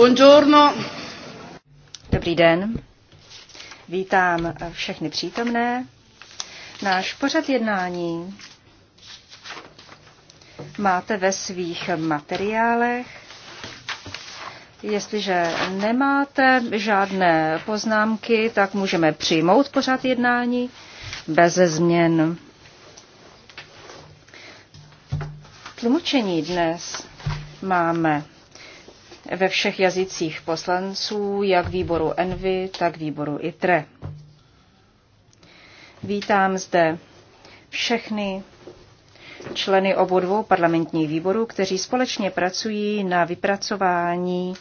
Buongiorno. Dobrý den. Vítám všechny přítomné. Náš pořad jednání máte ve svých materiálech. Jestliže nemáte žádné poznámky, tak můžeme přijmout pořad jednání bez změn. Tlumočení dnes máme ve všech jazycích poslanců, jak výboru Envy, tak výboru ITRE. Vítám zde všechny členy obou dvou parlamentních výborů, kteří společně pracují na vypracování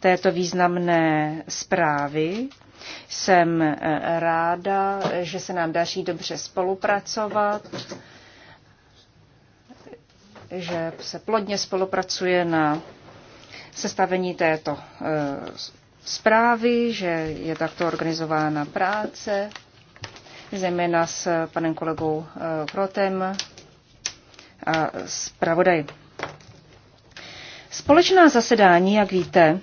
této významné zprávy. Jsem eh, ráda, že se nám daří dobře spolupracovat, že se plodně spolupracuje na sestavení této eh, zprávy, že je takto organizována práce, zejména s panem kolegou eh, Krotem a pravodaj. Společná zasedání, jak víte,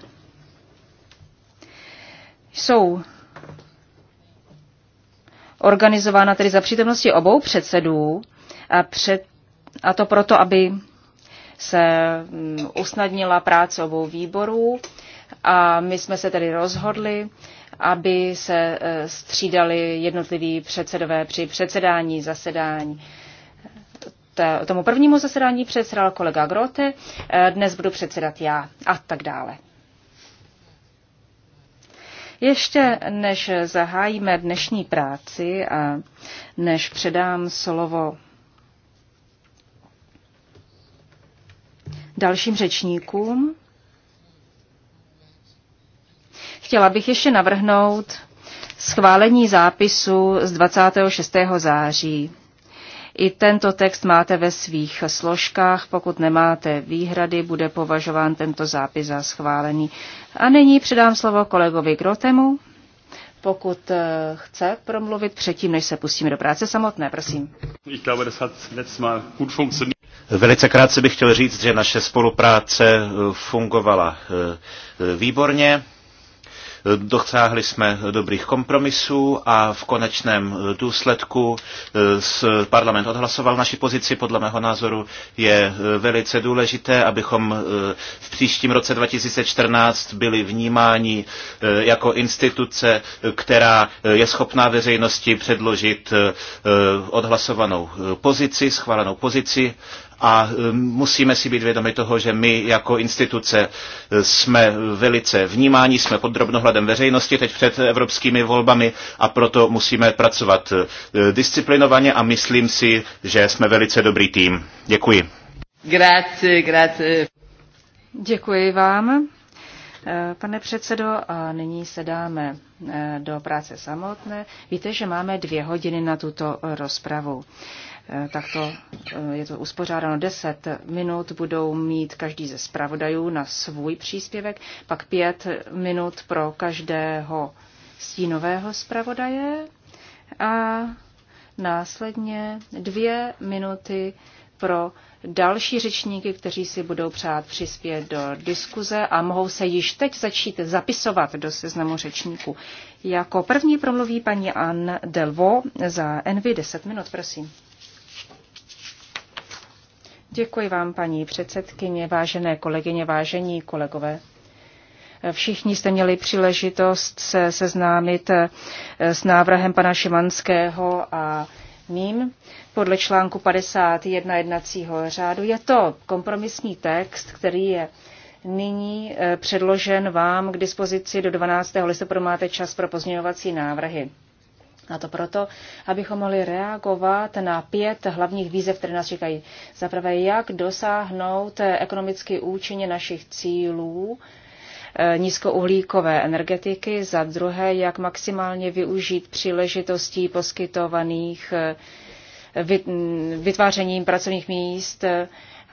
jsou organizována tedy za přítomnosti obou předsedů a, před, a to proto, aby se mm, usnadnila práce obou výborů a my jsme se tedy rozhodli, aby se e, střídali jednotliví předsedové při předsedání zasedání. Tomu prvnímu zasedání předsedal kolega Grote, e, dnes budu předsedat já a tak dále. Ještě než zahájíme dnešní práci a než předám slovo dalším řečníkům. Chtěla bych ještě navrhnout schválení zápisu z 26. září. I tento text máte ve svých složkách. Pokud nemáte výhrady, bude považován tento zápis za schválený. A nyní předám slovo kolegovi Grotemu, pokud eh, chce promluvit předtím, než se pustíme do práce samotné, prosím. Velice krátce bych chtěl říct, že naše spolupráce eh, fungovala eh, výborně. Dosáhli jsme dobrých kompromisů a v konečném důsledku eh, parlament odhlasoval naši pozici. Podle mého názoru je eh, velice důležité, abychom eh, v příštím roce 2014 byli vnímáni jako instituce, která je schopná veřejnosti předložit odhlasovanou pozici, schválenou pozici a eh, musíme si být vědomi toho, že my jako instituce eh, jsme velice vnímáni, jsme pod drobnohledem veřejnosti teď před evropskými volbami a proto musíme pracovat eh, disciplinovaně a myslím si, že jsme velice dobrý tým. Děkuji. Grazie, grazie. Děkuji vám. Pane předsedo, a nyní se dáme do práce samotné. Víte, že máme dvě hodiny na tuto rozpravu. Eh, takto eh, je to uspořádáno. Deset minut budou mít každý ze zpravodajů na svůj příspěvek, pak pět minut pro každého stínového zpravodaje a následně dvě minuty pro další řečníky, kteří si budou přát přispět do diskuze a mohou se již teď začít zapisovat do seznamu řečníků. Jako první promluví paní Anne Delvo za Envy 10 minut, prosím. Děkuji vám, paní předsedkyně, vážené kolegyně, vážení kolegové. Všichni jste měli příležitost se seznámit eh, s návrhem pana Šimanského a mým. Podle článku 51 jednacího řádu je to kompromisní text, který je nyní eh, předložen vám k dispozici do 12. listopadu. Máte čas pro pozměňovací návrhy. A to proto, abychom mohli reagovat na pět hlavních výzev, které nás čekají. Za prvé, jak dosáhnout ekonomicky účinně našich cílů eh, nízkouhlíkové energetiky, za druhé, jak maximálně využít příležitostí poskytovaných eh, vytvářením pracovních míst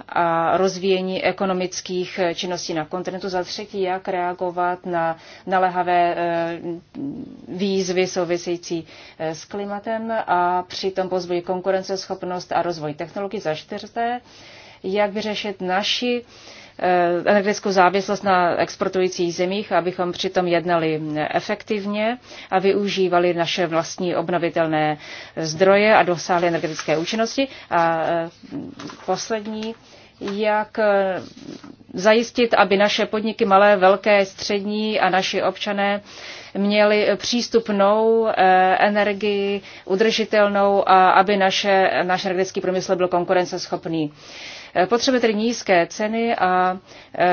a rozvíjení ekonomických činností na kontinentu. Za třetí, jak reagovat na naléhavé eh, výzvy související eh, s klimatem a přitom pozbují konkurenceschopnost a rozvoj technologií. Za čtvrté, jak vyřešit naši Eh, energetickou závislost na exportujících zemích, abychom přitom jednali efektivně a využívali naše vlastní obnovitelné zdroje a dosáhli energetické účinnosti. A eh, poslední, jak eh, zajistit, aby naše podniky malé, velké, střední a naši občané měli přístupnou energii, udržitelnou a aby naše, náš energetický průmysl byl konkurenceschopný. Eh, potřebuje tedy nízké ceny a eh,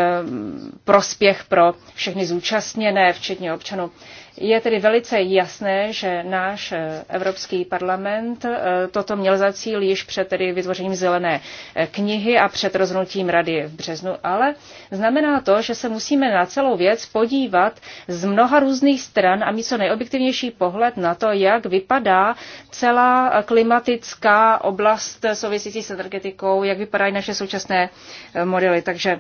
prospěch pro všechny zúčastněné, včetně občanů. Je tedy velice jasné, že náš eh, Evropský parlament eh, toto měl za cíl již před tedy vytvořením zelené eh, knihy a před rozhodnutím rady v březnu, ale znamená to, že se musíme na celou věc podívat z mnoha různých stran a mít co nejobjektivnější pohled na to, jak vypadá celá klimatická oblast související s energetikou, jak vypadají naše současné modely. Takže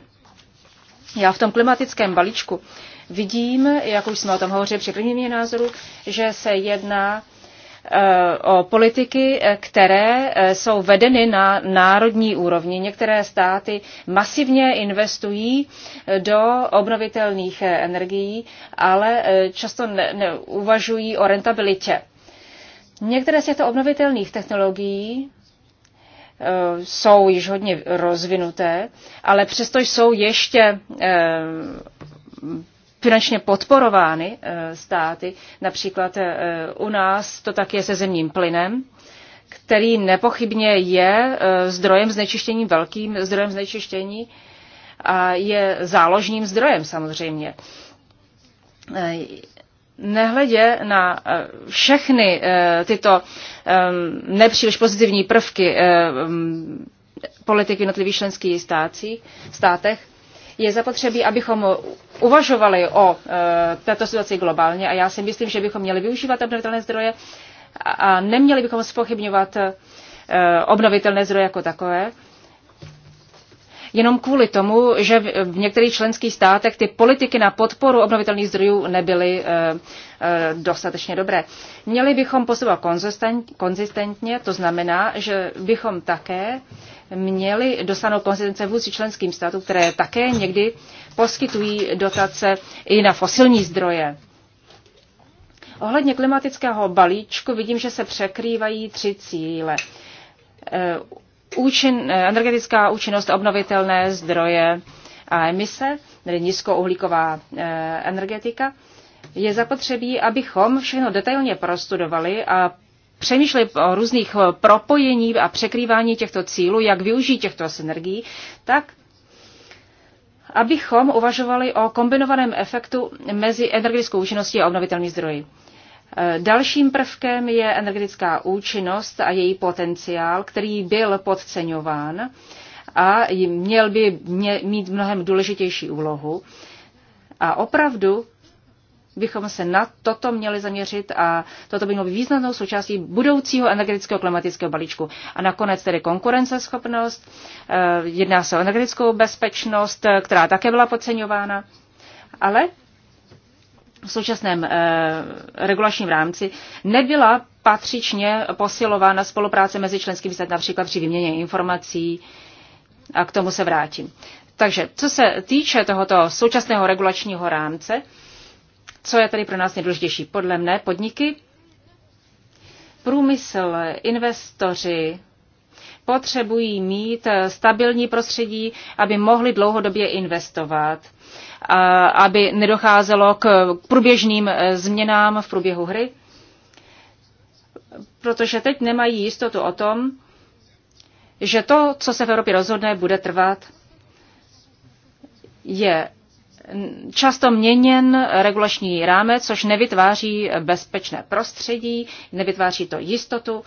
já v tom klimatickém balíčku Vidím, jak už jsme o tom hovořili při prvním názoru, že se jedná eh, o politiky, eh, které eh, jsou vedeny na národní úrovni. Některé státy masivně investují do obnovitelných energií, ale často neuvažují o rentabilitě. Některé z těchto obnovitelných technologií jsou již hodně rozvinuté, ale přesto jsou ještě finančně podporovány eh, státy. Například eh, u nás to tak je se zemním plynem, který nepochybně je eh, zdrojem znečištění, velkým zdrojem znečištění a je záložním zdrojem samozřejmě. Nehledě na všechny tyto nepříliš pozitivní prvky politiky v jednotlivých členských státech, je zapotřebí, abychom uvažovali o e, této situaci globálně a já si myslím, že bychom měli využívat obnovitelné zdroje a neměli bychom spochybňovat e, obnovitelné zdroje jako takové, jenom kvůli tomu, že v některých členských státech ty politiky na podporu obnovitelných zdrojů nebyly e, dostatečně dobré. Měli bychom posouvat konzistentně, to znamená, že bychom také měly dosáhnout konzistence vůči členským státům, které také někdy poskytují dotace i na fosilní zdroje. Ohledně klimatického balíčku vidím, že se překrývají tři cíle. Eh, účin, eh, energetická účinnost, obnovitelné zdroje a emise, tedy nízkouhlíková eh, energetika je zapotřebí, abychom všechno detailně prostudovali a přemýšleli o různých eh, propojení a překrývání těchto cílů, jak využít těchto synergií, tak abychom uvažovali o kombinovaném efektu mezi energetickou účinností a obnovitelnými zdroji. Eh, dalším prvkem je energetická účinnost a její potenciál, který byl podceňován a měl by mít mnohem důležitější úlohu. A opravdu bychom se na toto měli zaměřit a toto by mělo být významnou součástí budoucího energetického klimatického balíčku. A nakonec tedy konkurenceschopnost, eh, jedná se o energetickou bezpečnost, eh, která také byla podceňována, ale v současném eh, regulačním rámci nebyla patřičně posilována spolupráce mezi členskými státy, například při výměně informací, a k tomu se vrátím. Takže co se týče tohoto současného regulačního rámce, co je tedy pro nás nejdůležitější? Podle mne podniky, průmysl, investoři potřebují mít stabilní prostředí, aby mohli dlouhodobě investovat, a aby nedocházelo k průběžným eh, změnám v průběhu hry, protože teď nemají jistotu o tom, že to, co se v Evropě rozhodne, bude trvat. Je často měněn regulační rámec, což nevytváří bezpečné prostředí, nevytváří to jistotu.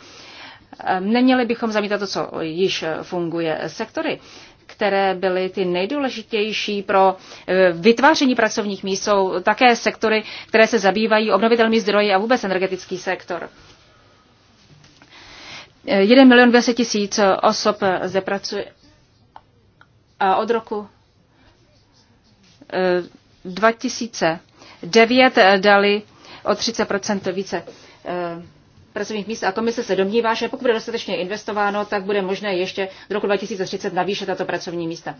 Ehm, neměli bychom zamítat to, co již funguje sektory které byly ty nejdůležitější pro eh, vytváření pracovních míst, jsou také sektory, které se zabývají obnovitelnými zdroji a vůbec energetický sektor. 1 eh, milion 200 tisíc osob eh, zde pracuje a od roku 2009 eh, eh, dali o 30 více eh, pracovních míst a komise se domnívá, že pokud bude dostatečně investováno, tak bude možné ještě do roku 2030 navýšit tato pracovní místa.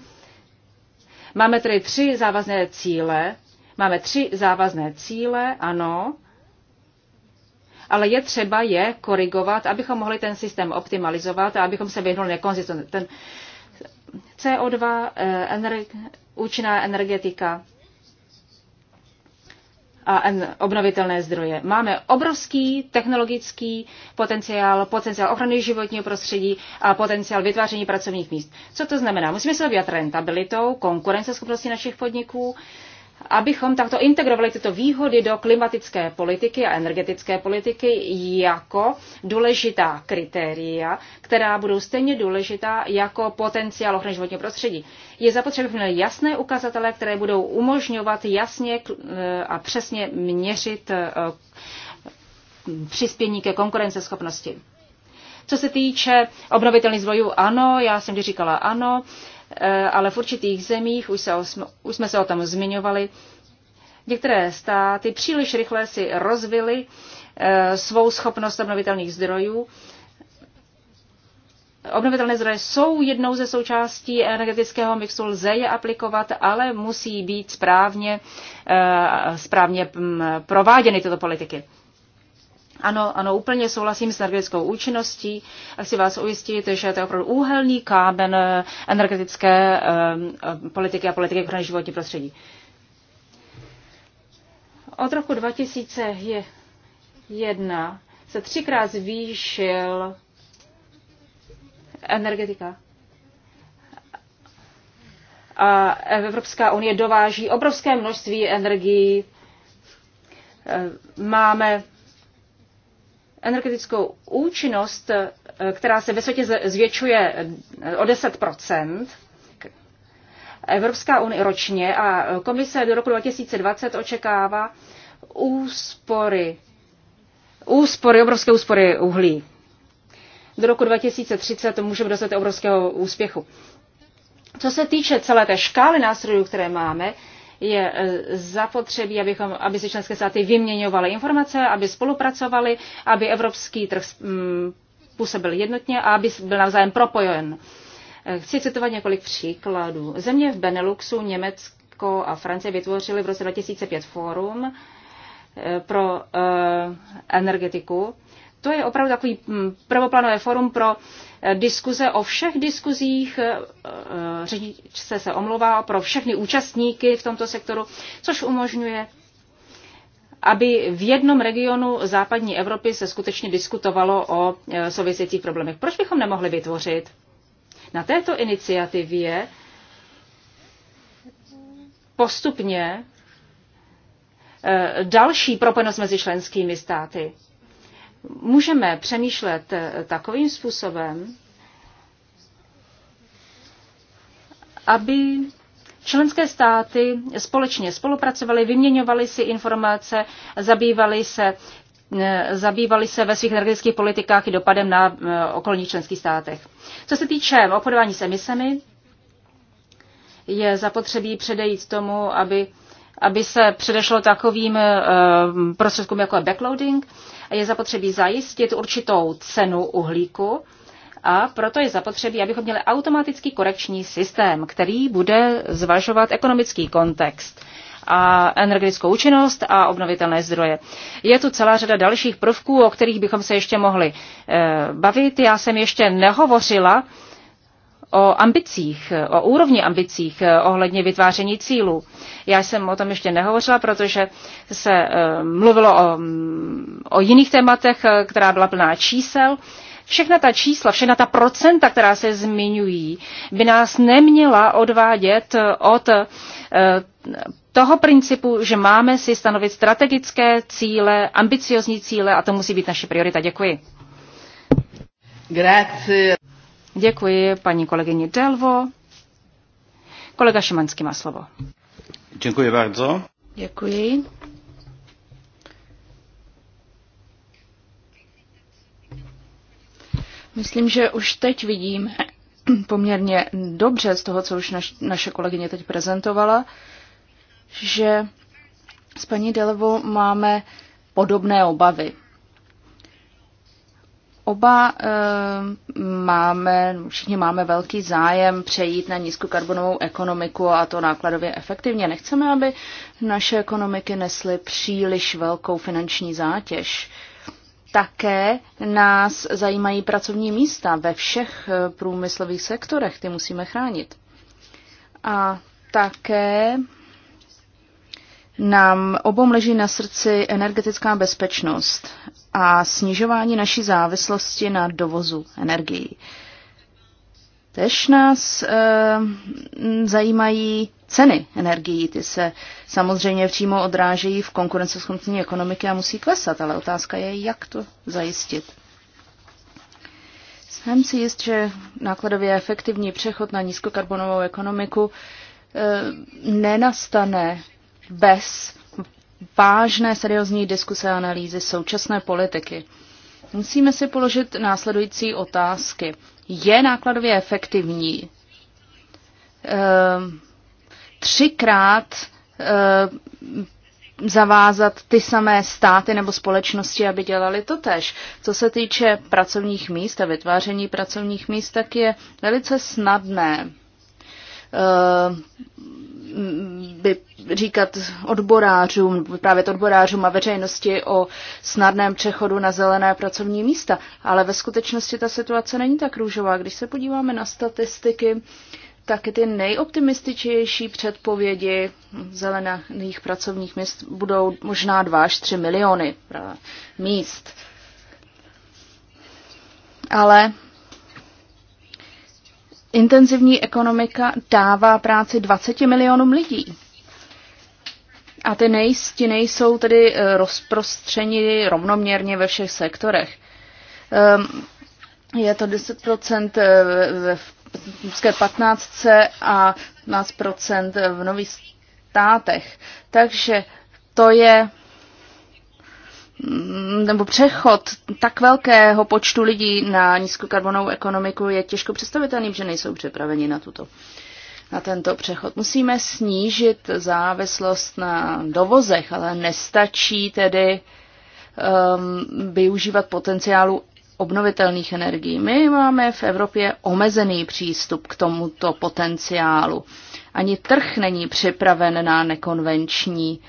Máme tedy tři závazné cíle. Máme tři závazné cíle, ano, ale je třeba je korigovat, abychom mohli ten systém optimalizovat a abychom se vyhnuli nekonzistentnosti. Ten CO2, eh, energi- účinná energetika a obnovitelné zdroje. Máme obrovský technologický potenciál, potenciál ochrany životního prostředí a potenciál vytváření pracovních míst. Co to znamená? Musíme se obývat rentabilitou, konkurenceschopností našich podniků, abychom takto integrovali tyto výhody do klimatické politiky a energetické politiky jako důležitá kritéria, která budou stejně důležitá jako potenciál ochrany životního prostředí. Je zapotřebí měli jasné ukazatele, které budou umožňovat jasně eh, a přesně měřit eh, přispění ke konkurenceschopnosti. Co se týče obnovitelných zdrojů, ano, já jsem ti říkala ano, Eh, ale v určitých zemích, už, se, už jsme se o tom zmiňovali, některé státy příliš rychle si rozvily eh, svou schopnost obnovitelných zdrojů. Obnovitelné zdroje jsou jednou ze součástí energetického mixu, lze je aplikovat, ale musí být správně, eh, správně mm, prováděny tyto politiky. Ano, ano, úplně souhlasím s energetickou účinností a chci vás ujistit, že to je opravdu úhelný kámen eh, energetické um, politiky a politiky ochrany životní prostředí. Od roku 2001 se třikrát zvýšil energetika. A Evropská unie dováží obrovské množství energií. Eh, máme energetickou účinnost, eh, která se ve světě zvětšuje eh, o 10 Evropská unie ročně a eh, komise do roku 2020 očekává úspory, úspory, obrovské úspory uhlí. Do roku 2030 můžeme dostat obrovského úspěchu. Co se týče celé té škály nástrojů, které máme, je e, zapotřebí, abychom, aby se členské státy vyměňovaly informace, aby spolupracovaly, aby evropský trh mm, působil jednotně a aby byl navzájem propojen. E, chci citovat několik příkladů. Země v Beneluxu, Německo a Francie vytvořili v roce 2005 fórum e, pro energetiku to je opravdu takový mm, prvoplanové forum pro eh, diskuze o všech diskuzích, eh, eh, řečnice se omlouvá, pro všechny účastníky v tomto sektoru, což umožňuje aby v jednom regionu západní Evropy se skutečně diskutovalo o souvisejících problémech. Proč bychom nemohli vytvořit na této iniciativě postupně další propojenost mezi členskými státy? Můžeme přemýšlet eh, takovým způsobem, aby Členské státy společně spolupracovaly, vyměňovaly si informace, zabývaly se, eh, zabývali se ve svých energetických politikách i dopadem na eh, okolních členských státech. Co se týče obchodování s emisemi, je zapotřebí předejít tomu, aby aby se předešlo takovým eh, prostředkům jako je backloading. Je zapotřebí zajistit určitou cenu uhlíku a proto je zapotřebí, abychom měli automatický korekční systém, který bude zvažovat ekonomický kontext a energetickou účinnost a obnovitelné zdroje. Je tu celá řada dalších prvků, o kterých bychom se ještě mohli eh, bavit. Já jsem ještě nehovořila o ambicích, o úrovni ambicích eh, ohledně vytváření cílů. Já jsem o tom ještě nehovořila, protože se eh, mluvilo o, mm, o jiných tématech, eh, která byla plná čísel. Všechna ta čísla, všechna ta procenta, která se zmiňují, by nás neměla odvádět od toho principu, že máme si stanovit strategické cíle, ambiciozní cíle a to musí být naše priorita. Děkuji. Grazie. Děkuji paní kolegyni Delvo. Kolega Šimanský má slovo. Děkuji bardzo. Děkuji. Myslím, že už teď vidím poměrně dobře z toho, co už naš, naše kolegyně teď prezentovala, že s paní Delvo máme podobné obavy. Oba e, máme, všichni máme velký zájem přejít na nízkokarbonovou ekonomiku a to nákladově efektivně. Nechceme, aby naše ekonomiky nesly příliš velkou finanční zátěž. Také nás zajímají pracovní místa ve všech eh, průmyslových sektorech, ty musíme chránit. A také nám obou leží na srdci energetická bezpečnost a snižování naší závislosti na dovozu energií. Tež nás e, zajímají ceny energií. Ty se samozřejmě přímo odrážejí v konkurenceschopnosti ekonomiky a musí klesat, ale otázka je, jak to zajistit. Jsem si jist, že nákladově efektivní přechod na nízkokarbonovou ekonomiku e, nenastane bez vážné, seriózní diskuse a analýzy současné politiky. Musíme si položit následující otázky. Je nákladově efektivní ehm, třikrát ehm, zavázat ty samé státy nebo společnosti, aby dělali to tež. Co se týče pracovních míst a vytváření pracovních míst, tak je velice snadné ehm, by říkat odborářům, právě odborářům a veřejnosti o snadném přechodu na zelené pracovní místa. Ale ve skutečnosti ta situace není tak růžová. Když se podíváme na statistiky, tak ty nejoptimističnější předpovědi zelených pracovních míst budou možná 2 až 3 miliony míst. Ale intenzivní ekonomika dává práci 20 milionům lidí. A ty nejsti jsou tedy eh, rozprostřeni rovnoměrně ve všech sektorech. Ehm, je to 10% eh, ve Evropské 15 a 15% v nových státech. Takže to je Mm, nebo přechod tak velkého počtu lidí na nízkokarbonovou ekonomiku je těžko představitelný, že nejsou připraveni na tuto na tento přechod. Musíme snížit závislost na dovozech, ale nestačí tedy um, využívat potenciálu obnovitelných energií. My máme v Evropě omezený přístup k tomuto potenciálu. Ani trh není připraven na nekonvenční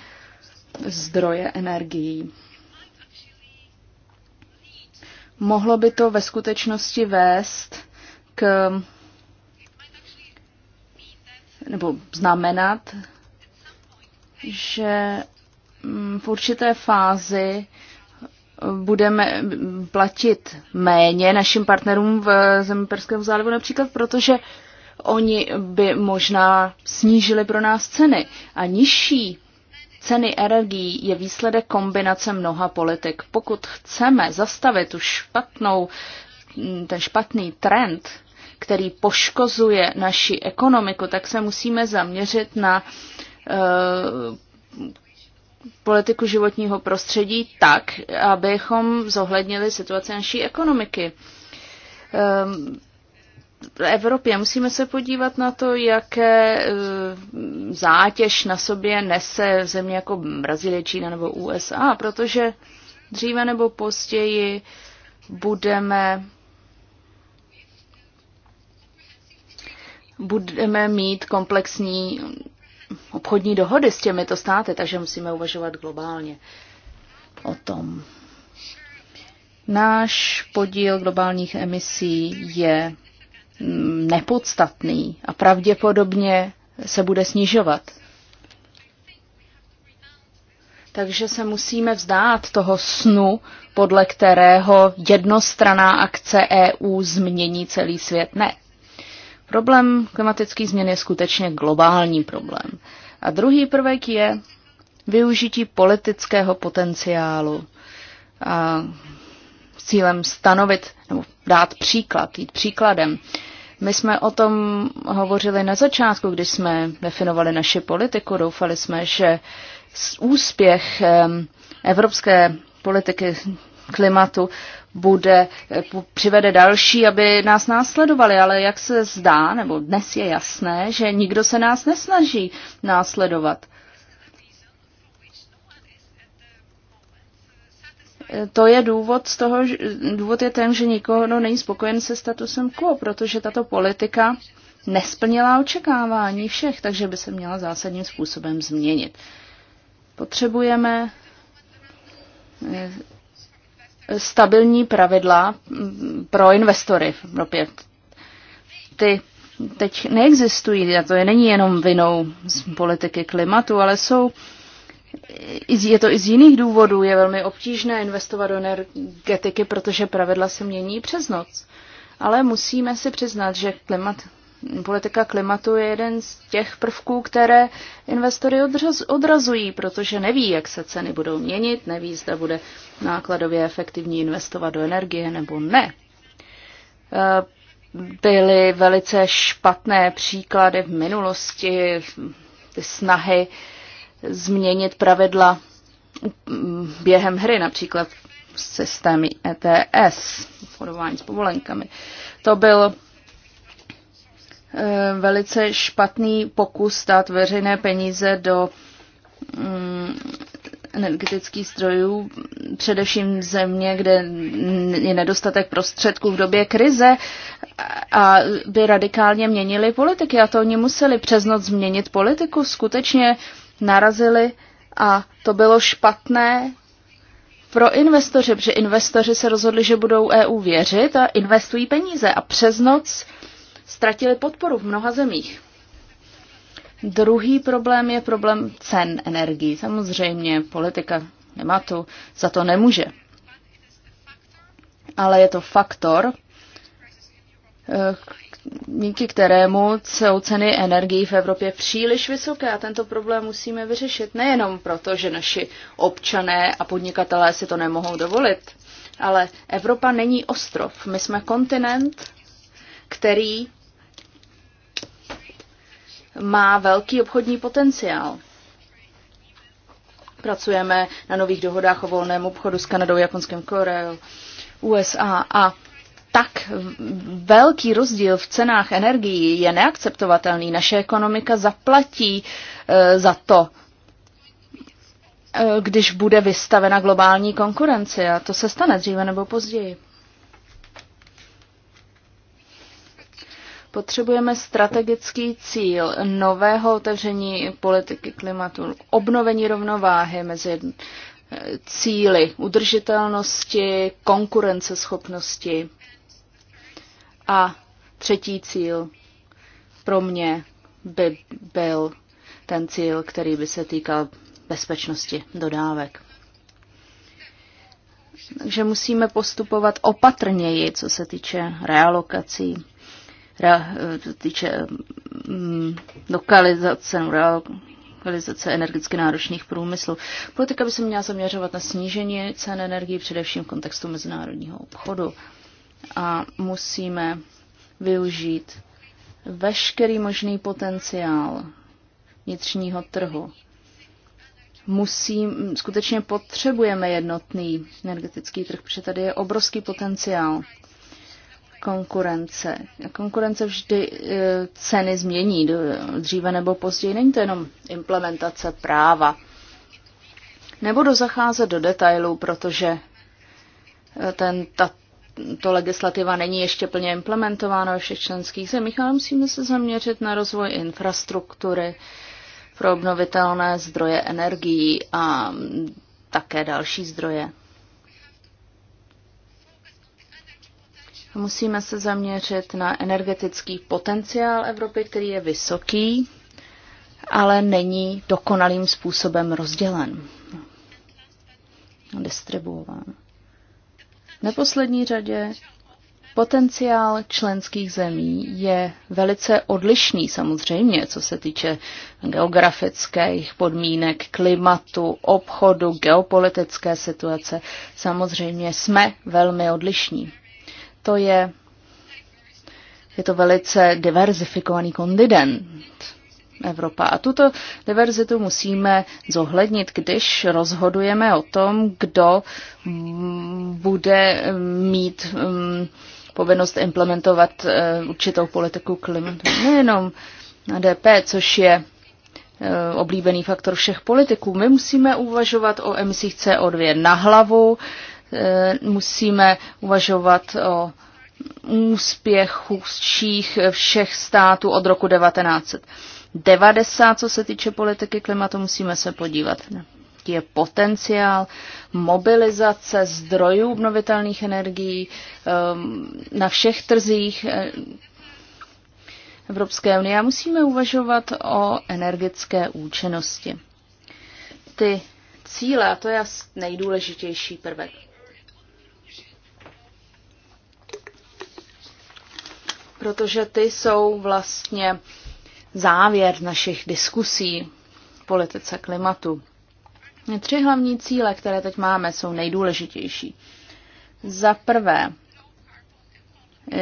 zdroje energií mohlo by to ve skutečnosti vést k nebo znamenat, že mm, v určité fázi budeme platit méně našim partnerům v zemi Perského zálivu, například protože oni by možná snížili pro nás ceny. A nižší ceny energií je výsledek kombinace mnoha politik. Pokud chceme zastavit tu špatnou, mm, ten špatný trend, který poškozuje naši ekonomiku, tak se musíme zaměřit na uh, politiku životního prostředí tak, abychom zohlednili situaci naší ekonomiky. Um, Evropě. Musíme se podívat na to, jaké eh, zátěž na sobě nese země jako Brazílie, Čína nebo USA, protože dříve nebo později budeme budeme mít komplexní obchodní dohody s těmito státy, takže musíme uvažovat globálně o tom. Náš podíl globálních emisí je Mm, nepodstatný a pravděpodobně se bude snižovat. Takže se musíme vzdát toho snu, podle kterého jednostraná akce EU změní celý svět. Ne. Problém klimatických změn je skutečně globální problém. A druhý prvek je využití politického potenciálu a s cílem stanovit nebo dát příklad, jít příkladem. My jsme o tom hovořili na začátku, když jsme definovali naši politiku. Doufali jsme, že úspěch evropské politiky klimatu bude, eh, přivede další, aby nás následovali, ale jak se zdá, nebo dnes je jasné, že nikdo se nás nesnaží následovat. to je důvod z toho, důvod je ten, že nikoho no, není spokojen se statusem quo, protože tato politika nesplnila očekávání všech, takže by se měla zásadním způsobem změnit. Potřebujeme eh, stabilní pravidla mm, pro investory v Evropě. Ty teď neexistují, a to je není jenom vinou z politiky klimatu, ale jsou je to i z jiných důvodů, je velmi obtížné investovat do energetiky, protože pravidla se mění přes noc. Ale musíme si přiznat, že klimat, politika klimatu je jeden z těch prvků, které investory odraz, odrazují, protože neví, jak se ceny budou měnit, neví, zda bude nákladově efektivní investovat do energie nebo ne. Eh, byly velice špatné příklady v minulosti, ty snahy uh, změnit pravidla během hry, například systémy ETS, obchodování s povolenkami. To byl eh, velice špatný pokus dát veřejné peníze do mm, energetických strojů, především země, kde je nedostatek prostředků v době krize a by radikálně měnili politiky. A to oni museli přes noc změnit politiku. Skutečně narazili a to bylo špatné pro investoře, protože investoři se rozhodli, že budou EU věřit a investují peníze a přes noc ztratili podporu v mnoha zemích. Druhý problém je problém cen energií. Samozřejmě politika klimatu za to nemůže. Ale je to faktor, eh, díky kterému jsou ceny energii v Evropě příliš vysoké a tento problém musíme vyřešit nejenom proto, že naši občané a podnikatelé si to nemohou dovolit, ale Evropa není ostrov. My jsme kontinent, který má velký obchodní potenciál. Pracujeme na nových dohodách o volném obchodu s Kanadou, Japonskem, Koreou, USA a tak velký rozdíl v cenách energií je neakceptovatelný. Naše ekonomika zaplatí e, za to, e, když bude vystavena globální konkurenci. A to se stane dříve nebo později. Potřebujeme strategický cíl nového otevření politiky klimatu, obnovení rovnováhy mezi e, cíly udržitelnosti, konkurenceschopnosti a třetí cíl pro mě by byl ten cíl, který by se týkal bezpečnosti dodávek. Takže musíme postupovat opatrněji, co se týče realokací, re, týče mm, lokalizace, lokalizace energeticky náročných průmyslů. Politika by se měla zaměřovat na snížení cen energii, především v kontextu mezinárodního obchodu a musíme využít veškerý možný potenciál vnitřního trhu. Musím, skutečně potřebujeme jednotný energetický trh, protože tady je obrovský potenciál konkurence. Konkurence vždy e, ceny změní dříve nebo později. Není to jenom implementace práva. Nebudu zacházet do detailů, protože ten, ta, to legislativa není ještě plně implementována ve všech členských zemích, ale musíme se zaměřit na rozvoj infrastruktury pro obnovitelné zdroje energií a také další zdroje. Musíme se zaměřit na energetický potenciál Evropy, který je vysoký, ale není dokonalým způsobem rozdělen a distribuován. V neposlední řadě potenciál členských zemí je velice odlišný samozřejmě, co se týče geografických podmínek, klimatu, obchodu, geopolitické situace. Samozřejmě jsme velmi odlišní. To je, je to velice diverzifikovaný kontinent Evropa. A tuto diverzitu musíme zohlednit, když rozhodujeme o tom, kdo bude mít mm, povinnost implementovat eh, určitou politiku klimatu. Nejenom DP, což je eh, oblíbený faktor všech politiků. My musíme uvažovat o emisích CO2 na hlavu, eh, musíme uvažovat o úspěchu všech států od roku 1900 90, co se týče politiky klimatu, musíme se podívat. Je potenciál mobilizace zdrojů obnovitelných energií ehm, na všech trzích eh, Evropské unie a musíme uvažovat o energetické účinnosti. Ty cíle, a to je nejdůležitější prvek, protože ty jsou vlastně závěr našich diskusí v politice klimatu. Tři hlavní cíle, které teď máme, jsou nejdůležitější. Za prvé,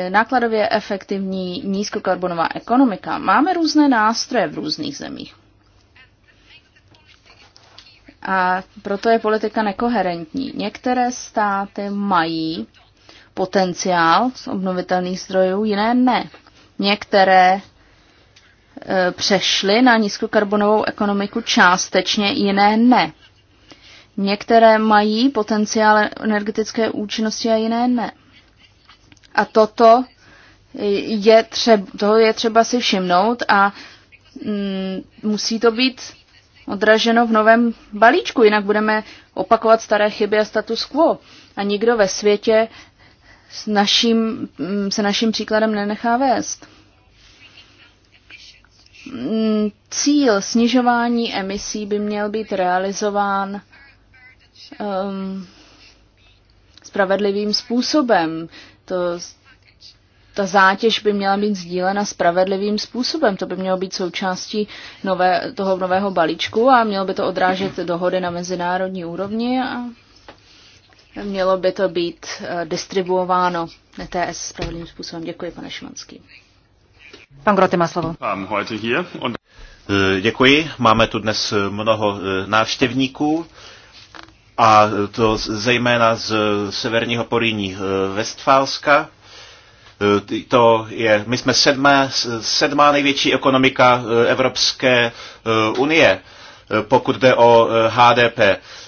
nákladově efektivní nízkokarbonová ekonomika. Máme různé nástroje v různých zemích. A proto je politika nekoherentní. Některé státy mají potenciál z obnovitelných zdrojů, jiné ne. Některé Eh, přešly na nízkokarbonovou ekonomiku částečně, jiné ne. Některé mají potenciál energetické účinnosti a jiné ne. A toto je třeba, toho je třeba si všimnout a mm, musí to být odraženo v novém balíčku, jinak budeme opakovat staré chyby a status quo. A nikdo ve světě s naším, mm, se naším příkladem nenechá vést. Mm, cíl snižování emisí by měl být realizován um, spravedlivým způsobem. To, ta zátěž by měla být sdílena spravedlivým způsobem. To by mělo být součástí nové, toho nového balíčku a mělo by to odrážet dohody na mezinárodní úrovni a mělo by to být eh, distribuováno ETS spravedlivým způsobem. Děkuji, pane Šimanský. Pan Grote má slovo. Eh, děkuji. Máme tu dnes eh, mnoho eh, návštěvníků a to zejména z severního Poríní Westfálska. To je, my jsme sedmá, sedmá největší ekonomika Evropské unie, pokud jde o HDP.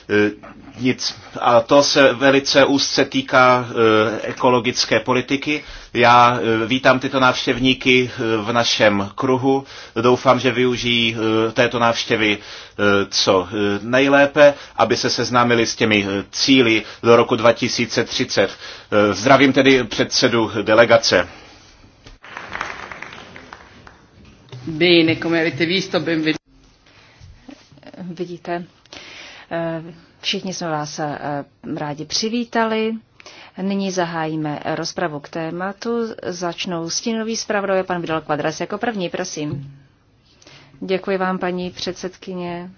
Eh, nic. A to se velice úzce týká eh, ekologické politiky. Já eh, vítám tyto návštěvníky v našem kruhu. Doufám, že využijí této návštěvy co nejlépe, aby se seznámili s těmi cíly do roku 2030. Zdravím tedy předsedu delegace. Bene, come avete visto, benvenuti. Vidíte, Eh, všichni jsme vás eh, rádi přivítali. Nyní zahájíme rozpravu k tématu. Začnou stínový zpravodaj pan Vidal Kvadras jako první, prosím. Děkuji vám, paní předsedkyně.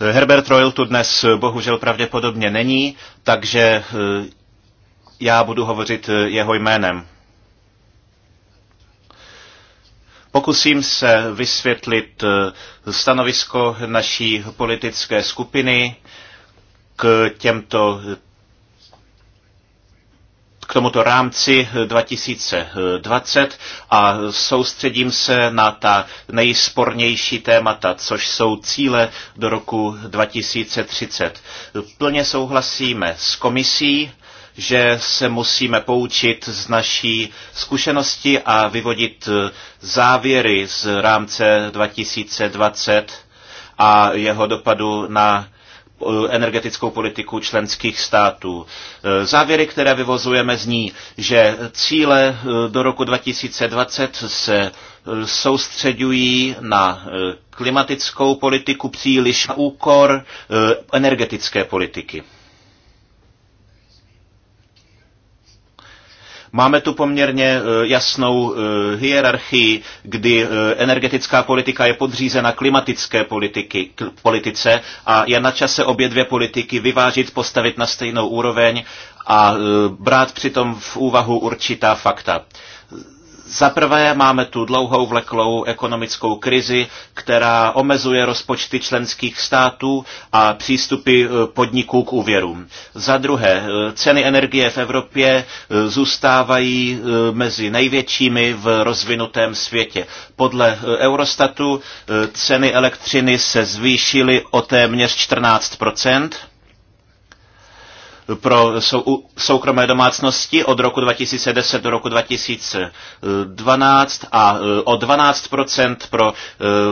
Eh, Herbert Royal tu dnes bohužel pravděpodobně není, takže já budu hovořit jeho jménem. Pokusím se vysvětlit eh, stanovisko naší politické skupiny k těmto k tomuto rámci 2020 a soustředím se na ta nejspornější témata, což jsou cíle do roku 2030. Plně souhlasíme s komisí, že se musíme poučit z naší zkušenosti a vyvodit eh, závěry z rámce 2020 a jeho dopadu na eh, energetickou politiku členských států. Eh, závěry, které vyvozujeme z ní, že cíle do roku 2020 se soustředují na klimatickou politiku příliš na úkor energetické politiky. Máme tu poměrně eh, jasnou eh, hierarchii, kdy eh, energetická politika je podřízena klimatické politiky, politice a je na čase obě dvě politiky vyvážit, postavit na stejnou úroveň a brát přitom v úvahu určitá fakta. Za prvé máme tu dlouhou vleklou ekonomickou krizi, která omezuje rozpočty členských států a přístupy e, podniků k úvěrům. Za druhé, e, ceny energie v Evropě e, zůstávají mezi největšími v rozvinutém světě. Podle Eurostatu ceny elektřiny se zvýšily o téměř 14 pro soukromé domácnosti od roku 2010 do roku 2012 a e, o 12 pro e,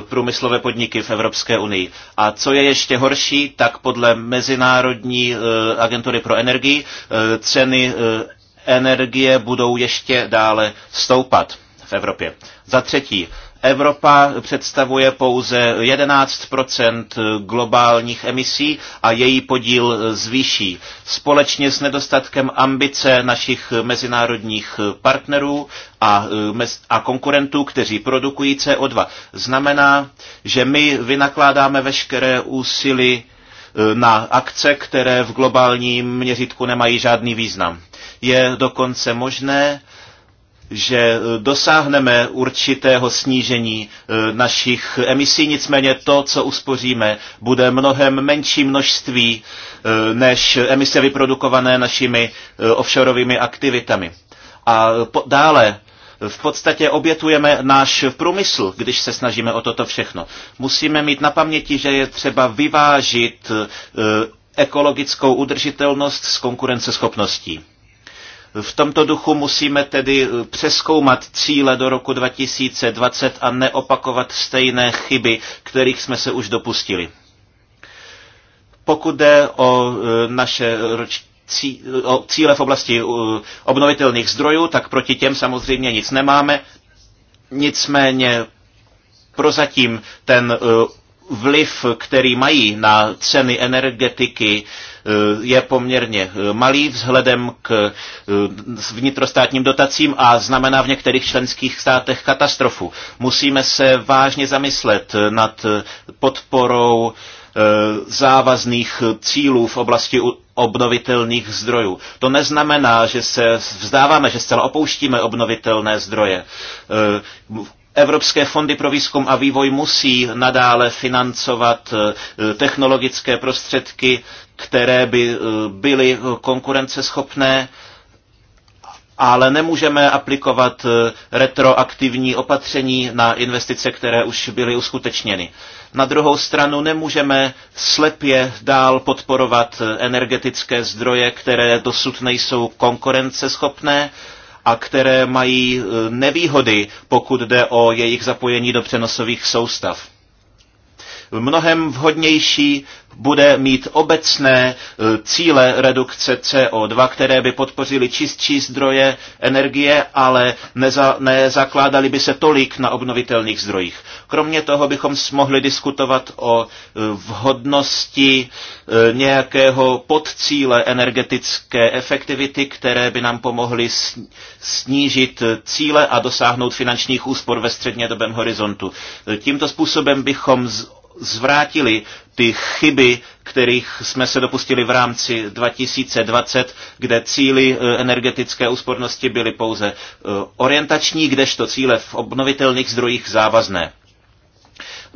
průmyslové podniky v Evropské unii. A co je ještě horší, tak podle Mezinárodní e, agentury pro energii ceny energie budou ještě dále stoupat v Evropě. Za třetí, Evropa představuje pouze 11 globálních emisí a její podíl zvýší. Společně s nedostatkem ambice našich mezinárodních partnerů a, a konkurentů, kteří produkují CO2, znamená, že my vynakládáme veškeré úsilí e, na akce, které v globálním měřítku nemají žádný význam. Je dokonce možné, že e, dosáhneme určitého snížení e, našich emisí, nicméně to, co uspoříme, bude mnohem menší množství e, než emise vyprodukované našimi offshoreovými aktivitami. A dále v podstatě obětujeme náš průmysl, když se snažíme o toto všechno. Musíme mít na paměti, že je třeba vyvážit ekologickou udržitelnost s konkurenceschopností. V tomto duchu musíme tedy eh, přeskoumat cíle do roku 2020 a neopakovat stejné chyby, kterých jsme se už dopustili. Pokud jde o eh, naše eh, cíle v oblasti obnovitelných zdrojů, tak proti těm samozřejmě nic nemáme. Nicméně prozatím ten vliv, který mají na ceny energetiky, Eh, je poměrně eh, malý vzhledem k eh, vnitrostátním dotacím a znamená v některých členských státech katastrofu. Musíme se vážně zamyslet nad podporou závazných cílů v oblasti obnovitelných zdrojů. To neznamená, že se vzdáváme, že zcela opouštíme obnovitelné zdroje. Evropské fondy pro výzkum a vývoj musí nadále financovat technologické prostředky které by eh, byly eh, konkurenceschopné, ale nemůžeme aplikovat eh, retroaktivní opatření na investice, které už byly uskutečněny. Na druhou stranu nemůžeme slepě dál podporovat energetické zdroje, které dosud nejsou konkurenceschopné a které mají nevýhody, pokud jde o jejich zapojení do přenosových soustav mnohem vhodnější bude mít obecné e, cíle redukce CO2, které by podpořily čistší zdroje energie, ale neza, nezakládaly by se tolik na obnovitelných zdrojích. Kromě toho bychom mohli diskutovat o e, vhodnosti e, nějakého podcíle energetické efektivity, které by nám pomohly snížit cíle a dosáhnout finančních úspor ve střednědobém horizontu. Tímto způsobem bychom zvrátili ty chyby, kterých jsme se dopustili v rámci 2020, kde cíly e, energetické úspornosti byly pouze e, orientační, kdežto cíle v obnovitelných zdrojích závazné.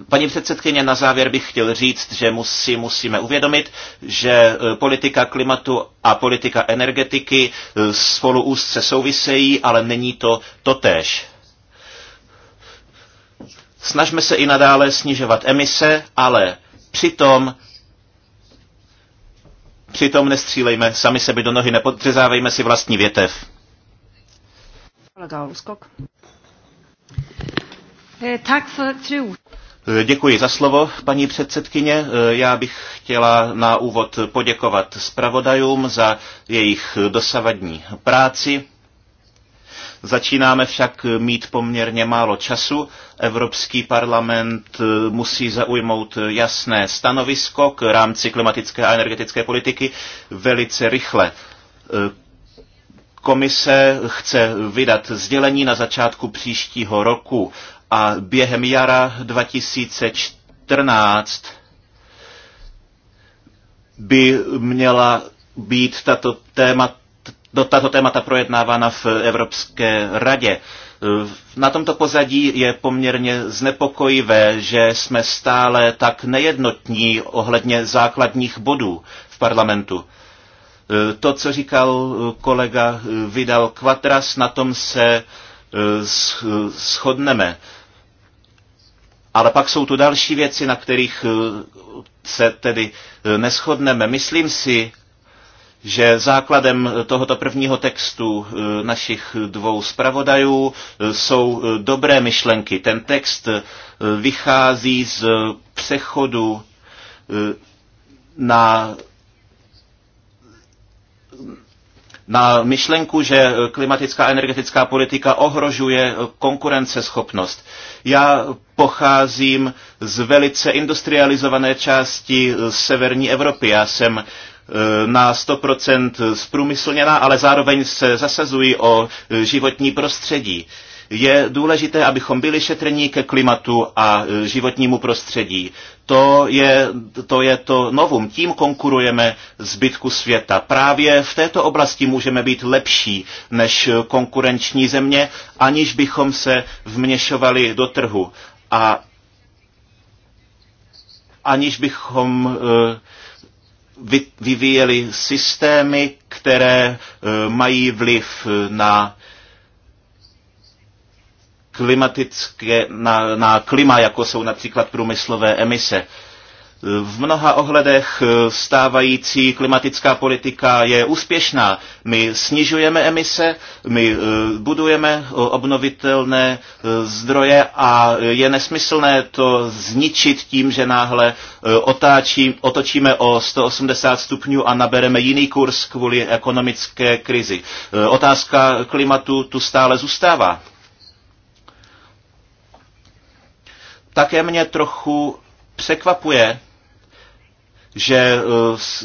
Paní předsedkyně, na závěr bych chtěl říct, že musí, musíme uvědomit, že e, politika klimatu a politika energetiky spolu úzce souvisejí, ale není to totéž. Snažme se i nadále snižovat emise, ale přitom přitom nestřílejme sami sebe do nohy, nepodřezávejme si vlastní větev. Eh, tak eh, Děkuji za slovo, paní předsedkyně. Eh, já bych chtěla na úvod poděkovat zpravodajům za jejich dosavadní práci. Začínáme však mít poměrně málo času. Evropský parlament eh, musí zaujmout jasné stanovisko k rámci klimatické a energetické politiky velice rychle. Eh, komise chce vydat sdělení na začátku příštího roku a během jara 2014 by měla být tato témata do tato témata projednávána v Evropské radě. Na tomto pozadí je poměrně znepokojivé, že jsme stále tak nejednotní ohledně základních bodů v parlamentu. To, co říkal kolega Vidal Quatras, na tom se eh, shodneme. Ale pak jsou tu další věci, na kterých eh, se tedy eh, neschodneme. Myslím si, že základem tohoto prvního textu eh, našich dvou zpravodajů eh, jsou eh, dobré myšlenky. Ten text vychází z přechodu na na myšlenku, že klimatická a energetická politika ohrožuje konkurenceschopnost. Já pocházím z velice industrializované části severní Evropy. Já jsem Eh, na 100% zprůmyslněná, ale zároveň se zasazují o eh, životní prostředí. Je důležité, abychom byli šetrní ke klimatu a eh, životnímu prostředí. To je, to je to novum. Tím konkurujeme zbytku světa. Právě v této oblasti můžeme být lepší než konkurenční země, aniž bychom se vměšovali do trhu. A aniž bychom uh, vyvíjeli systémy, které eh, mají vliv na klimatické, na, na klima, jako jsou například průmyslové emise. V mnoha ohledech eh, stávající klimatická politika je úspěšná. My snižujeme emise, my eh, budujeme eh, obnovitelné zdroje a je nesmyslné to zničit tím, že náhle otáčí, otočíme o 180 stupňů a nabereme jiný kurz kvůli ekonomické krizi. Otázka klimatu tu stále zůstává. Také mě trochu překvapuje, že eh,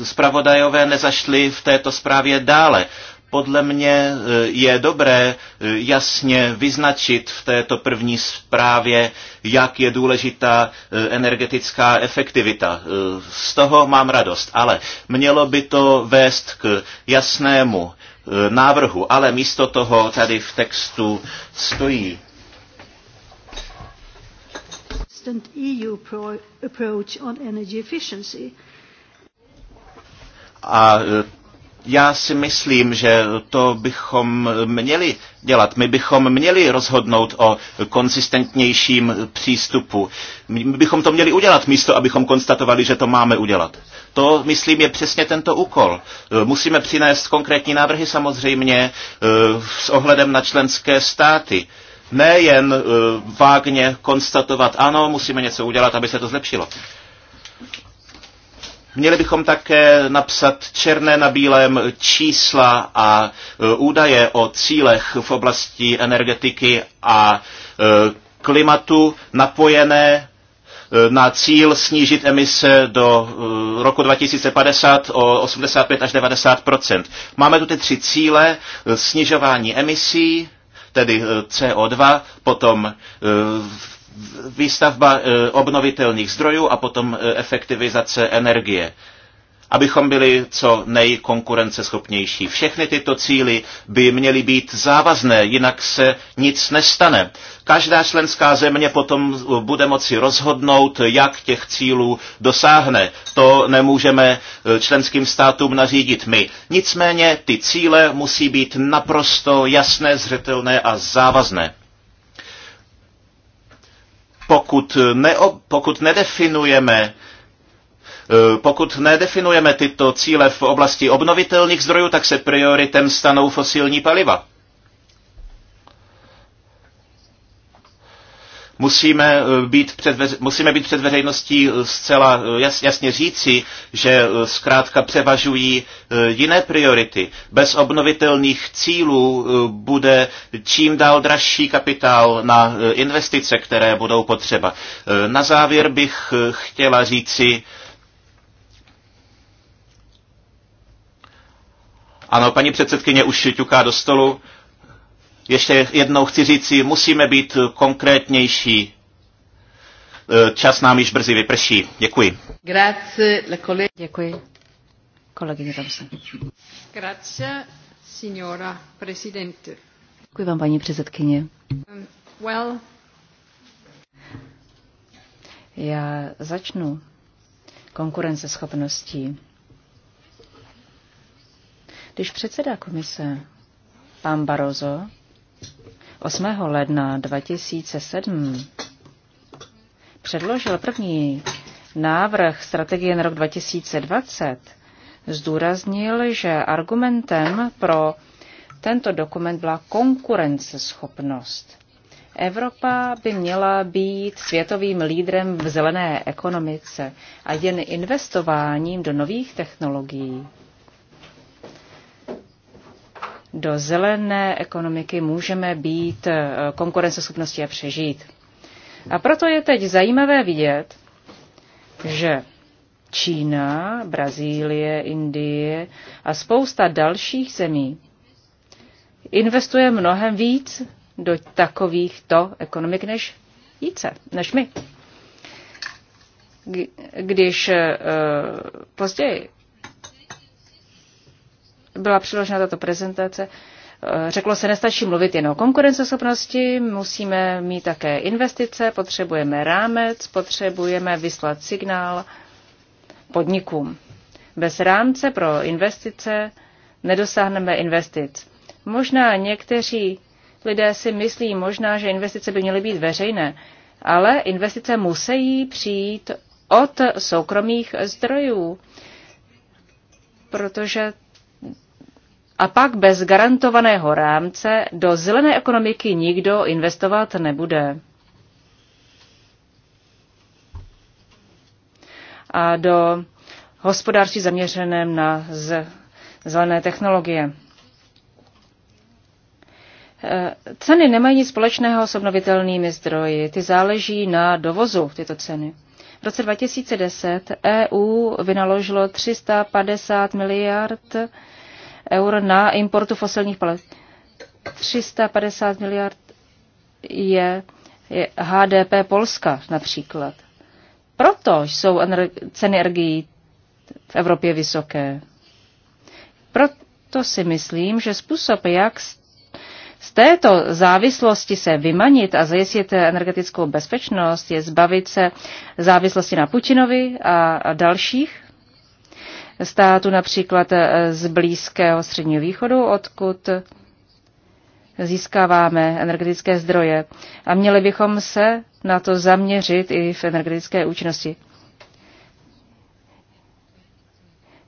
zpravodajové nezašli v této zprávě dále. Podle mě eh, je dobré eh, jasně vyznačit v této první zprávě, jak je důležitá energetická efektivita. Z toho mám radost, ale mělo by to vést k jasnému návrhu, ale místo toho tady v textu stojí. EU approach on energy efficiency a e, já si myslím, že to bychom měli dělat. My bychom měli rozhodnout o konsistentnějším přístupu. My bychom to měli udělat místo, abychom konstatovali, že to máme udělat. To, myslím, je přesně tento úkol. E, musíme přinést konkrétní návrhy samozřejmě e, s ohledem na členské státy. Nejen vágně konstatovat, ano, musíme něco udělat, aby se to zlepšilo. Měli bychom také napsat černé na bílém čísla a e, údaje o cílech v oblasti energetiky a e, klimatu napojené e, na cíl snížit emise do roku 2050 o 85 až 90 Máme tu ty tři cíle snižování emisí, tedy CO2, potom výstavba eh, obnovitelných zdrojů a potom eh, efektivizace energie abychom byli co nejkonkurenceschopnější. Všechny tyto cíly by měly být závazné, jinak se nic nestane. Každá členská země potom eh, bude moci rozhodnout, jak těch cílů dosáhne. To nemůžeme členským státům nařídit my. Nicméně ty cíle musí být naprosto jasné, zřetelné a závazné pokud, neo, pokud nedefinujeme eh, pokud nedefinujeme tyto cíle v oblasti obnovitelných zdrojů, tak se prioritem stanou fosilní paliva. Musíme eh, být před, veře, musíme být před veřejností eh, zcela eh, jas, jasně říci, že zkrátka převažují jiné priority. Bez obnovitelných cílů bude čím dál dražší kapitál na investice, které budou potřeba. Na závěr bych chtěla říci, ano, paní předsedkyně už ťuká do stolu. Ještě jednou chci říci, musíme být konkrétnější. E, čas nám již brzy vyprší. Děkuji. Grazie, la kole... Děkuji. Kolegyně Grazie, signora presidente. Děkuji vám, paní předsedkyně. Um, well. Já začnu konkurenceschopností. Když předseda komise, pan Barozo, 8. ledna 2007 předložil první návrh strategie na rok 2020, zdůraznil, že argumentem pro tento dokument byla konkurenceschopnost. Evropa by měla být světovým lídrem v zelené ekonomice a jen investováním do nových technologií do zelené ekonomiky můžeme být eh, konkurenceschopnosti a přežít. A proto je teď zajímavé vidět, že Čína, Brazílie, Indie a spousta dalších zemí investuje mnohem víc do takovýchto ekonomik než více, než my. Když eh, později byla přiložena tato prezentace, eh, řeklo se, nestačí mluvit jen o konkurenceschopnosti, musíme mít také investice, potřebujeme rámec, potřebujeme vyslat signál podnikům. Bez rámce pro investice nedosáhneme investic. Možná někteří lidé si myslí možná, že investice by měly být veřejné, ale investice musí přijít od soukromých zdrojů, protože a pak bez garantovaného rámce do zelené ekonomiky nikdo investovat nebude. A do hospodářství zaměřeném na zelené technologie. E, ceny nemají nic společného s obnovitelnými zdroji. Ty záleží na dovozu tyto ceny. V roce 2010 EU vynaložilo 350 miliard eur na importu fosilních paliv. 350 miliard je, je HDP Polska například. Proto jsou ceny energií v Evropě vysoké. Proto si myslím, že způsob, jak z této závislosti se vymanit a zajistit energetickou bezpečnost, je zbavit se závislosti na Putinovi a dalších států, například eh, z Blízkého středního východu, odkud získáváme energetické zdroje. A měli bychom se na to zaměřit i v energetické účinnosti.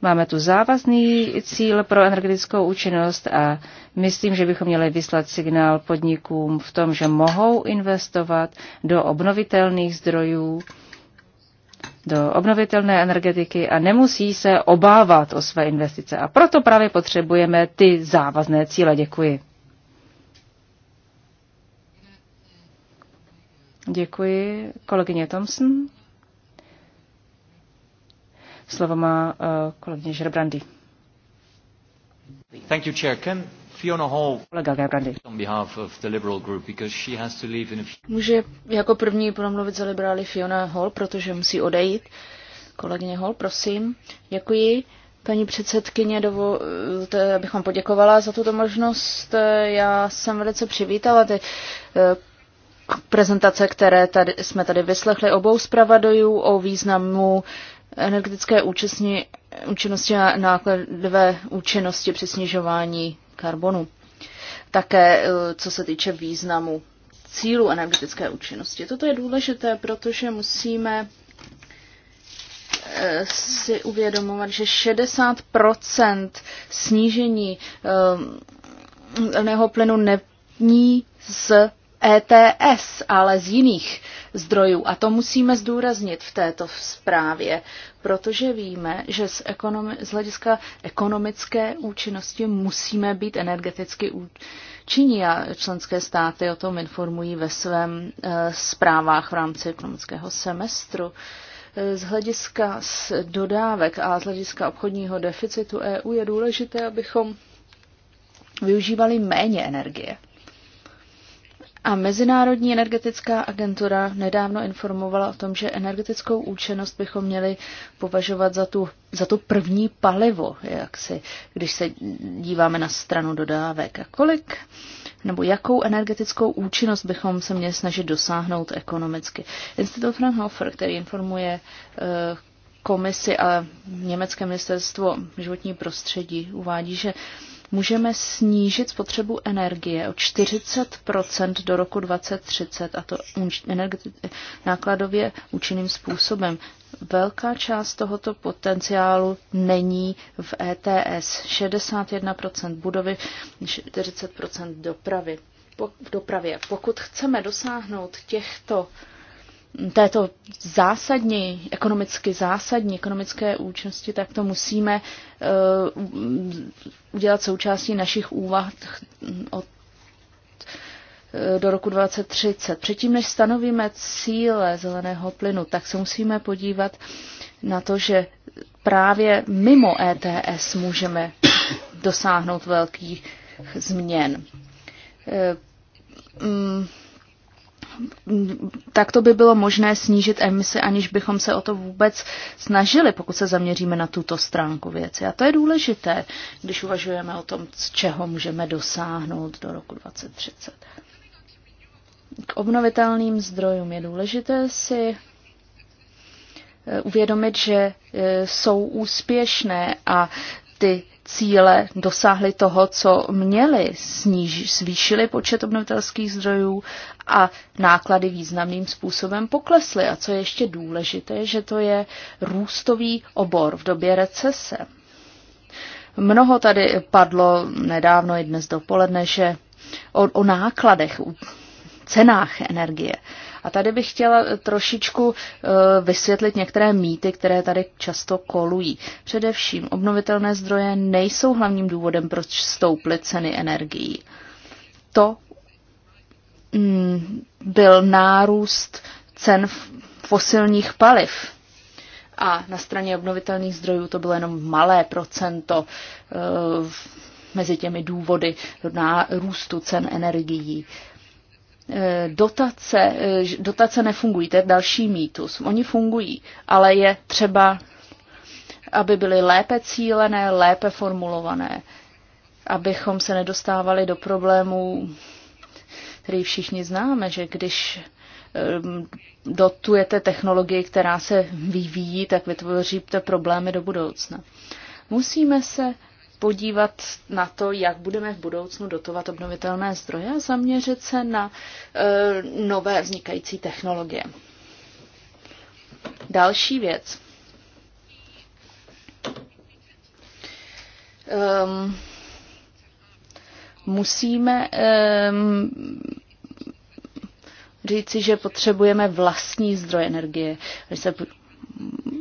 Máme tu závazný cíl pro energetickou účinnost a myslím, že bychom měli vyslat signál podnikům v tom, že mohou investovat do obnovitelných zdrojů do obnovitelné energetiky a nemusí se obávat o své investice. A proto právě potřebujeme ty závazné cíle. Děkuji. Děkuji. Kolegyně Thompson. Slovo má eh, kolegyně Žerbrandy. Thank you, Chair. Can Fiona Hall on behalf of the Liberal group because she has to leave in a few... Může jako první promluvit za liberály Fiona Hall, protože musí odejít. Kolegyně Hall, prosím. Děkuji. Paní předsedkyně, dovolte, abychom poděkovala za tuto možnost. Já jsem velice přivítala ty eh, prezentace, které tady, jsme tady vyslechli obou zpravodajů o významu energetické účinnosti a nákladové účinnosti při snižování karbonu. Také eh, co se týče významu cílu energetické účinnosti. Toto je důležité, protože musíme eh, si uvědomovat, že 60 snížení jeho eh, plynu není z ETS, ale z jiných zdrojů. A to musíme zdůraznit v této zprávě, protože víme, že z, ekonomi- z hlediska ekonomické účinnosti musíme být energeticky účinní a členské státy o tom informují ve svém uh, zprávách v rámci ekonomického semestru. E, z hlediska z dodávek a z hlediska obchodního deficitu EU je důležité, abychom využívali méně energie. A Mezinárodní energetická agentura nedávno informovala o tom, že energetickou účinnost bychom měli považovat za, tu, za to první palivo, jak si, když se díváme na stranu dodávek. A kolik nebo jakou energetickou účinnost bychom se měli snažit dosáhnout ekonomicky. Institut Fraunhofer, který informuje eh, komisi a Německé ministerstvo životní prostředí, uvádí, že můžeme snížit spotřebu energie o 40 do roku 2030 a to nákladově účinným způsobem. Velká část tohoto potenciálu není v ETS. 61 budovy, 40 dopravy. Po, v dopravě. Pokud chceme dosáhnout těchto této zásadní, ekonomicky zásadní, ekonomické účinnosti tak to musíme eh, udělat součástí našich úvah od eh, do roku 2030. Předtím, než stanovíme cíle zeleného plynu, tak se musíme podívat na to, že právě mimo ETS můžeme dosáhnout velkých změn. Eh, mm, tak to by bylo možné snížit emise, aniž bychom se o to vůbec snažili, pokud se zaměříme na tuto stránku věci. A to je důležité, když uvažujeme o tom, z čeho můžeme dosáhnout do roku 2030. K obnovitelným zdrojům je důležité si eh, uvědomit, že eh, jsou úspěšné a ty cíle dosáhli toho, co měli, sníž, zvýšili počet obnovitelských zdrojů a náklady významným způsobem poklesly. A co je ještě důležité, že to je růstový obor v době recese. Mnoho tady padlo nedávno i dnes dopoledne, že o, o nákladech cenách energie. A tady bych chtěla trošičku eh, vysvětlit některé mýty, které tady často kolují. Především obnovitelné zdroje nejsou hlavním důvodem, proč stouply ceny energií. To mm, byl nárůst cen fosilních paliv. A na straně obnovitelných zdrojů to bylo jenom malé procento eh, mezi těmi důvody na růstu cen energií. Eh, dotace, eh, dotace nefungují, to je další mýtus. Oni fungují, ale je třeba, aby byly lépe cílené, lépe formulované, abychom se nedostávali do problémů, který všichni známe, že když ehm, dotujete technologii, která se vyvíjí, tak vytvoříte problémy do budoucna. Musíme se podívat na to, jak budeme v budoucnu dotovat obnovitelné zdroje a zaměřit se na e, nové vznikající technologie. Další věc. Um, musíme um, říci, že potřebujeme vlastní zdroj energie. Když se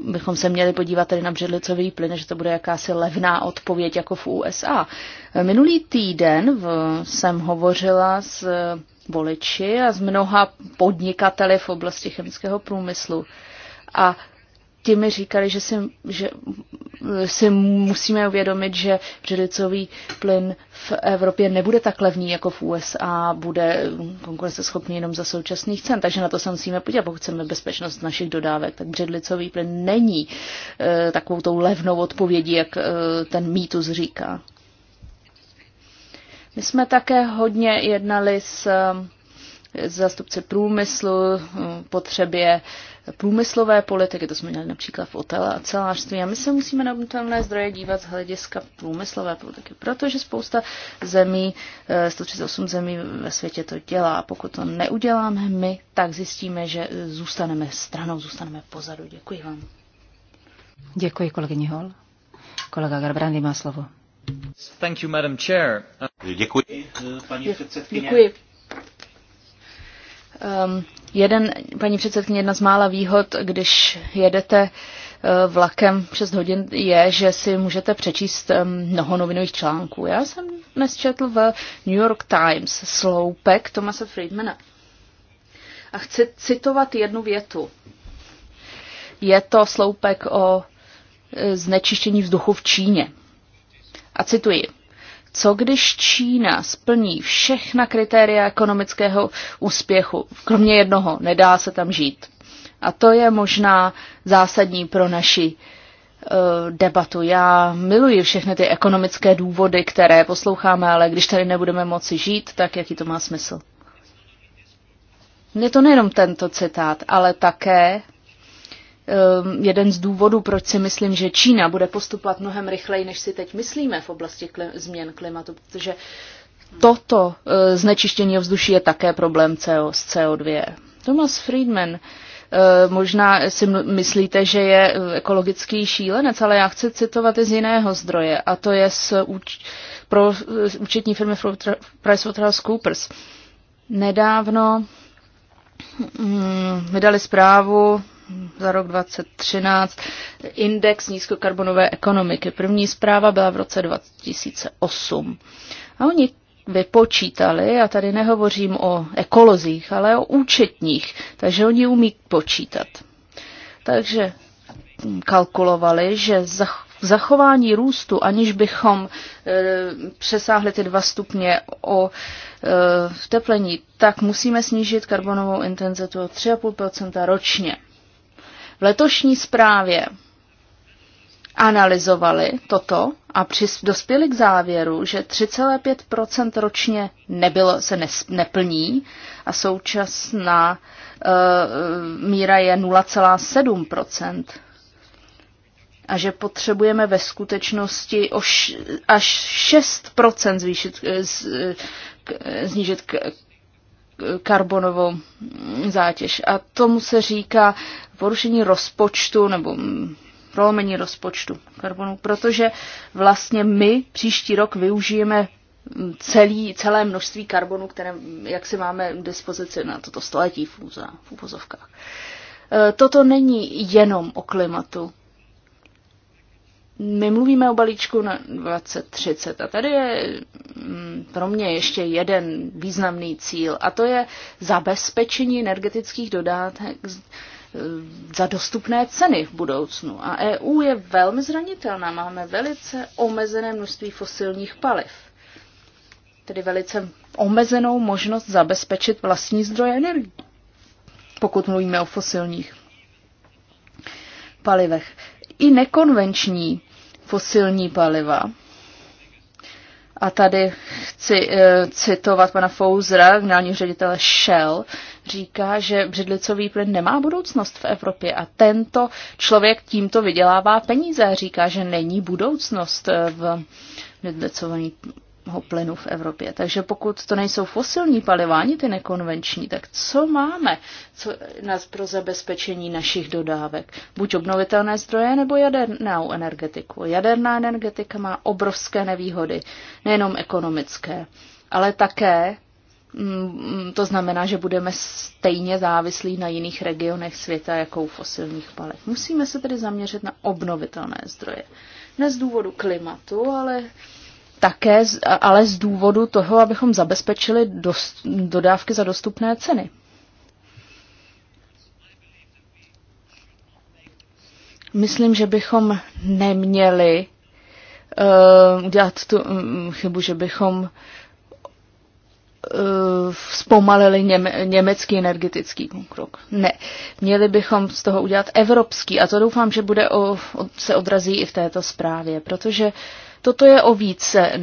bychom se měli podívat tady na břidlicový plyn, že to bude jakási levná odpověď jako v USA. Minulý týden v, jsem hovořila s voliči a s mnoha podnikateli v oblasti chemického průmyslu. A ti mi říkali, že si, že si musíme uvědomit, že břidlicový plyn v Evropě nebude tak levný jako v USA, bude konkurenceschopný jenom za současných cen, takže na to se musíme podívat, pokud chceme bezpečnost našich dodávek, tak břidlicový plyn není e, takovou tou levnou odpovědí, jak e, ten mýtus říká. My jsme také hodně jednali s eh, zástupci průmyslu, potřebě průmyslové politiky, to jsme měli například v ocelářství. A my se musíme na obnovitelné zdroje dívat z hlediska průmyslové politiky, protože spousta zemí, 138 eh, zemí ve světě to dělá. A pokud to neuděláme my, tak zjistíme, že zůstaneme stranou, zůstaneme pozadu. Děkuji vám. Děkuji, kolegyně Hol. Kolega Garbrandy má slovo. Thank you, Madam Chair. Děkuji, paní předsedkyně. Děkuji. Um, jeden, paní předsedkyně, jedna z mála výhod, když jedete uh, vlakem 6 hodin, je, že si můžete přečíst um, mnoho novinových článků. Já jsem dnes četl v New York Times sloupek Tomase Friedmana. A chci citovat jednu větu. Je to sloupek o e, znečištění vzduchu v Číně. A cituji. Co když Čína splní všechna kritéria ekonomického úspěchu, kromě jednoho, nedá se tam žít. A to je možná zásadní pro naši eh, debatu. Já miluji všechny ty ekonomické důvody, které posloucháme, ale když tady nebudeme moci žít, tak jaký to má smysl? Je to nejenom tento citát, ale také Ehm, jeden z důvodů, proč si myslím, že Čína bude postupovat mnohem rychleji, než si teď myslíme v oblasti klim- změn klimatu, protože toto eh, znečištění ovzduší je také problém CO- z CO2. Thomas Friedman, eh, možná si myslíte, že je eh, ekologický šílenec, ale já chci citovat i z jiného zdroje, a to je z úč- pro účetní firmy PricewaterhouseCoopers. Nedávno hm, vydali zprávu za rok 2013 index nízkokarbonové ekonomiky. První zpráva byla v roce 2008. A oni vypočítali, a tady nehovořím o ekolozích, ale o účetních, takže oni umí počítat. Takže kalkulovali, že zachování růstu, aniž bychom e, přesáhli ty dva stupně o e, vteplení, tak musíme snížit karbonovou intenzitu o 3,5 ročně v letošní zprávě analyzovali toto a přis, dospěli k závěru, že 3,5 ročně nebylo, se nes, neplní a současná e, míra je 0,7 a že potřebujeme ve skutečnosti o š, až 6 zvýšit, eh, z, k, znížit eh, k, karbonovou zátěž. A tomu se říká porušení rozpočtu nebo mm, prolomení rozpočtu karbonu, protože vlastně my příští rok využijeme mm, celý, celé množství karbonu, které mm, jak si máme k dispozici na toto století v, v úvozovkách. E, toto není jenom o klimatu. My mluvíme o balíčku na 2030 a tady je pro mě ještě jeden významný cíl a to je zabezpečení energetických dodátek Eh, za dostupné ceny v budoucnu. A EU je velmi zranitelná. Máme velice omezené množství fosilních paliv. Tedy velice omezenou možnost zabezpečit vlastní zdroje energie, pokud mluvíme o fosilních palivech. I nekonvenční fosilní paliva. A tady chci e, citovat pana Fouzera, generálního ředitele Shell, říká, že břidlicový plyn nemá budoucnost v Evropě a tento člověk tímto vydělává peníze a říká, že není budoucnost eh, v břidlicovaného plynu v Evropě. Takže pokud to nejsou fosilní paliva, ani ty nekonvenční, tak co máme co nás pro zabezpečení našich dodávek? Buď obnovitelné zdroje nebo jadernou energetiku. Jaderná energetika má obrovské nevýhody, nejenom ekonomické ale také Mm, to znamená, že budeme stejně závislí na jiných regionech světa jako u fosilních paliv. Musíme se tedy zaměřit na obnovitelné zdroje. Ne z důvodu klimatu, ale také, ale z důvodu toho, abychom zabezpečili dost, dodávky za dostupné ceny. Myslím, že bychom neměli uh, udělat tu um, chybu, že bychom zpomalili něme, německý energetický krok. Ne, měli bychom z toho udělat evropský a to doufám, že bude o, se odrazí i v této zprávě, protože toto je o více e,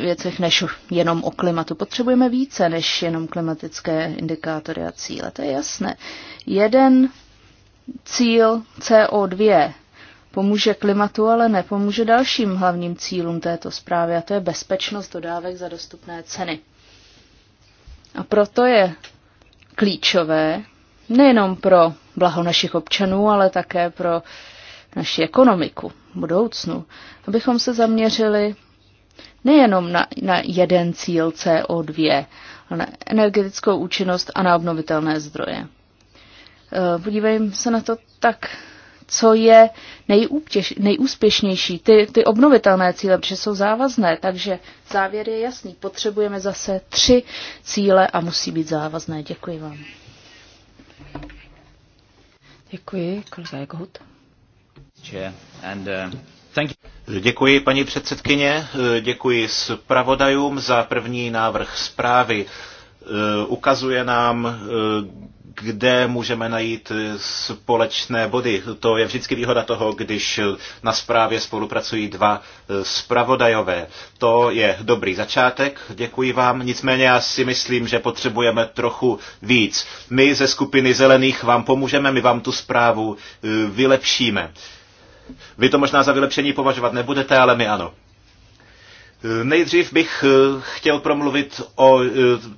věcech než jenom o klimatu. Potřebujeme více než jenom klimatické indikátory a cíle, to je jasné. Jeden cíl CO2 pomůže klimatu, ale nepomůže dalším hlavním cílům této zprávy, a to je bezpečnost dodávek za dostupné ceny. A proto je klíčové nejenom pro blaho našich občanů, ale také pro naši ekonomiku v budoucnu, abychom se zaměřili nejenom na, na jeden cíl CO2, ale na energetickou účinnost a na obnovitelné zdroje. E, podívejme se na to tak co je nejúptěž, nejúspěšnější, ty, ty obnovitelné cíle, protože jsou závazné, takže závěr je jasný. Potřebujeme zase tři cíle a musí být závazné. Děkuji vám. Děkuji, kolega Jakohut. Uh, děkuji, paní předsedkyně, děkuji zpravodajům za první návrh zprávy uh, ukazuje nám, uh, kde můžeme najít společné body. To je vždycky výhoda toho, když na zprávě spolupracují dva zpravodajové. To je dobrý začátek, děkuji vám. Nicméně já si myslím, že potřebujeme trochu víc. My ze skupiny zelených vám pomůžeme, my vám tu zprávu e, vylepšíme. Vy to možná za vylepšení považovat nebudete, ale my ano. Nejdřív bych eh, chtěl promluvit o eh,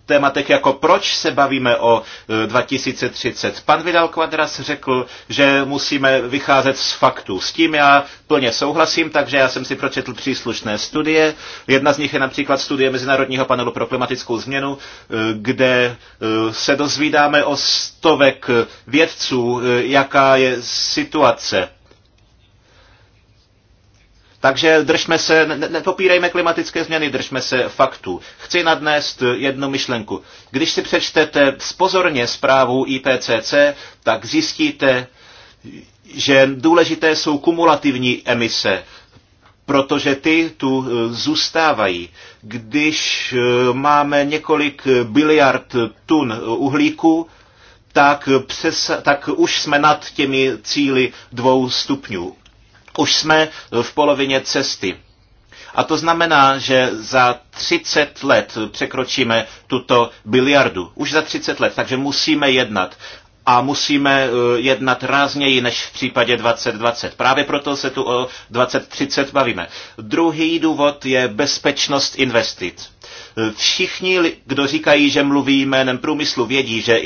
tématech jako proč se bavíme o 2030. Eh, Pan Vidal Quadras řekl, že musíme vycházet z faktů. S tím já plně souhlasím, takže já jsem si pročetl příslušné studie. Jedna z nich je například studie Mezinárodního panelu pro klimatickou změnu, kde se dozvídáme o stovek vědců, jaká je situace takže držme se, nepopírejme klimatické změny, držme se faktů. Chci nadnést jednu myšlenku. Když si přečtete pozorně zprávu IPCC, tak zjistíte, že důležité jsou kumulativní emise, protože ty tu eh, zůstávají. Když eh, máme několik biliard tun eh, uhlíku, tak, přes, tak už jsme nad těmi cíly dvou stupňů už jsme v polovině cesty. A to znamená, že za 30 let překročíme tuto biliardu. Už za 30 let, takže musíme jednat. A musíme eh, jednat rázněji než v případě 2020. Právě proto se tu o 2030 bavíme. Druhý důvod je bezpečnost investic. Eh, všichni, kdo říkají, že mluví jménem průmyslu, vědí, že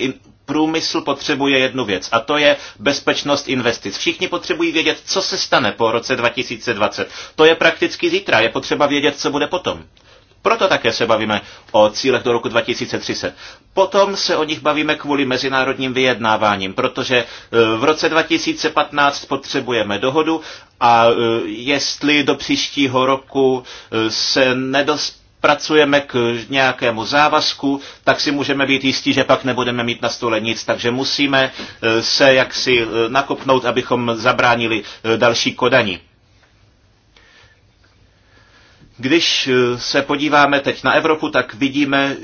průmysl potřebuje jednu věc a to je bezpečnost investic. Všichni potřebují vědět, co se stane po roce 2020. To je prakticky zítra, je potřeba vědět, co bude potom. Proto také se bavíme o cílech do roku 2030. Potom se o nich bavíme kvůli mezinárodním vyjednáváním, protože e, v roce 2015 potřebujeme dohodu a e, jestli do příštího roku e, se nedost pracujeme k nějakému závazku, tak si můžeme být jistí, že pak nebudeme mít na stole nic. Takže musíme eh, se jaksi eh, nakopnout, abychom zabránili eh, další kodaní. Když se podíváme teď na Evropu, tak vidíme,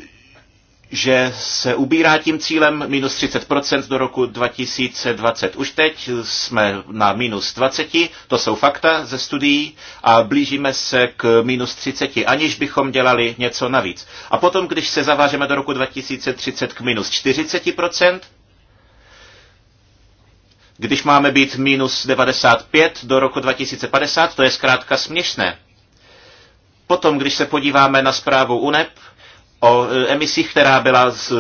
že se ubírá tím cílem minus 30% do roku 2020. Už teď jsme na minus 20, to jsou fakta ze studií a blížíme se k minus 30, aniž bychom dělali něco navíc. A potom, když se zavážeme do roku 2030 k minus 40%, když máme být minus 95 do roku 2050, to je zkrátka směšné. Potom, když se podíváme na zprávu UNEP, o e, emisích, která byla z,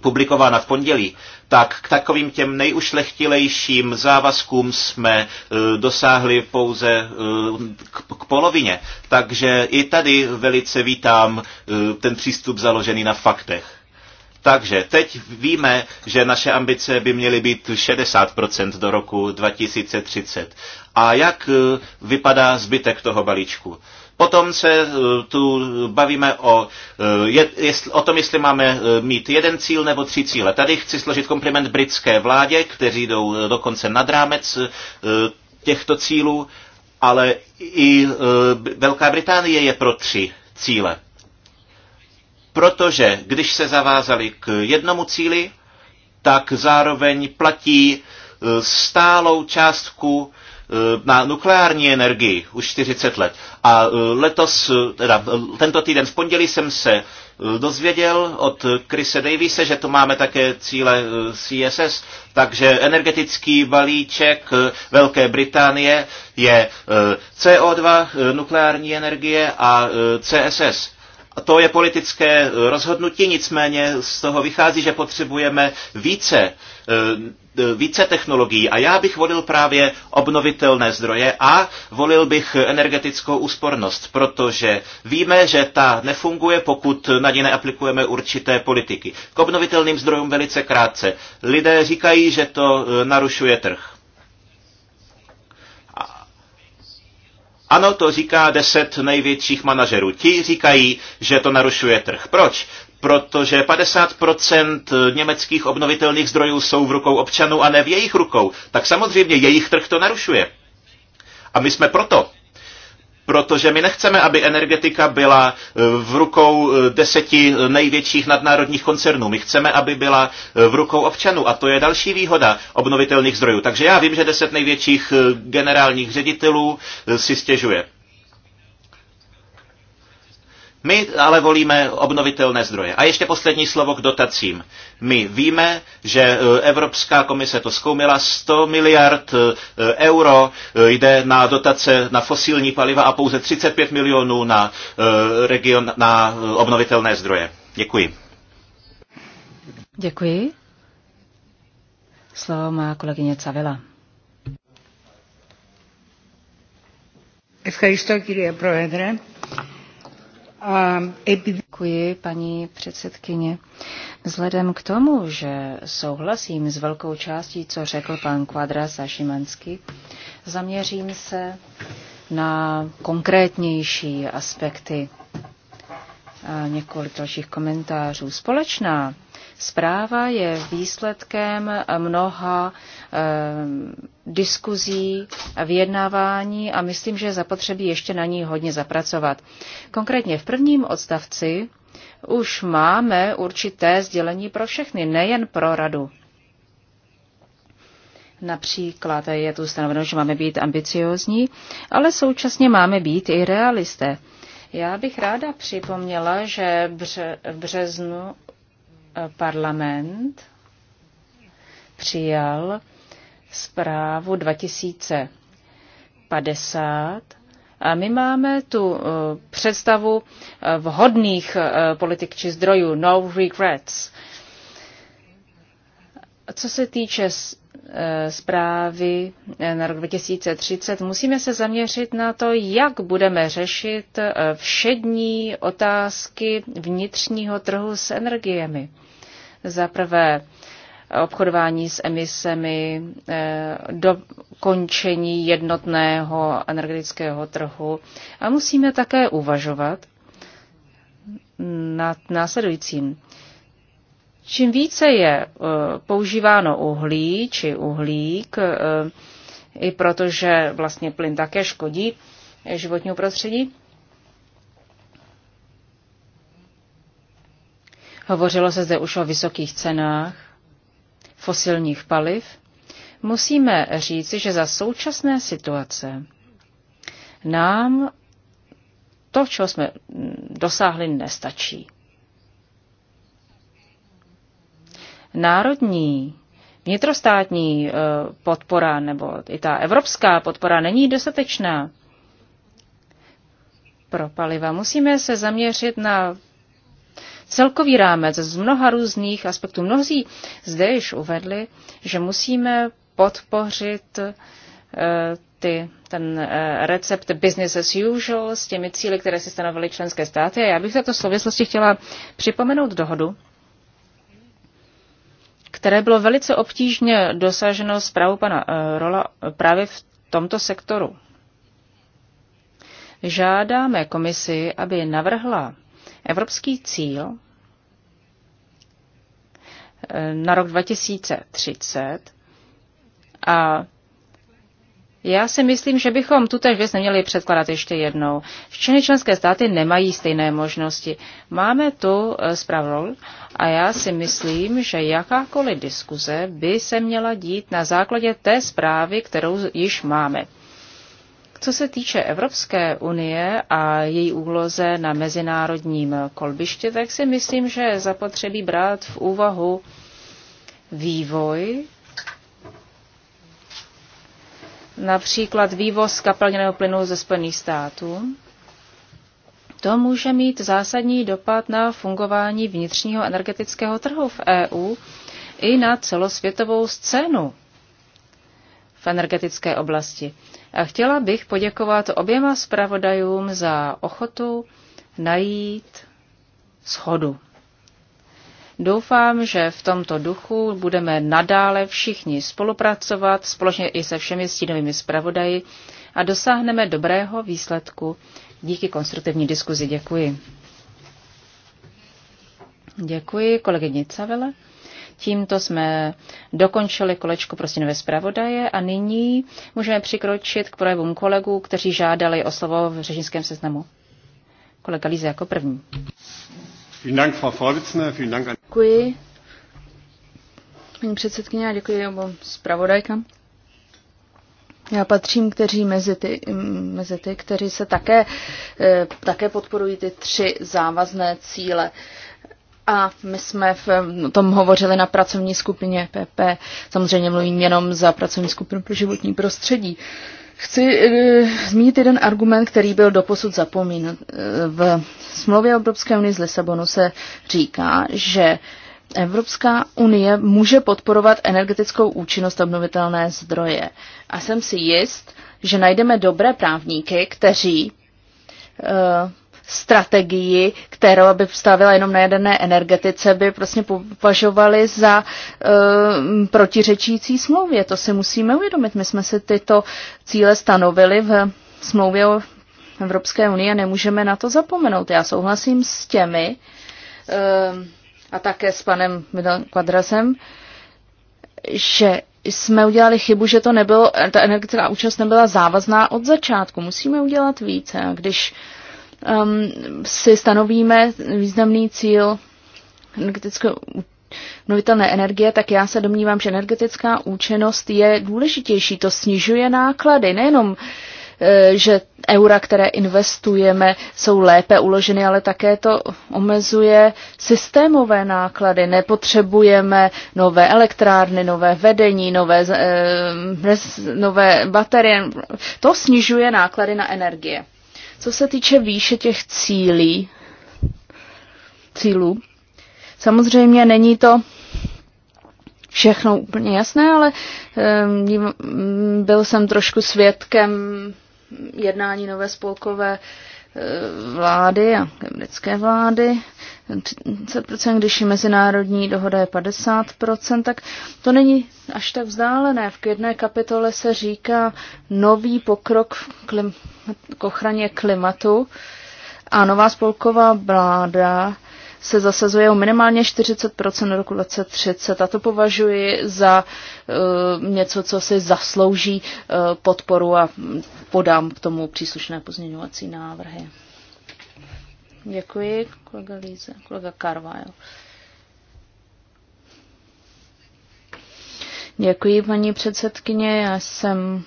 publikována v pondělí, tak k takovým těm nejušlechtilejším závazkům jsme e, dosáhli pouze e, k polovině. Takže i tady velice vítám ten přístup založený na faktech. Takže teď víme, že naše ambice by měly být 60% do roku 2030. A jak vypadá zbytek toho balíčku? Potom se eh, tu bavíme o, eh, je, jest, o tom, jestli máme eh, mít jeden cíl nebo tři cíle. Tady chci složit kompliment britské vládě, kteří jdou dokonce nad rámec těchto cílů, ale i Velká Británie je pro tři cíle. Protože když se zavázali k jednomu cíli, tak zároveň platí stálou částku Eh, na nukleární energii už 40 let. A eh, letos, eh, teda tento týden v pondělí jsem se dozvěděl od Krise Davise, že tu máme také cíle CSS, takže energetický balíček Velké Británie je CO2, nukleární energie a CSS. A to je politické rozhodnutí, nicméně z toho vychází, že potřebujeme více Eh, více technologií a já bych volil právě obnovitelné zdroje a volil bych energetickou úspornost, protože víme, že ta nefunguje, pokud na ně neaplikujeme určité politiky. K obnovitelným zdrojům velice krátce. Lidé říkají, že to eh, narušuje trh. Ano, to říká deset největších manažerů. Ti říkají, že to narušuje trh. Proč? protože 50% německých obnovitelných zdrojů jsou v rukou občanů a ne v jejich rukou, tak samozřejmě jejich trh to narušuje. A my jsme proto, protože my nechceme, aby energetika byla eh, v rukou eh, deseti největších nadnárodních koncernů. My chceme, aby byla eh, v rukou občanů a to je další výhoda obnovitelných zdrojů. Takže já vím, že deset největších generálních ředitelů si stěžuje. My ale volíme obnovitelné zdroje. A ještě poslední slovo k dotacím. My víme, že e, Evropská komise to zkoumila, 100 miliard e, e, euro jde na dotace na fosilní paliva a pouze 35 milionů na, region, na obnovitelné zdroje. Děkuji. Děkuji. Slovo má kolegyně Cavila. Ευχαριστώ κύριε Πρόεδρε. Um, Děkuji, paní předsedkyně. Vzhledem k tomu, že souhlasím s velkou částí, co řekl pan Kvadra Sašimanský, zaměřím se na konkrétnější aspekty a několik dalších komentářů. Společná Zpráva je výsledkem mnoha eh, diskuzí a vyjednávání a myslím, že zapotřebí ještě na ní hodně zapracovat. Konkrétně v prvním odstavci už máme určité sdělení pro všechny, nejen pro radu. Například je tu stanoveno, že máme být ambiciozní, ale současně máme být i realisté. Já bych ráda připomněla, že v březnu parlament přijal zprávu 2050 a my máme tu eh, představu eh, vhodných eh, politik či zdrojů, no regrets. Co se týče Eh, zprávy eh, na rok 2030 musíme se zaměřit na to, jak budeme řešit eh, všední otázky vnitřního trhu s energiemi. Za prvé obchodování s emisemi, dokončení jednotného energetického trhu a musíme také uvažovat nad následujícím Čím více je eh, používáno uhlí či uhlík, eh, i protože vlastně plyn také škodí životního prostředí, Hovořilo se zde už o vysokých cenách fosilních paliv. Musíme říci, že za současné situace nám to, čeho jsme dosáhli, nestačí. národní vnitrostátní eh, podpora nebo i ta evropská podpora není dostatečná pro paliva. Musíme se zaměřit na celkový rámec z mnoha různých aspektů. Mnozí zde již uvedli, že musíme podpořit eh, ty, ten eh, recept business as usual s těmi cíly, které si stanovily členské státy. A já bych v této souvislosti chtěla připomenout dohodu, které bylo velice obtížně dosaženo zprávou pana eh, Rola eh, právě v tomto sektoru. Žádáme komisi, aby navrhla evropský cíl eh, na rok 2030 a já si myslím, že bychom tuto věc neměli předkladat ještě jednou. Všechny členské státy nemají stejné možnosti. Máme tu eh, zpravodaj a já si myslím, že jakákoliv diskuze by se měla dít na základě té zprávy, kterou již máme. Co se týče Evropské unie a její úloze na mezinárodním kolbišti, tak si myslím, že zapotřebí brát v úvahu vývoj například vývoz kapelněného plynu ze Spojených států, to může mít zásadní dopad na fungování vnitřního energetického trhu v EU i na celosvětovou scénu v energetické oblasti. A chtěla bych poděkovat oběma zpravodajům za ochotu najít schodu. Doufám, že v tomto duchu budeme nadále všichni spolupracovat společně i se všemi stínovými zpravodaji a dosáhneme dobrého výsledku díky konstruktivní diskuzi. Děkuji. Děkuji kolegyni Cavele. Tímto jsme dokončili kolečko prostinové zpravodaje a nyní můžeme přikročit k projevům kolegů, kteří žádali o slovo v řečnickém seznamu. Kolega Líze jako první. Děkuji. Paní předsedkyně, a děkuji obou zpravodajkám. Já patřím kteří mezi ty, mezi ty kteří se také, eh, také podporují ty tři závazné cíle. A my jsme v tom hovořili na pracovní skupině PP. Samozřejmě mluvím jenom za pracovní skupinu pro životní prostředí. Uh, Chci e, zmínit jeden argument, který byl doposud zapomínat. Eh, v smlouvě Evropské unie z Lisabonu se říká, že Evropská unie může podporovat energetickou účinnost obnovitelné zdroje. A jsem si jist, že najdeme dobré právníky, kteří e, strategii, kterou by stavila jenom na jaderné energetice, by prostě považovali za e, protiřečící smlouvě. To si musíme uvědomit. My jsme si tyto cíle stanovili v smlouvě o Evropské unii a nemůžeme na to zapomenout. Já souhlasím s těmi e, a také s panem Quadrasem, že jsme udělali chybu, že to nebylo, ta energetická účast nebyla závazná od začátku. Musíme udělat více. A když um, si stanovíme významný cíl energetické obnovitelné energie, tak já se domnívám, že energetická účinnost je důležitější. To snižuje náklady, nejenom e, že eura, které investujeme, jsou lépe uloženy, ale také to omezuje systémové náklady. Nepotřebujeme nové elektrárny, nové vedení, nové, e, nové baterie. To snižuje náklady na energie. Co se týče výše těch cílí, cílů, samozřejmě není to všechno úplně jasné, ale um, byl jsem trošku svědkem jednání nové spolkové e, vlády a kembrické vlády, 30%, když je mezinárodní dohoda je 50%, tak to není až tak vzdálené. V jedné kapitole se říká nový pokrok v klim- k ochraně klimatu a nová spolková vláda se zasazuje o minimálně 40 do roku 2030 a to považuji za uh, něco, co si zaslouží uh, podporu a podám k tomu příslušné pozměňovací návrhy. Děkuji, kolega Líze, kolega Carvajal. Děkuji, paní předsedkyně. Já jsem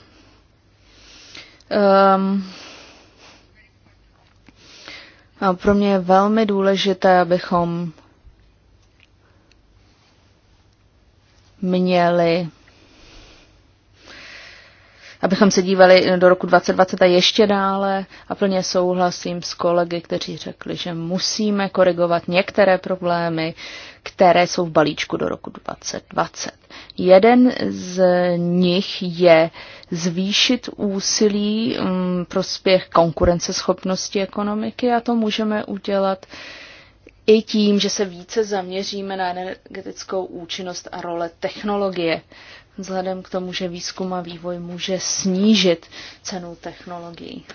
Um, a pro mě je velmi důležité, abychom měli, abychom se dívali do roku 2020 a ještě dále a plně souhlasím s kolegy, kteří řekli, že musíme korigovat některé problémy, které jsou v balíčku do roku 2020. Jeden z nich je zvýšit úsilí mm, prospěch konkurenceschopnosti ekonomiky a to můžeme udělat i tím, že se více zaměříme na energetickou účinnost a role technologie, vzhledem k tomu, že výzkum a vývoj může snížit cenu technologií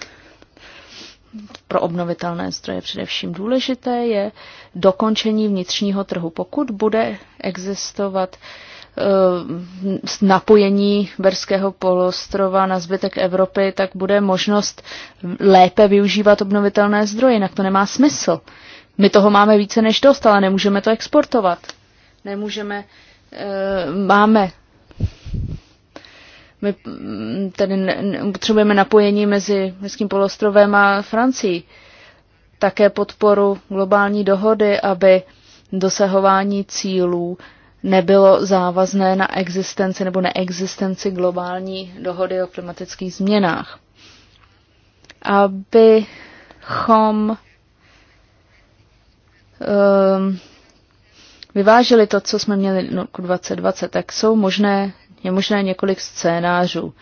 pro obnovitelné zdroje především důležité je dokončení vnitřního trhu. Pokud bude existovat eh, napojení Berského polostrova na zbytek Evropy, tak bude možnost lépe využívat obnovitelné zdroje, jinak to nemá smysl. My toho máme více než dost, ale nemůžeme to exportovat. Nemůžeme, eh, máme my mm, tedy potřebujeme napojení mezi Městským polostrovem a Francií. Také podporu globální dohody, aby dosahování cílů nebylo závazné na existenci nebo neexistenci globální dohody o klimatických změnách. Abychom um, vyvážili to, co jsme měli roku 2020, tak jsou možné je možné několik scénářů.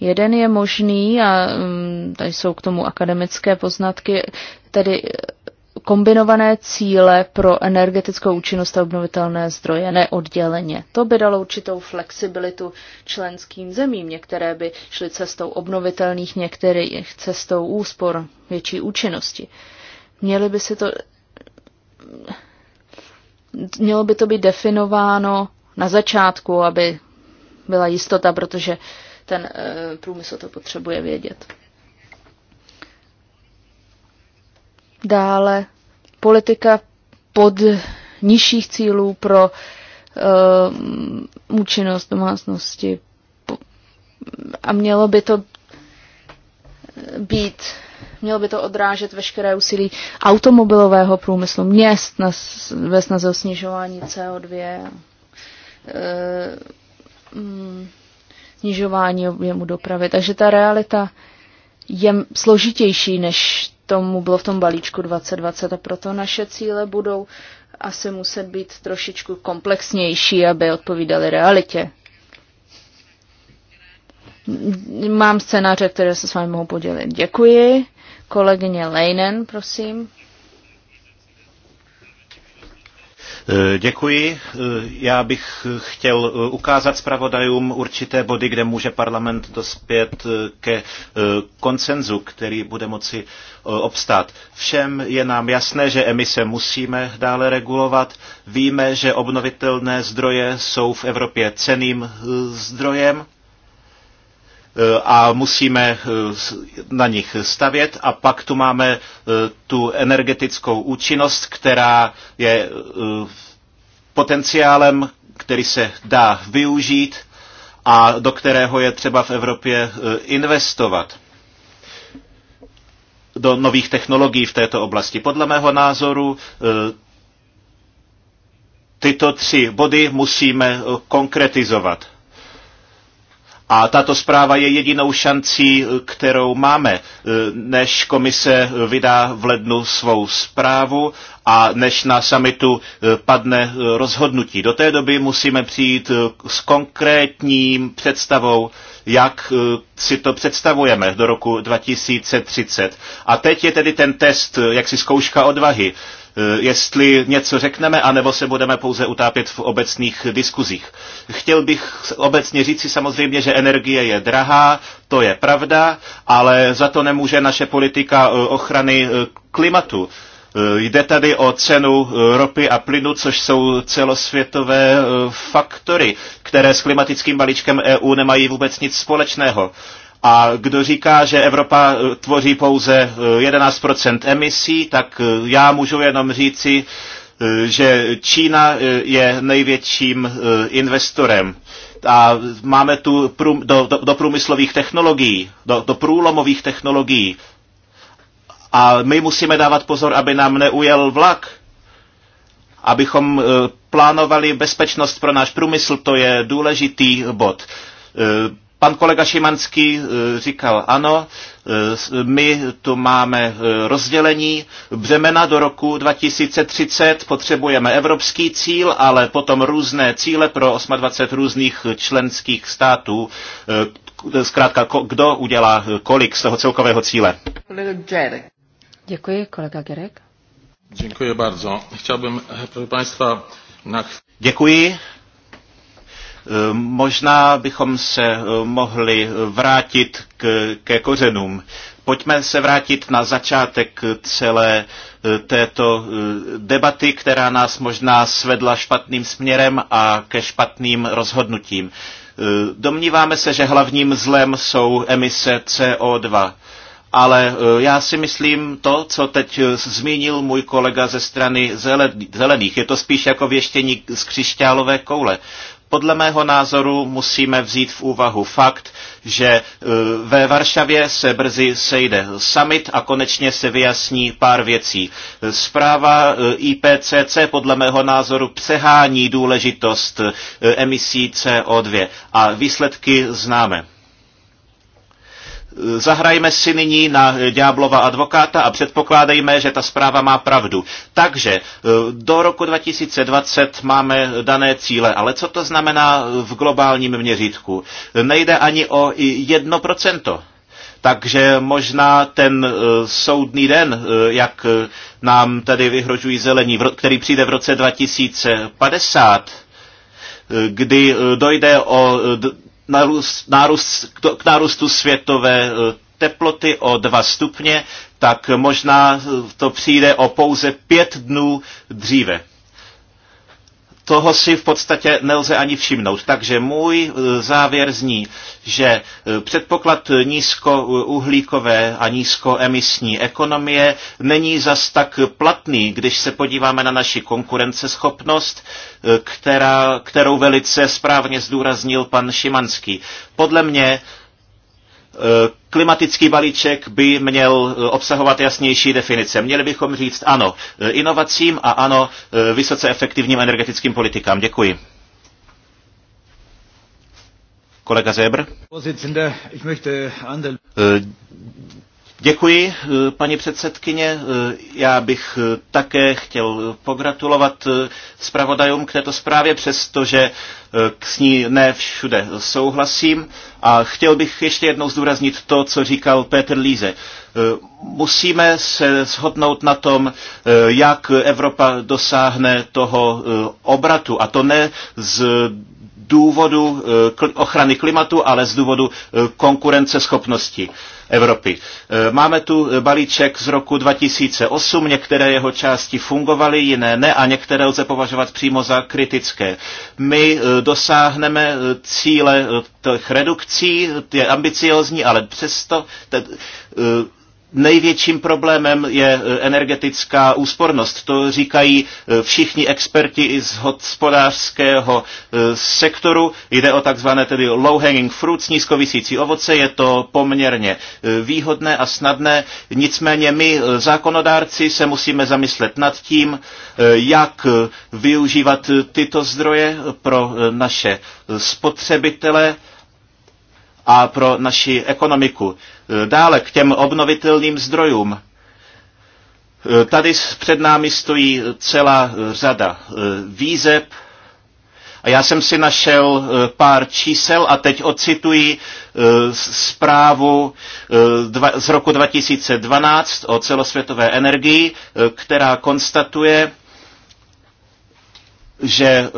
Jeden je možný, a mm, tady jsou k tomu akademické poznatky, tedy eh, kombinované cíle pro energetickou účinnost a obnovitelné zdroje neodděleně. To by dalo určitou flexibilitu členským zemím. Některé by šly cestou obnovitelných, některé cestou úspor větší účinnosti. Měly by si to, mělo by to být definováno na začátku, aby byla jistota, protože ten eh, průmysl to potřebuje vědět. Dále politika pod nižších cílů pro uh, účinnost domácnosti. A mělo by to být, mělo by to odrážet veškeré úsilí automobilového průmyslu, měst na, ve snaze o snižování CO2, uh, mm, snižování objemu dopravy. Takže ta realita je složitější, než tomu bylo v tom balíčku 2020 a proto naše cíle budou asi muset být trošičku komplexnější, aby odpovídaly realitě. Mám scénáře, které se s vámi mohu podělit. Děkuji. Kolegyně Leinen, prosím. Eh, děkuji. Eh, já bych chtěl eh, ukázat zpravodajům určité body, kde může parlament dospět ke konsenzu, který bude moci obstát. Všem je nám jasné, že emise musíme dále regulovat. Víme, že obnovitelné zdroje jsou v Evropě ceným zdrojem a musíme eh, na nich stavět. A pak tu máme eh, tu energetickou účinnost, která je eh, potenciálem, který se dá využít a do kterého je třeba v Evropě investovat do nových technologií v této oblasti. Podle mého názoru tyto tři body musíme konkretizovat. A tato zpráva je jedinou šancí, kterou máme, eh, než komise vydá v lednu svou zprávu a než na samitu eh, padne eh, rozhodnutí. Do té doby musíme přijít s konkrétním představou, jak si to představujeme do roku 2030. A teď je tedy ten test, jak si zkouška odvahy. Eh, jestli něco řekneme, anebo se budeme pouze utápět v obecných diskuzích. Chtěl bych obecně říci samozřejmě, že energie je drahá, to je pravda, ale za to nemůže naše politika eh, ochrany eh, klimatu. Jde tady o cenu ropy a plynu, což jsou celosvětové faktory, které s klimatickým balíčkem EU nemají vůbec nic společného. A kdo říká, že Evropa eh, tvoří pouze 11% eh, emisí, tak eh, já můžu jenom říci, že Čína je největším investorem a máme tu prům, do, do, do průmyslových technologií, do, do průlomových technologií. A my musíme dávat pozor, aby nám neujel vlak, abychom plánovali bezpečnost pro náš průmysl, to je důležitý bod Pan kolega Šimanský eh, říkal ano, eh, my tu máme eh, rozdělení břemena do roku 2030, potřebujeme evropský cíl, ale potom různé cíle pro 28 různých členských států. Zkrátka, kdo udělá kolik z toho celkového cíle? Děkuji, kolega Gerek. děkuji, bardzo. Chciałbym, proszę Państwa, na... Děkuji. Možná bychom se eh, mohli vrátit k, ke kořenům. Pojďme se vrátit na začátek celé eh, této eh, debaty, která nás možná svedla špatným směrem a ke špatným rozhodnutím. Domníváme se, že hlavním zlem jsou emise CO2. Ale já si myslím to, co teď zmínil můj kolega ze strany zelených. Je to spíš jako věštění z křišťálové koule. Podle mého názoru musíme vzít v úvahu fakt, že e, ve Varšavě se brzy sejde summit a konečně se vyjasní pár věcí. Zpráva e, IPCC podle mého názoru přehání důležitost e, emisí CO2 a výsledky známe. Zahrajme si nyní na Ďáblova advokáta a předpokládejme, že ta zpráva má pravdu. Takže e, do roku 2020 máme dané cíle, ale co to znamená v globálním měřítku? Nejde ani o 1%. Takže možná ten e, soudný den, e, jak nám tady vyhrožují zelení, který přijde v roce 2050, kdy dojde o narůst, nárůst, k nárůstu světové eh, teploty o 2 stupně, tak možná to přijde o pouze pět dnů dříve toho si v podstatě nelze ani všimnout. Takže můj e, závěr zní, že e, předpoklad nízkouhlíkové a nízkoemisní ekonomie není zas tak platný, když se podíváme na naši konkurenceschopnost, e, která, kterou velice správně zdůraznil pan Šimanský. Podle mě Eh, klimatický balíček by měl eh, obsahovat jasnější definice. Měli bychom říct ano eh, inovacím a ano vysoce efektivním energetickým politikám. Děkuji. Kolega Zebr? Děkuji, eh, paní předsedkyně. Eh, já bych eh, také chtěl pogratulovat zpravodajům k této zprávě, přestože s ní ne všude souhlasím. A chtěl bych ještě jednou zdůraznit to, co říkal Petr Líze. Musíme se shodnout na tom, jak Evropa dosáhne toho obratu. A to ne z důvodu ochrany klimatu, ale z důvodu konkurenceschopnosti. schopnosti Evropy. E, máme tu balíček z roku 2008, některé jeho části fungovaly, jiné ne a některé lze považovat přímo za kritické. My e, dosáhneme e, cíle těch redukcí, je ambiciozní, ale přesto te, Největším problémem je e, energetická úspornost. To říkají e, všichni experti i z hospodářského e, sektoru. Jde o takzvané tedy low-hanging fruits, nízkovisící ovoce. Je to poměrně výhodné a snadné. Nicméně my, zákonodárci, se musíme zamyslet nad tím, jak využívat tyto zdroje pro naše spotřebitele a pro naši ekonomiku. E, dále k těm obnovitelným zdrojům. E, tady před námi stojí celá řada e, výzeb, a já jsem si našel pár čísel a teď ocituji zprávu z roku 2012 o celosvětové energii, která konstatuje, že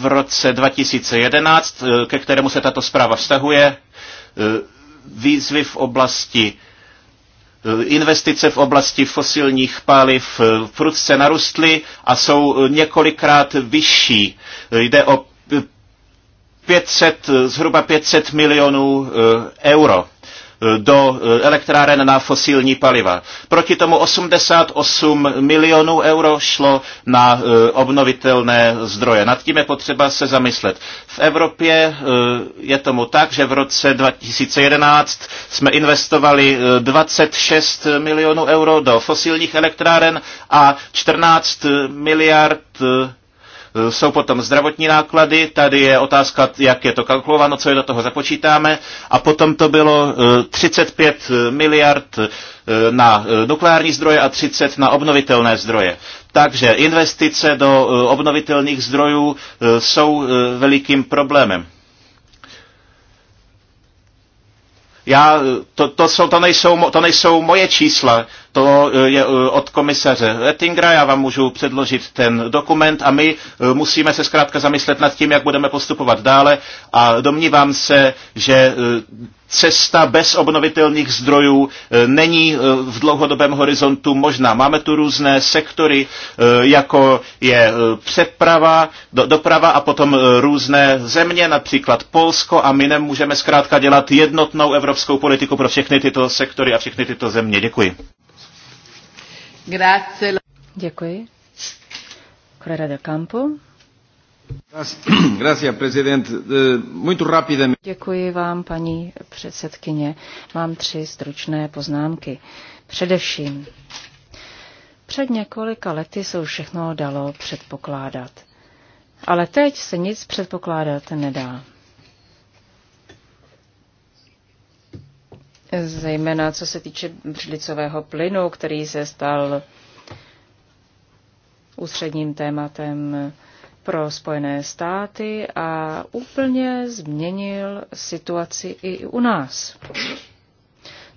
v roce 2011, ke kterému se tato zpráva vztahuje, Eh, výzvy v oblasti eh, investice v oblasti fosilních paliv eh, prudce narostly a jsou několikrát vyšší. Jde o 500, zhruba 500 milionů euro do eh, elektráren na fosilní paliva. Proti tomu 88 milionů euro šlo na eh, obnovitelné zdroje. Nad tím je potřeba se zamyslet. V Evropě eh, je tomu tak, že v roce 2011 jsme investovali 26 milionů euro do fosilních elektráren a 14 miliard Eh, jsou potom zdravotní náklady, tady je otázka, jak je to kalkulováno, co je do toho započítáme. A potom to bylo 35 eh, eh, miliard na nukleární zdroje a 30 na obnovitelné zdroje. Takže investice do obnovitelných zdrojů jsou velikým problémem. Já, to, to, jsou, to, nejsou, to nejsou moje čísla, to eh, je eh, od komisaře Ettingera, já vám můžu předložit ten dokument a my eh, musíme se zkrátka zamyslet nad tím, jak budeme postupovat dále a domnívám se, že cesta bez obnovitelných zdrojů není v dlouhodobém horizontu možná. Máme tu různé sektory, jako je přeprava, doprava a potom různé země, například Polsko a my nemůžeme zkrátka dělat jednotnou evropskou politiku pro všechny tyto sektory a všechny tyto země. Děkuji. Grazie. Děkuji. Correra del Campo. Děkuji vám, paní předsedkyně. Mám tři stručné poznámky. Především, před několika lety se už všechno dalo předpokládat. Ale teď se nic předpokládat nedá. zejména co se týče břidlicového plynu, který se stal ústředním tématem pro Spojené státy a úplně změnil situaci i u nás.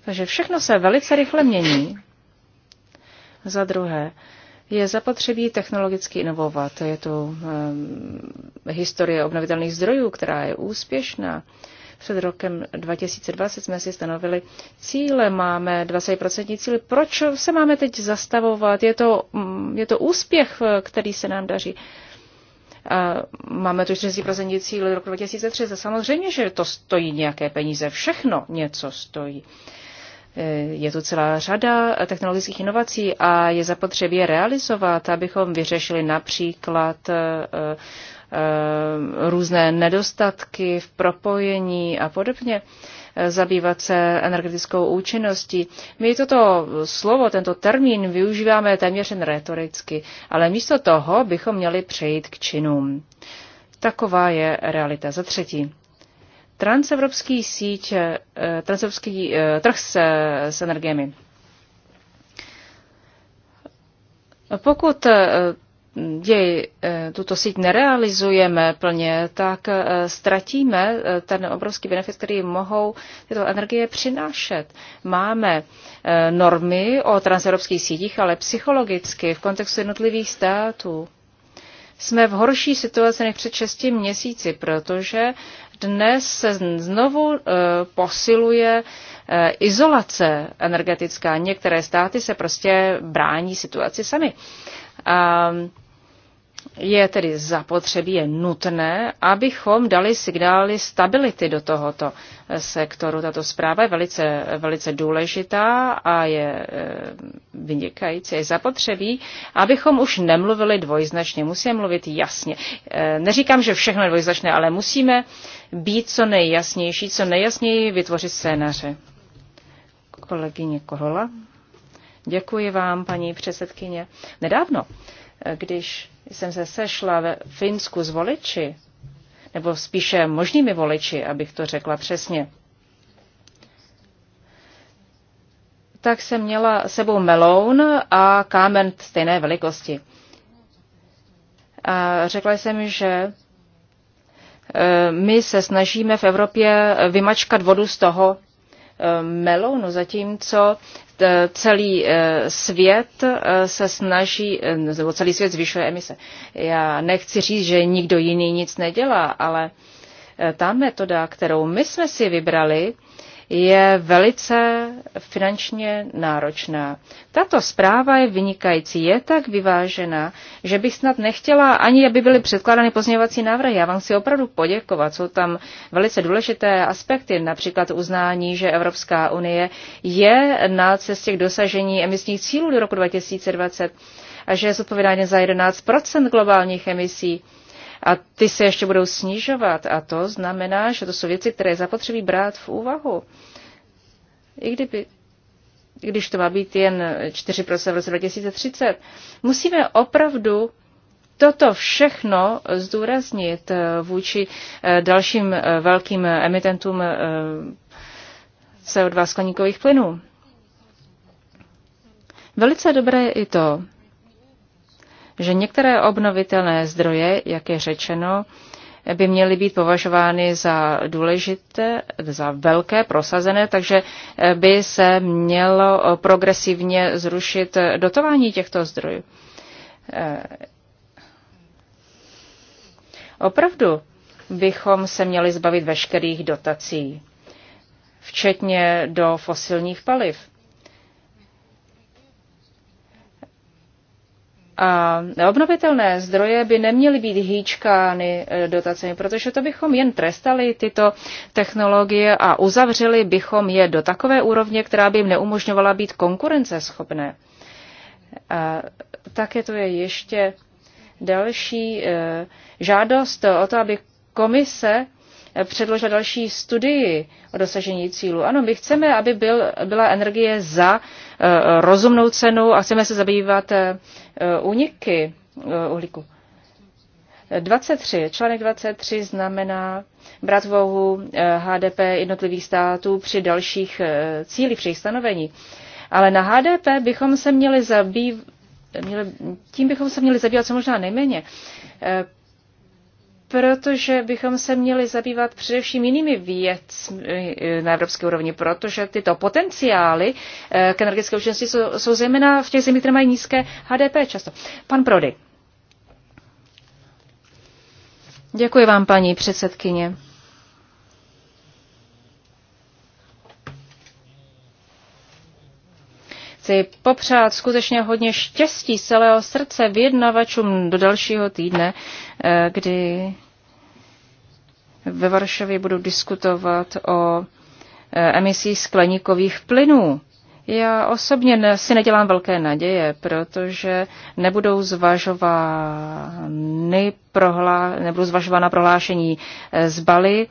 Takže všechno se velice rychle mění. Za druhé, je zapotřebí technologicky inovovat. Je to um, historie obnovitelných zdrojů, která je úspěšná. Před rokem 2020 jsme si stanovili cíle, máme 20% cíl. Proč se máme teď zastavovat? Je to, mm, je to úspěch, který se nám daří. A máme tu 40% cíl roku 2030. Samozřejmě, že to stojí nějaké peníze. Všechno něco stojí. E, je tu celá řada technologických inovací a je zapotřebí je realizovat, abychom vyřešili například e, Eh, různé nedostatky v propojení a podobně, eh, zabývat se energetickou účinností. My toto slovo, tento termín využíváme téměř jen retoricky, ale místo toho bychom měli přejít k činům. Taková je realita. Za třetí, transevropský síť, eh, transevropský trh s, s energiemi. Pokud děj, eh, tuto síť nerealizujeme plně, tak eh, ztratíme eh, ten obrovský benefit, který mohou tyto energie přinášet. Máme normy o transevropských sítích, ale psychologicky v kontextu jednotlivých států jsme v horší situaci než před 6 měsíci, protože dnes se znovu posiluje izolace energetická. Některé státy se prostě brání situaci sami. A je tedy zapotřebí, je nutné, abychom dali signály stability do tohoto eh, sektoru. Tato zpráva je velice, velice důležitá a je eh, vynikající. Je zapotřebí, abychom už nemluvili dvojznačně. Musíme mluvit jasně. Eh, neříkám, že všechno je dvojznačné, ale musíme být co nejjasnější, co nejjasněji vytvořit scénáře. Kolegyně Kohola. Děkuji vám, paní předsedkyně. Nedávno, když jsem se sešla ve Finsku s voliči, nebo spíše možnými voliči, abych to řekla přesně, tak jsem měla sebou meloun a kámen stejné velikosti. A řekla jsem, že e, my se snažíme v Evropě vymačkat vodu z toho, Eh, melounu, zatímco eh, celý eh, svět se snaží, nebo celý svět zvyšuje emise. Já nechci říct, že nikdo jiný nic nedělá, ale ta metoda, kterou my jsme si vybrali, je velice finančně náročná. Tato zpráva je vynikající, je tak vyvážená, že bych snad nechtěla ani, aby byly předkládány pozměňovací návrhy. Já vám chci opravdu poděkovat. Jsou tam velice důležité aspekty, například uznání, že Evropská unie je na cestě k dosažení emisních cílů do roku 2020 a že je zodpovědná za 11 globálních emisí a ty se ještě budou snižovat a to znamená, že to jsou věci, které zapotřebí brát v úvahu. I kdyby, když to má být jen 4% v roce 2030, musíme opravdu toto všechno zdůraznit eh, vůči eh, dalším eh, velkým emitentům CO2 skleníkových plynů. Velice dobré je i to, že některé obnovitelné zdroje, jak je řečeno, by měly být považovány za důležité, za velké, prosazené, takže eh, by se mělo eh, progresivně zrušit eh, dotování těchto zdrojů. Opravdu bychom se měli zbavit veškerých dotací, včetně do fosilních paliv. A obnovitelné zdroje by neměly být hýčkány e, dotacemi, protože to bychom jen trestali tyto technologie a uzavřeli bychom je do takové úrovně, která by jim neumožňovala být konkurenceschopné. A také to je ještě další e, žádost o to, aby komise e, předložila další studii o dosažení cílu. Ano, my chceme, aby byl, byla energie za Eh, rozumnou cenu a chceme se zabývat eh, úniky eh, uhlíku. 23. Článek 23 znamená brát v HDP jednotlivých států při dalších cílích, při jejich stanovení. Ale na HDP bychom se měli zabývat, tím bychom se měli zabývat co možná nejméně, protože bychom se měli zabývat především jinými věcmi eh, na evropské úrovni, protože tyto potenciály eh, k energetické účinnosti jsou, jsou zejména v těch zemích, které mají nízké HDP často. Pan Prody. Děkuji vám, paní předsedkyně. chci popřát skutečně hodně štěstí z celého srdce vyjednavačům do dalšího týdne, eh, kdy ve Varšavě budu diskutovat o eh, emisích skleníkových plynů. Já osobně si nedělám velké naděje, protože nebudou zvažovány prohlá, nebudou zvažována prohlášení eh, z Bali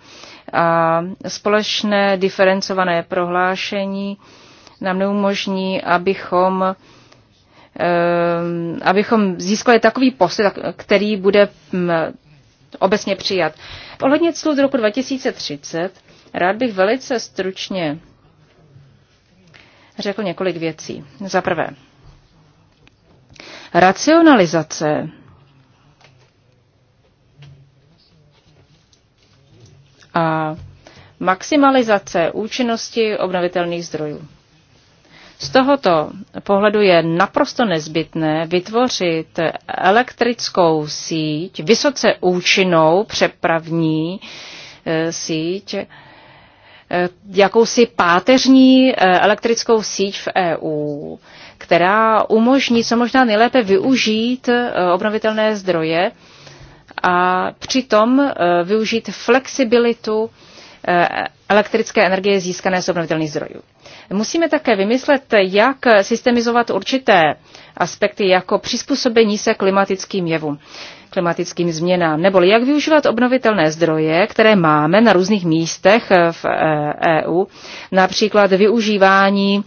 a společné diferencované prohlášení nám neumožní, abychom, eh, abychom získali takový postup, který bude mm, obecně přijat. Ohledně cílů do roku 2030 rád bych velice stručně řekl několik věcí. Za prvé, racionalizace a maximalizace účinnosti obnovitelných zdrojů. Z tohoto pohledu je naprosto nezbytné vytvořit elektrickou síť, vysoce účinnou přepravní eh, síť, eh, jakousi páteřní eh, elektrickou síť v EU, která umožní co možná nejlépe využít obnovitelné zdroje a přitom využít flexibilitu elektrické energie získané z obnovitelných zdrojů. Musíme také vymyslet, jak systemizovat určité aspekty jako přizpůsobení se klimatickým jevům klimatickým změnám, nebo jak využívat obnovitelné zdroje, které máme na různých místech v EU, eh, e například využívání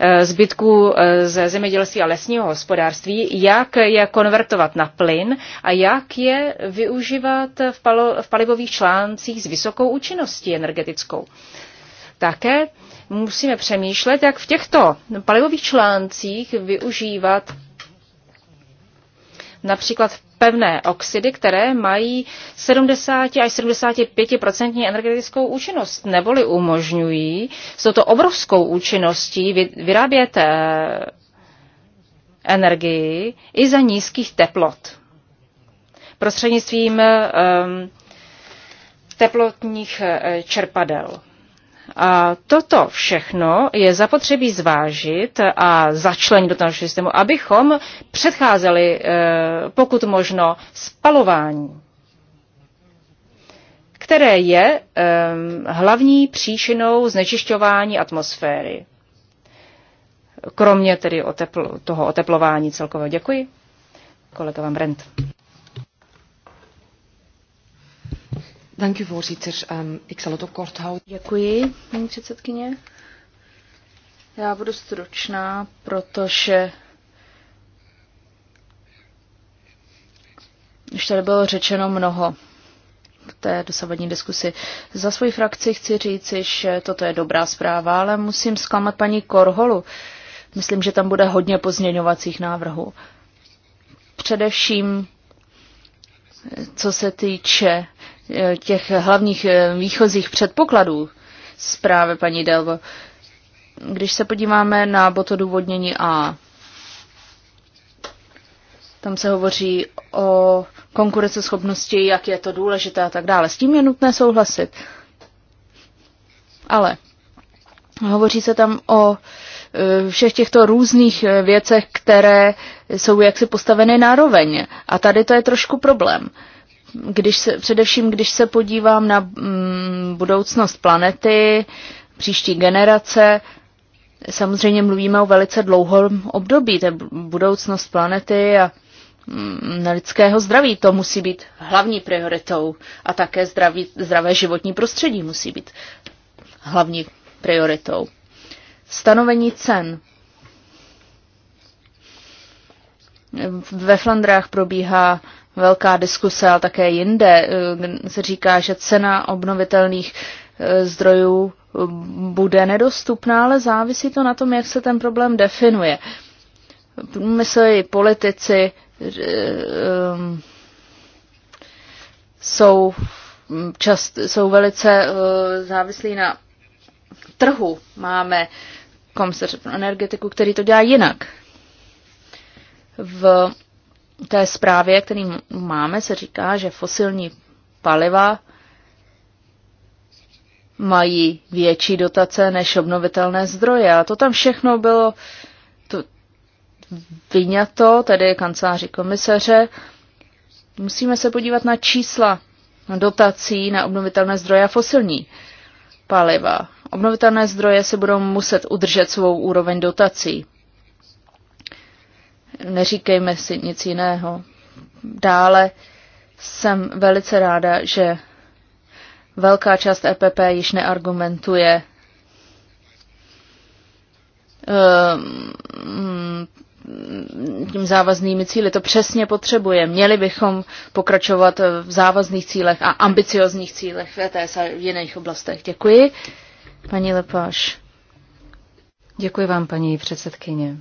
eh, zbytků eh, ze zemědělství a lesního hospodářství, jak je konvertovat na plyn a jak je využívat v, palo, v palivových článcích s vysokou účinností energetickou. Také musíme přemýšlet, jak v těchto palivových článcích využívat například pevné oxidy, které mají 70 až 75 energetickou účinnost, neboli umožňují s touto obrovskou účinností vyrábět eh, energii i za nízkých teplot. Prostřednictvím eh, ehm, teplotních eh, čerpadel. A toto všechno je zapotřebí zvážit a začlenit do našeho systému, abychom předcházeli, eh, pokud možno, spalování, které je eh, hlavní příčinou znečišťování atmosféry. Kromě tedy otepl, toho oteplování celkového. Děkuji. Kolega vám Brent. Dank u voorzitter. Um, ik zal het ook kort houden. Děkuji, paní předsedkyně. Já budu stručná, protože už tady bylo řečeno mnoho v té dosavadní diskusi. Za svoji frakci chci říct, že toto je dobrá zpráva, ale musím zklamat paní Korholu. Myslím, že tam bude hodně pozměňovacích návrhů. Především, co se týče Eh, těch hlavních eh, výchozích předpokladů zprávy paní Delvo. Když se podíváme na bod odůvodnění A, tam se hovoří o konkurenceschopnosti, jak je to důležité a tak dále. S tím je nutné souhlasit. Ale hovoří se tam o eh, všech těchto různých věcech, které jsou jaksi postaveny nároveň. A tady to je trošku problém. Když se, především, když se podívám na mm, budoucnost planety, příští generace, samozřejmě mluvíme o velice dlouhém období, to je budoucnost planety a mm, lidského zdraví. To musí být hlavní prioritou a také zdraví, zdravé životní prostředí musí být hlavní prioritou. Stanovení cen. Ve Flandrách probíhá velká diskuse, ale také jinde, eh, se říká, že cena obnovitelných eh, zdrojů eh, bude nedostupná, ale závisí to na tom, jak se ten problém definuje. Mysleli politici jsou, čast, jsou velice závislí na trhu. Máme komisaře pro energetiku, který to dělá jinak. V té zprávě, který máme, se říká, že fosilní paliva mají větší dotace než obnovitelné zdroje. A to tam všechno bylo to vyňato, tedy kanceláři komisaře. Musíme se podívat na čísla dotací na obnovitelné zdroje a fosilní paliva. Obnovitelné zdroje se budou muset udržet svou úroveň dotací neříkejme si nic jiného. Dále jsem velice ráda, že velká část EPP již neargumentuje ehm, tím závaznými cíly. To přesně potřebuje. Měli bychom pokračovat v závazných cílech a ambiciozních cílech v ETS a v jiných oblastech. Děkuji. Paní Lepáš. Děkuji vám, paní předsedkyně.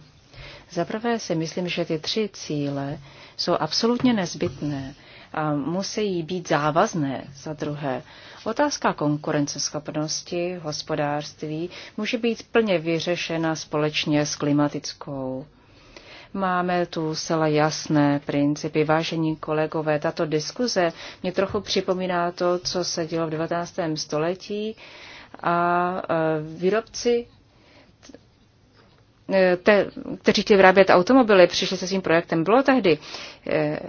Za prvé si myslím, že ty tři cíle jsou absolutně nezbytné a musí být závazné. Za druhé, otázka konkurenceschopnosti hospodářství může být plně vyřešena společně s klimatickou. Máme tu zcela jasné principy. Vážení kolegové, tato diskuze mě trochu připomíná to, co se dělo v 19. století a e, výrobci te, kteří chtěli vyrábět automobily, přišli se svým projektem. Bylo tehdy eh,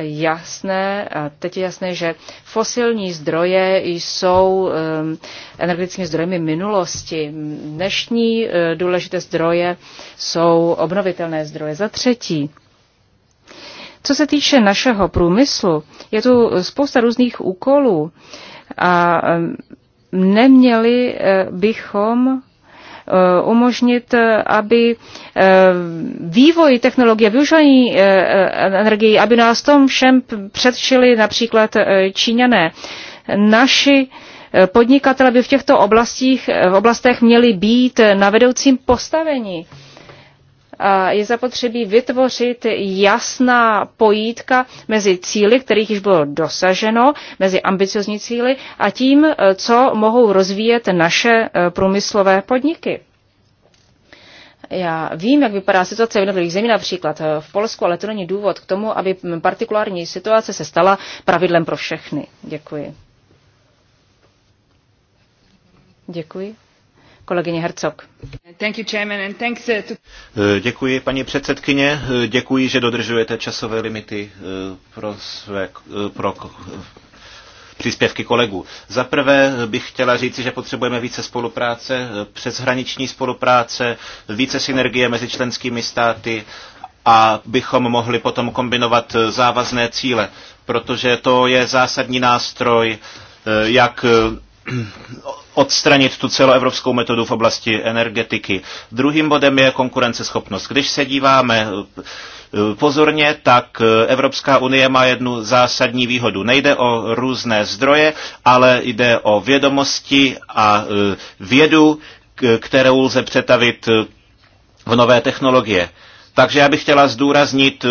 jasné, a teď je jasné, že fosilní zdroje jsou eh, energetickými zdroji minulosti. Dnešní eh, důležité zdroje jsou obnovitelné zdroje. Za třetí, co se týče našeho průmyslu, je tu spousta různých úkolů a neměli bychom Eh, umožnit, eh, aby eh, vývoj technologie, využívání energie, aby nás tom všem předčili například Číňané. Naši podnikatelé by v těchto oblastích, v oblastech měli být na vedoucím postavení je zapotřebí vytvořit jasná pojítka mezi cíly, kterých již bylo dosaženo, mezi ambiciozní cíly a tím, e, co mohou rozvíjet naše e, průmyslové podniky. Já vím, jak vypadá situace v jednotlivých zemích, například e, v Polsku, ale to není důvod k tomu, aby partikulární situace se stala pravidlem pro všechny. Děkuji. Děkuji kolegyně Hercog. Thank you, chairman, and thanks uh, to... Eh, děkuji, paní předsedkyně. Eh, děkuji, že dodržujete časové limity eh, pro své pro příspěvky kolegů. Za prvé bych chtěla říci, že potřebujeme více spolupráce, přeshraniční spolupráce, více synergie mezi členskými státy a bychom mohli potom kombinovat závazné cíle, protože to je zásadní nástroj, jak odstranit tu celoevropskou metodu v oblasti energetiky. Druhým bodem je konkurenceschopnost. Když se díváme eh, pozorně, tak eh, Evropská unie má jednu zásadní výhodu. Nejde o různé zdroje, ale jde o vědomosti a eh, vědu, kterou lze přetavit v nové technologie. Takže já bych chtěla zdůraznit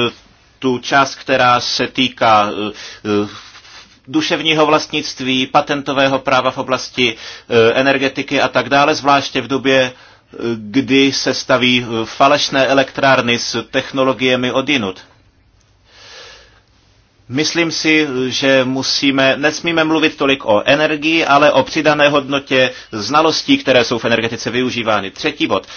tu část, která se týká duševního vlastnictví, patentového práva v oblasti e, energetiky a tak dále, zvláště v době, e, kdy se staví e, falešné elektrárny s technologiemi odinut. Myslím si, že musíme, nesmíme mluvit tolik o energii, ale o přidané hodnotě znalostí, které jsou v energetice využívány. Třetí bod.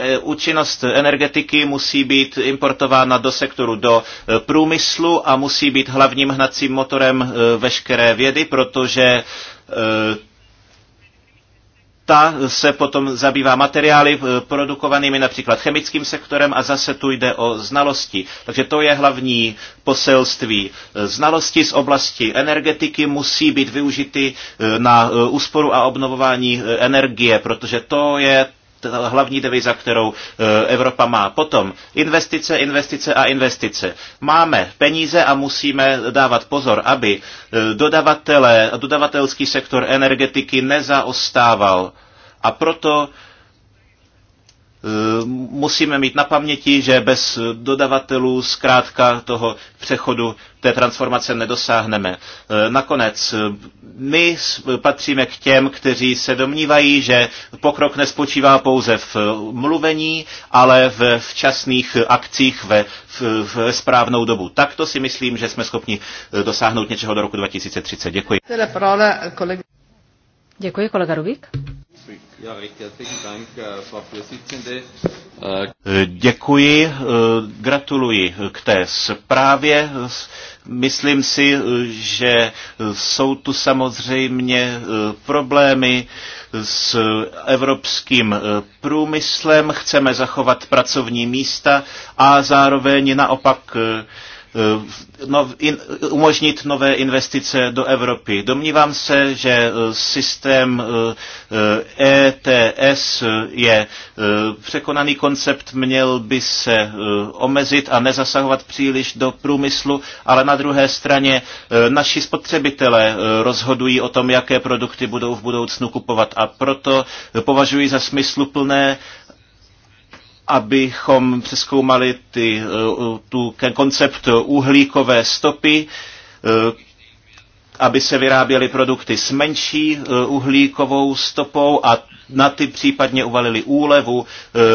E, e, účinnost energetiky musí být importována do sektoru, do e, průmyslu a musí být hlavním hnacím motorem veškeré vědy, protože ta se potom zabývá materiály eh, produkovanými například chemickým sektorem a zase tu jde o znalosti. Takže to je hlavní poselství. Eh, znalosti z oblasti energetiky musí být využity eh, na úsporu a obnovování energie, protože to je hlavní deviza, kterou e, Evropa má. Potom investice, investice a investice. Máme peníze a musíme dávat pozor, aby e, dodavatele, dodavatelský sektor energetiky nezaostával. A proto Eh, musíme mít na paměti, že bez dodavatelů zkrátka toho přechodu té transformace nedosáhneme. Eh, nakonec, eh, my patříme k těm, kteří se domnívají, že pokrok nespočívá pouze v mluvení, ale v včasných akcích ve v, v správnou dobu. Takto si myslím, že jsme schopni dosáhnout něčeho do roku 2030. Děkuji. Děkuji, kolega Rubík. Äh, äh, děkuji, äh, gratuluji k té zprávě. Myslím si, že jsou tu samozřejmě problémy s evropským průmyslem. Chceme zachovat pracovní místa a zároveň naopak no, in, umožnit nové investice do Evropy. Domnívám se, že eh, systém ETS eh, e je překonaný koncept, měl by se omezit a nezasahovat příliš do průmyslu, ale na druhé straně naši spotřebitelé rozhodují o tom, jaké produkty budou v budoucnu kupovat a proto považuji za smysluplné abychom přeskoumali ty, eh, tu, ten koncept uhlíkové stopy, eh, aby se vyráběly produkty s menší eh, uhlíkovou stopou a na ty případně uvalili úlevu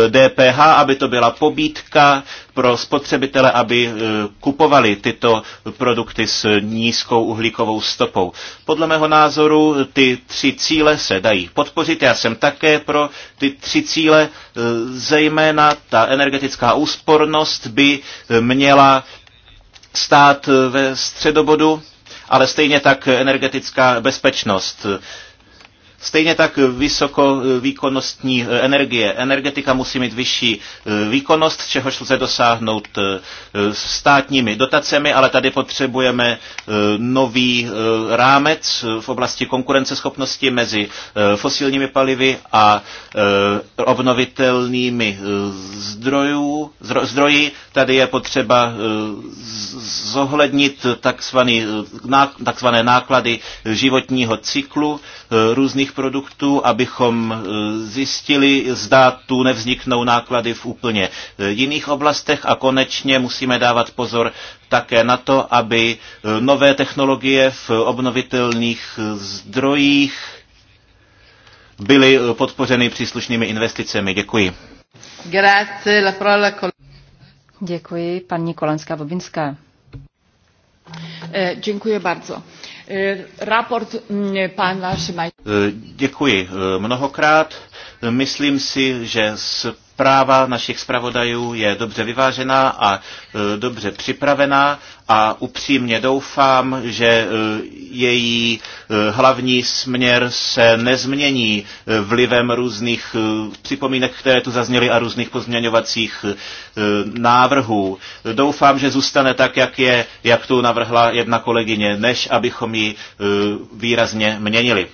DPH, eh, aby to byla pobídka pro spotřebitele, aby eh, kupovali tyto produkty s nízkou uhlíkovou stopou. Podle mého názoru ty tři cíle se dají podpořit. Já jsem také pro ty tři cíle, zejména ta energetická úspornost by měla stát ve středobodu ale stejně tak energetická bezpečnost. Stejně tak vysokovýkonnostní eh, energie. Energetika musí mít vyšší eh, výkonnost, čehož lze dosáhnout eh, státními dotacemi, ale tady potřebujeme nový rámec v oblasti konkurenceschopnosti mezi fosilními palivy a obnovitelnými zdrojů, zdroji. Tady je potřeba zohlednit takzvané náklady životního cyklu různých finančních produktů, abychom e, zjistili, zda tu nevzniknou náklady v úplně e, jiných oblastech a konečně musíme dávat pozor také na to, aby e, nové technologie v obnovitelných zdrojích byly podpořeny příslušnými investicemi. Děkuji. Děkuji, paní Kolenská-Bobinská. Eh, Dziękuję bardzo. Eh, raport mm, pán Vášimaj. Eh, děkuji eh, mnohokrát. Myslím si, že s zpráva našich zpravodajů je dobře vyvážená a e, dobře připravená a upřímně doufám, že e, její e, hlavní směr se nezmění vlivem různých připomínek, které tu zazněly a různých pozměňovacích návrhů. Doufám, že zůstane tak, jak je, jak tu navrhla jedna kolegyně, než abychom ji výrazně měnili.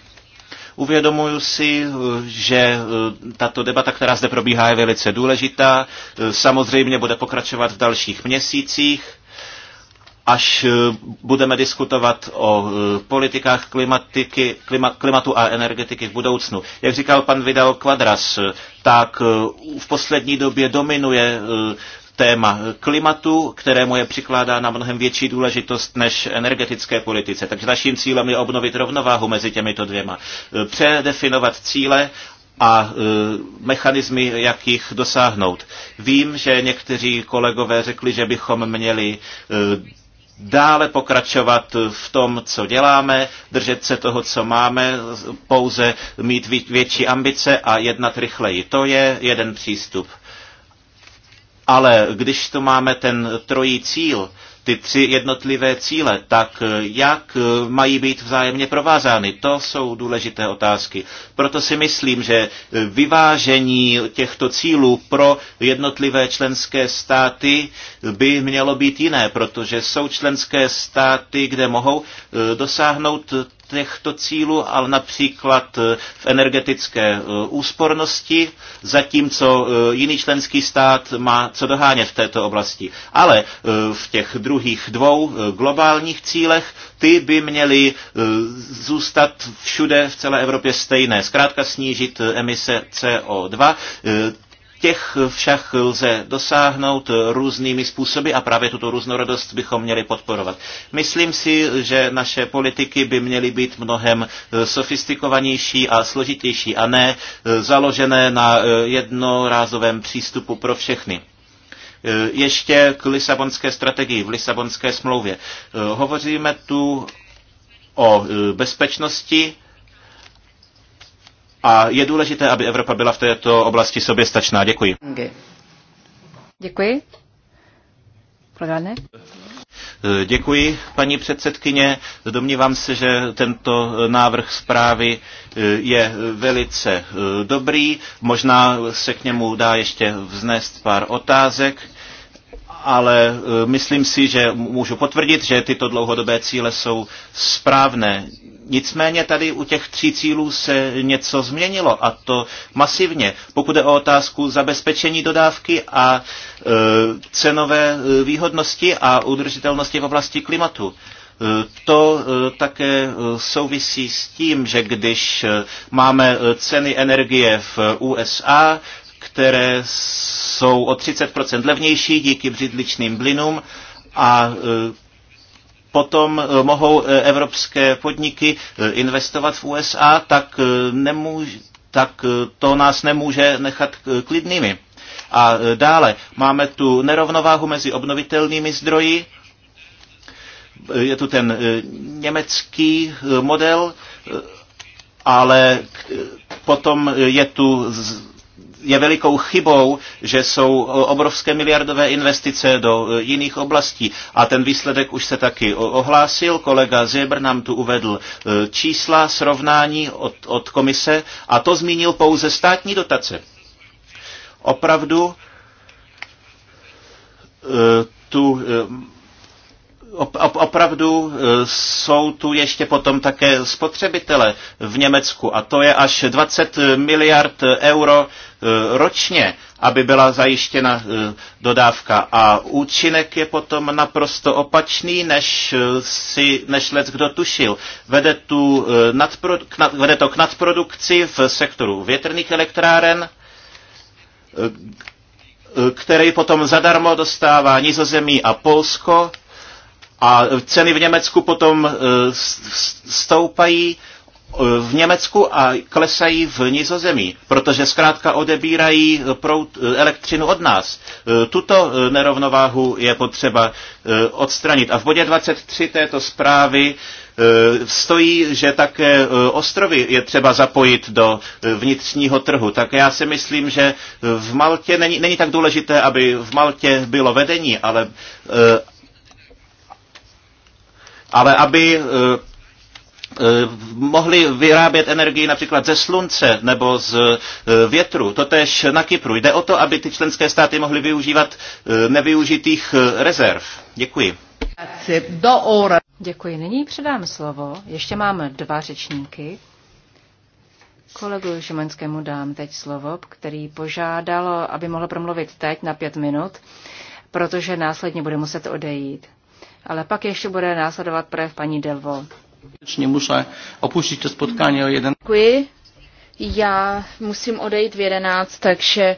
Uvědomuji si, eh, že eh, tato debata, která zde probíhá, je velice důležitá. Eh, samozřejmě bude pokračovat v dalších měsících až budeme diskutovat o politikách klimatiky, klima, klimatu a energetiky v budoucnu. Jak říkal pan Vidal Quadras, tak v poslední době dominuje téma klimatu, kterému je přikládána mnohem větší důležitost než energetické politice. Takže naším cílem je obnovit rovnováhu mezi těmito dvěma. Předefinovat cíle a e, mechanismy, jak jich dosáhnout. Vím, že někteří kolegové řekli, že bychom měli e, dále pokračovat v tom, co děláme, držet se toho, co máme, pouze mít větší ambice a jednat rychleji. To je jeden přístup. Ale když to máme ten trojí cíl, ty tři jednotlivé cíle, tak eh, jak eh, mají být vzájemně provázány? To jsou důležité otázky. Proto si myslím, že eh, vyvážení těchto cílů pro jednotlivé členské státy by mělo být jiné, protože jsou členské státy, kde mohou dosáhnout těchto cílů, ale například eh, v energetické eh, úspornosti, zatímco eh, jiný členský stát má co dohánět v této oblasti. Ale v těch druhých dvou globálních cílech ty by měly zůstat všude v celé Evropě stejné. Zkrátka snížit emise CO2 Těch však lze dosáhnout různými způsoby a právě tuto různorodost bychom měli podporovat. Myslím si, že naše politiky by měly být mnohem eh, sofistikovanější a složitější a ne eh, založené na eh, jednorázovém přístupu pro všechny ještě k Lisabonské strategii, v Lisabonské smlouvě. Hovoříme tu o bezpečnosti a je důležité, aby Evropa byla v této oblasti soběstačná. Děkuji. Děkuji. Prodáne. Děkuji, paní předsedkyně. Domnívám se, že tento návrh zprávy eh, je velice eh, dobrý. Možná se k němu dá ještě vznést pár otázek ale eh, myslím si, že můžu potvrdit, že tyto dlouhodobé cíle jsou správné. Nicméně tady u těch tří cílů se něco změnilo a to masivně. Pokud je o otázku zabezpečení dodávky a e, cenové eh, výhodnosti a udržitelnosti v oblasti klimatu. To také souvisí s tím, že když máme ceny energie v USA, které jsou o 30% levnější díky břidličným blinům a e, potom e, mohou e, evropské podniky investovat v USA, tak, nemůž, tak to nás nemůže nechat klidnými. A dále máme tu nerovnováhu mezi obnovitelnými zdroji, je tu ten německý model, ale potom je tu je velikou chybou, že jsou obrovské miliardové investice do e, jiných oblastí. A ten výsledek už se taky ohlásil. Kolega Zebr nám tu uvedl e, čísla, srovnání od, od komise a to zmínil pouze státní dotace. Opravdu e, tu opravdu e, jsou tu ještě potom také spotřebitele v Německu a to je až 20 miliard euro e, ročně, aby byla zajištěna e, dodávka. A účinek je potom naprosto opačný, než, si, než let kdo tušil. Vede, tu nadpro, k nad, vede to k nadprodukci v sektoru větrných elektráren, který potom zadarmo dostává Nizozemí a Polsko, a ceny v Německu potom eh, stoupají eh, v Německu a klesají v Nizozemí, protože zkrátka odebírají prout, eh, elektřinu od nás. Tuto nerovnováhu je potřeba odstranit. A v bodě 23 této zprávy stojí, že také ostrovy je třeba zapojit do vnitřního trhu. Tak já si myslím, že v Maltě není, není tak důležité, aby v Maltě bylo vedení, ale ale aby eh, eh, mohli vyrábět energii například ze slunce nebo z eh, větru, totež na Kypru. Jde o to, aby ty členské státy mohly využívat nevyužitých rezerv. Děkuji. Děkuji. Nyní předám slovo. Ještě máme dva řečníky. Kolegu Šimenskému dám teď slovo, který požádal, aby mohl promluvit teď na pět minut, protože následně bude muset odejít ale pak ještě bude následovat projev paní Delvo. musím opustit to spotkanie o jeden... Děkuji. Já musím odejít v jedenáct, takže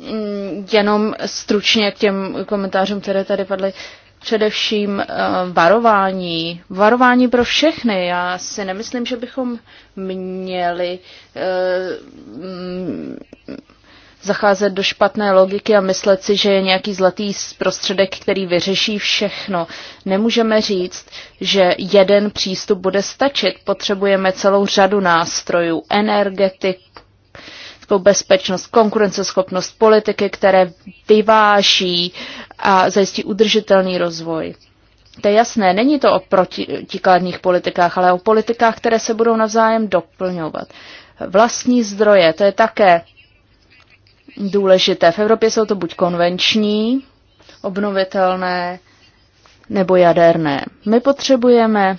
mm, jenom stručně k těm komentářům, které tady padly. Především eh, varování. Varování pro všechny. Já si nemyslím, že bychom měli eh, mm, zacházet do špatné logiky a myslet si, že je nějaký zlatý prostředek, který vyřeší všechno. Nemůžeme říct, že jeden přístup bude stačit. Potřebujeme celou řadu nástrojů, energetickou bezpečnost, konkurenceschopnost politiky, které vyváží a zajistí udržitelný rozvoj. To je jasné, není to o protikladních politikách, ale o politikách, které se budou navzájem doplňovat. Vlastní zdroje, to je také důležité. V Evropě jsou to buď konvenční, obnovitelné nebo jaderné. My potřebujeme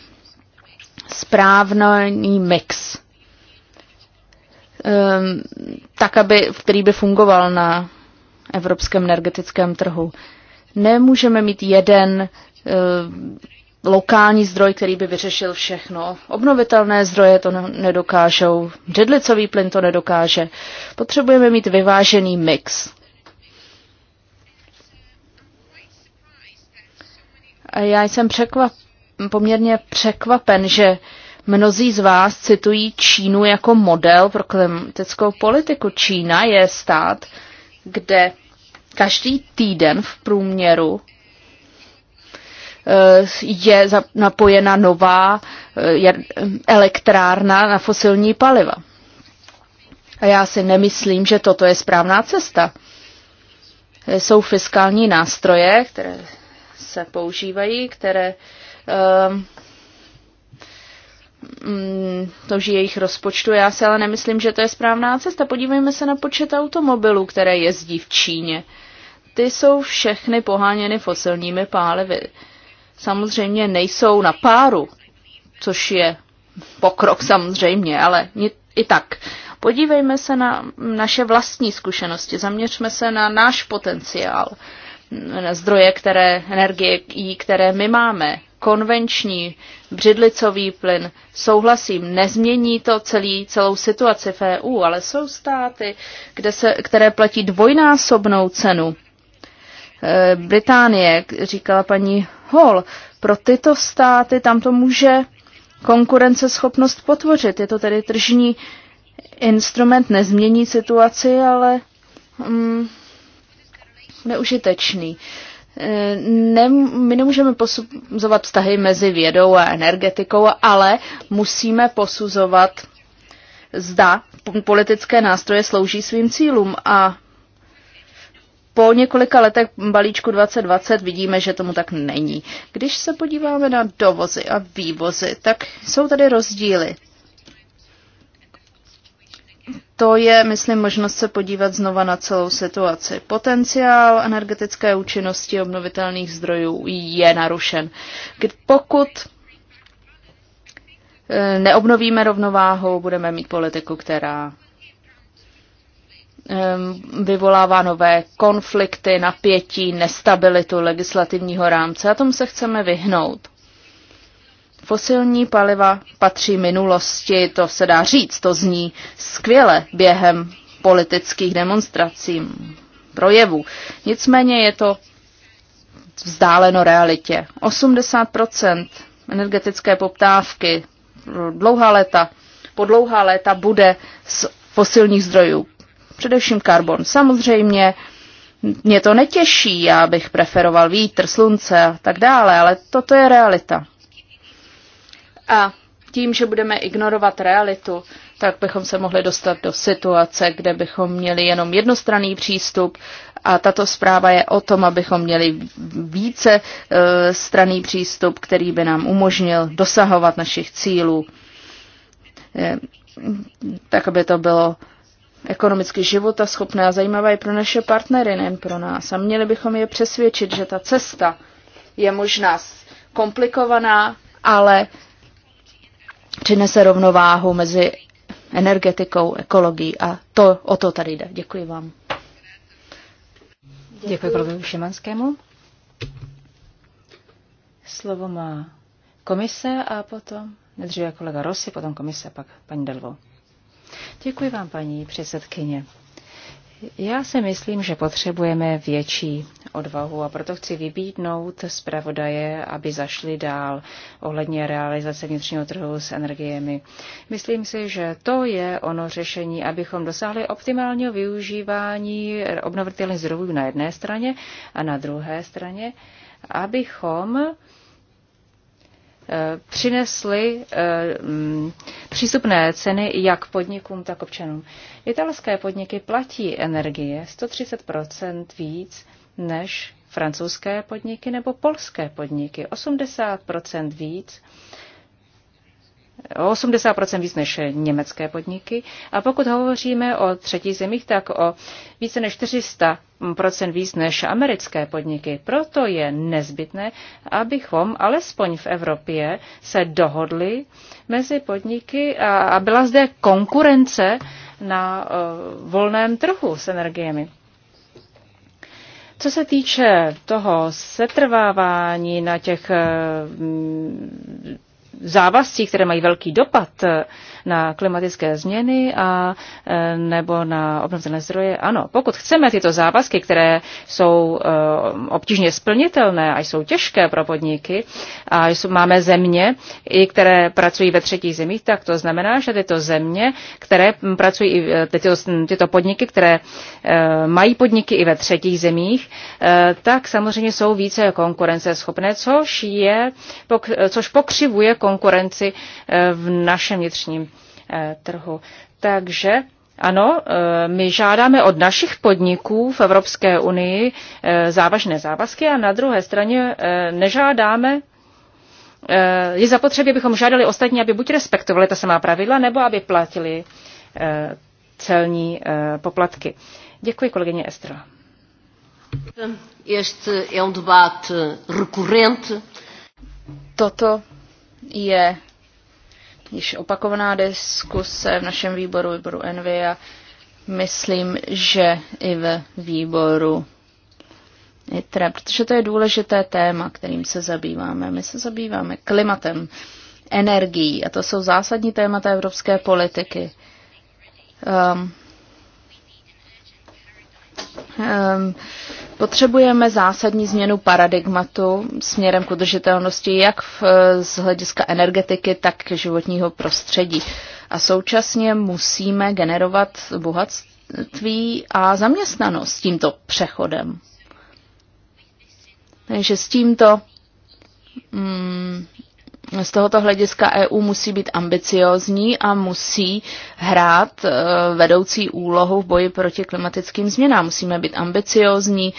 správný mix, ehm, tak, aby, který by fungoval na evropském energetickém trhu. Nemůžeme mít jeden ehm, lokální zdroj, který by vyřešil všechno. Obnovitelné zdroje to nedokážou, židlicový plyn to nedokáže. Potřebujeme mít vyvážený mix. A já jsem překvap, poměrně překvapen, že mnozí z vás citují Čínu jako model pro klimatickou politiku. Čína je stát, kde každý týden v průměru Eh, je napojena nová eh, elektrárna na fosilní paliva. A já si nemyslím, že toto je správná cesta. Eh, jsou fiskální nástroje, které se používají, které um, toží jejich rozpočtu. Já si ale nemyslím, že to je správná cesta. Podívejme se na počet automobilů, které jezdí v Číně. Ty jsou všechny poháněny fosilními pálivy. Uh, samozřejmě nejsou na páru, což je pokrok samozřejmě, ale i tak. Podívejme se na naše vlastní zkušenosti, zaměřme se na náš potenciál, na zdroje, které, energie, které my máme, konvenční, břidlicový plyn, souhlasím, nezmění to celý, celou situaci v EU, ale jsou státy, kde se, které platí dvojnásobnou cenu. E, Británie, říkala paní hol. Pro tyto státy tam to může konkurenceschopnost potvořit. Je to tedy tržní instrument, nezmění situaci, ale mm, neužitečný. E, ne, my nemůžeme posuzovat vztahy mezi vědou a energetikou, ale musíme posuzovat, zda politické nástroje slouží svým cílům. A po několika letech balíčku 2020 vidíme, že tomu tak není. Když se podíváme na dovozy a vývozy, tak jsou tady rozdíly. To je, myslím, možnost se podívat znova na celou situaci. Potenciál energetické účinnosti obnovitelných zdrojů je narušen. Pokud eh, neobnovíme rovnováhu, budeme mít politiku, která vyvolává nové konflikty, napětí, nestabilitu legislativního rámce a tomu se chceme vyhnout. Fosilní paliva patří minulosti, to se dá říct, to zní skvěle během politických demonstrací, projevů. Nicméně je to vzdáleno realitě. 80 energetické poptávky dlouhá léta, po dlouhá léta bude z fosilních zdrojů především karbon. Samozřejmě mě to netěší, já bych preferoval vítr, slunce a tak dále, ale toto je realita. A tím, že budeme ignorovat realitu, tak bychom se mohli dostat do situace, kde bychom měli jenom jednostranný přístup a tato zpráva je o tom, abychom měli více e, straný přístup, který by nám umožnil dosahovat našich cílů, e, tak aby to bylo ekonomicky života schopná, zajímavá i pro naše partnery, nejen pro nás. A měli bychom je přesvědčit, že ta cesta je možná komplikovaná, ale přinese rovnováhu mezi energetikou, ekologií a to, o to tady jde. Děkuji vám. Děkuji panu Šimanskému. Slovo má komise a potom nedříve kolega Rossi, potom komise, pak paní Delvo. Děkuji vám, paní předsedkyně. Já si myslím, že potřebujeme větší odvahu a proto chci vybídnout zpravodaje, aby zašli dál ohledně realizace vnitřního trhu s energiemi. Myslím si, že to je ono řešení, abychom dosáhli optimálního využívání obnovitelných zdrojů na jedné straně a na druhé straně, abychom Eh, přinesly eh, mm, přístupné ceny jak podnikům, tak občanům. Italské podniky platí energie 130 víc než francouzské podniky nebo polské podniky, 80 víc o 80% víc než německé podniky. A pokud hovoříme o třetích zemích, tak o více než 400% víc než americké podniky. Proto je nezbytné, abychom alespoň v Evropě se dohodli mezi podniky a byla zde konkurence na volném trhu s energiemi. Co se týče toho setrvávání na těch závazcích, které mají velký dopad eh, na klimatické změny a eh, nebo na obnovitelné zdroje. Ano, pokud chceme tyto závazky, které jsou eh, obtížně splnitelné a jsou těžké pro podniky a jsou, máme země, i které pracují ve třetích zemích, tak to znamená, že tyto země, které pracují, tyto, tyto podniky, které mají podniky i ve třetích zemích, tak samozřejmě jsou více konkurenceschopné, což je, což pokřivuje konkurenceschopnost konkurenci eh, v našem vnitřním eh, trhu. Takže ano, eh, my žádáme od našich podniků v Evropské unii závažné závazky a na druhé straně nežádáme je zapotřebí, abychom žádali ostatní, aby buď respektovali ta samá pravidla, nebo aby platili celní poplatky. Děkuji kolegyně Estra. Este je un um debate recorrente. Toto je již opakovaná diskuse v našem výboru, výboru Envy a myslím, že i ve výboru ITRE, protože to je důležité téma, kterým se zabýváme. My se zabýváme klimatem, energií a to jsou zásadní témata evropské politiky. Um, um, Potřebujeme zásadní změnu paradigmatu směrem k udržitelnosti jak v, z hlediska energetiky, tak životního prostředí. A současně musíme generovat bohatství a zaměstnanost s tímto přechodem. Takže s tímto mm, z tohoto hlediska EU musí být ambiciozní a musí hrát eh, vedoucí úlohu v boji proti klimatickým změnám. Musíme být ambiciozní,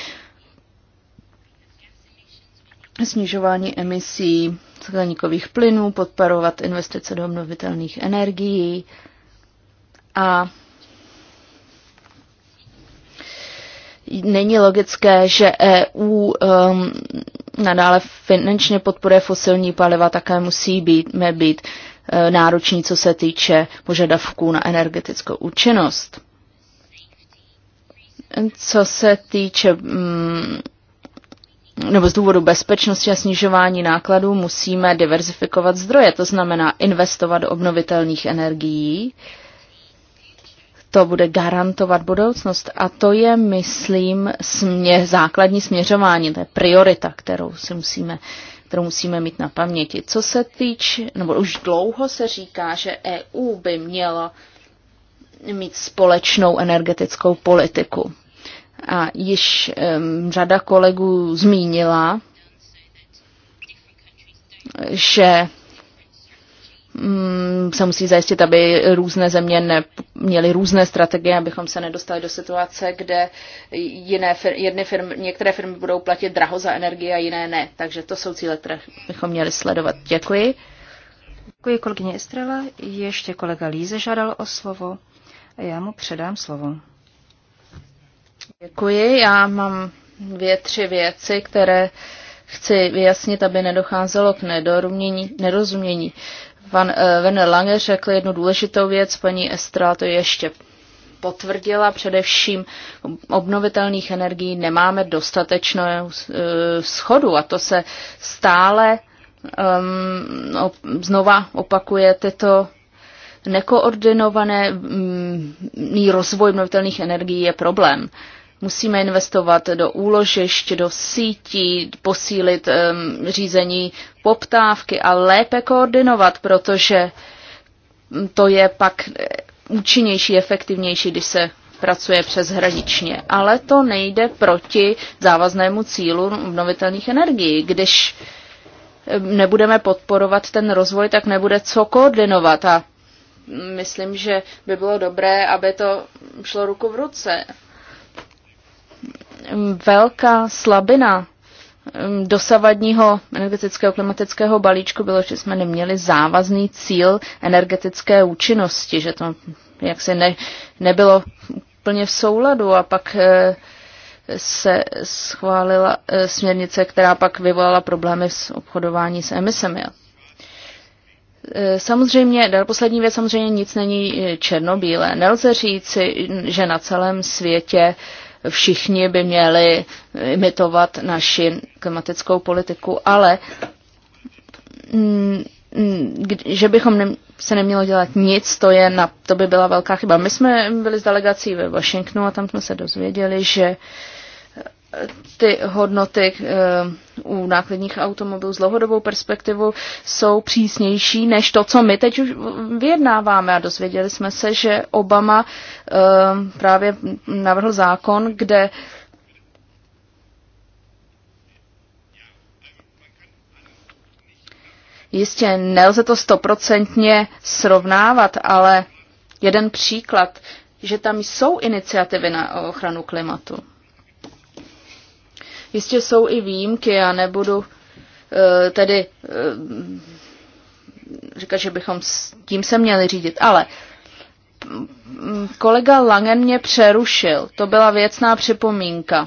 snižování emisí skleníkových plynů, podporovat investice do obnovitelných energií a není logické, že EU um, ehm, nadále finančně podporuje fosilní paliva, také musí být, být e, nároční, co se týče požadavků na energetickou účinnost. Co se týče mm, nebo z důvodu bezpečnosti a snižování nákladů musíme diverzifikovat zdroje, to znamená investovat do obnovitelných energií, to bude garantovat budoucnost. A to je, myslím, směr, základní směřování, to je priorita, kterou si musíme kterou musíme mít na paměti. Co se týče, nebo už dlouho se říká, že EU by mělo mít společnou energetickou politiku. A již um, řada kolegů zmínila, že Mm, se musí zajistit, aby různé země ne, měly různé strategie, abychom se nedostali do situace, kde jiné fir, jedny firmy, některé firmy budou platit draho za energii a jiné ne. Takže to jsou cíle, které bychom měli sledovat. Děkuji. Děkuji kolegyně Estrela. Ještě kolega Líze žádal o slovo a já mu předám slovo. Děkuji. Já mám dvě, tři věci, které chci vyjasnit, aby nedocházelo k nedorozumění. Van eh, Werner Lange řekl jednu důležitou věc, paní Estra to ještě potvrdila, především obnovitelných energií nemáme dostatečnou eh, schodu a to se stále um, op, znova opakuje tyto nekoordinovaný mm, rozvoj obnovitelných energií je problém. Musíme investovat do úložišť, do sítí, posílit um, řízení poptávky a lépe koordinovat, protože to je pak účinnější, efektivnější, když se pracuje přeshraničně. Ale to nejde proti závaznému cílu obnovitelných energií. Když nebudeme podporovat ten rozvoj, tak nebude co koordinovat. A myslím, že by bylo dobré, aby to šlo ruku v ruce velká slabina um, dosavadního energetického klimatického balíčku bylo, že jsme neměli závazný cíl energetické účinnosti, že to jaksi ne, nebylo úplně v souladu a pak eh, se schválila eh, směrnice, která pak vyvolala problémy s obchodování s emisemi. Eh, samozřejmě, poslední věc, samozřejmě nic není černobílé. Nelze říci, že na celém světě všichni by měli imitovat naši klimatickou politiku, ale mm, mm, že bychom se nemělo dělat nic, to, je na, to by byla velká chyba. My jsme byli s delegací ve Washingtonu a tam jsme se dozvěděli, že uh, ty hodnoty eh, u nákladních automobilů z dlouhodobou perspektivou jsou přísnější než to, co my teď už vyjednáváme. A dozvěděli jsme se, že Obama eh, právě navrhl zákon, kde jistě nelze to stoprocentně srovnávat, ale jeden příklad, že tam jsou iniciativy na ochranu klimatu. Jistě jsou i výjimky, já nebudu eh, tedy eh, říkat, že bychom s tím se měli řídit, ale kolega Langen mě přerušil. To byla věcná připomínka.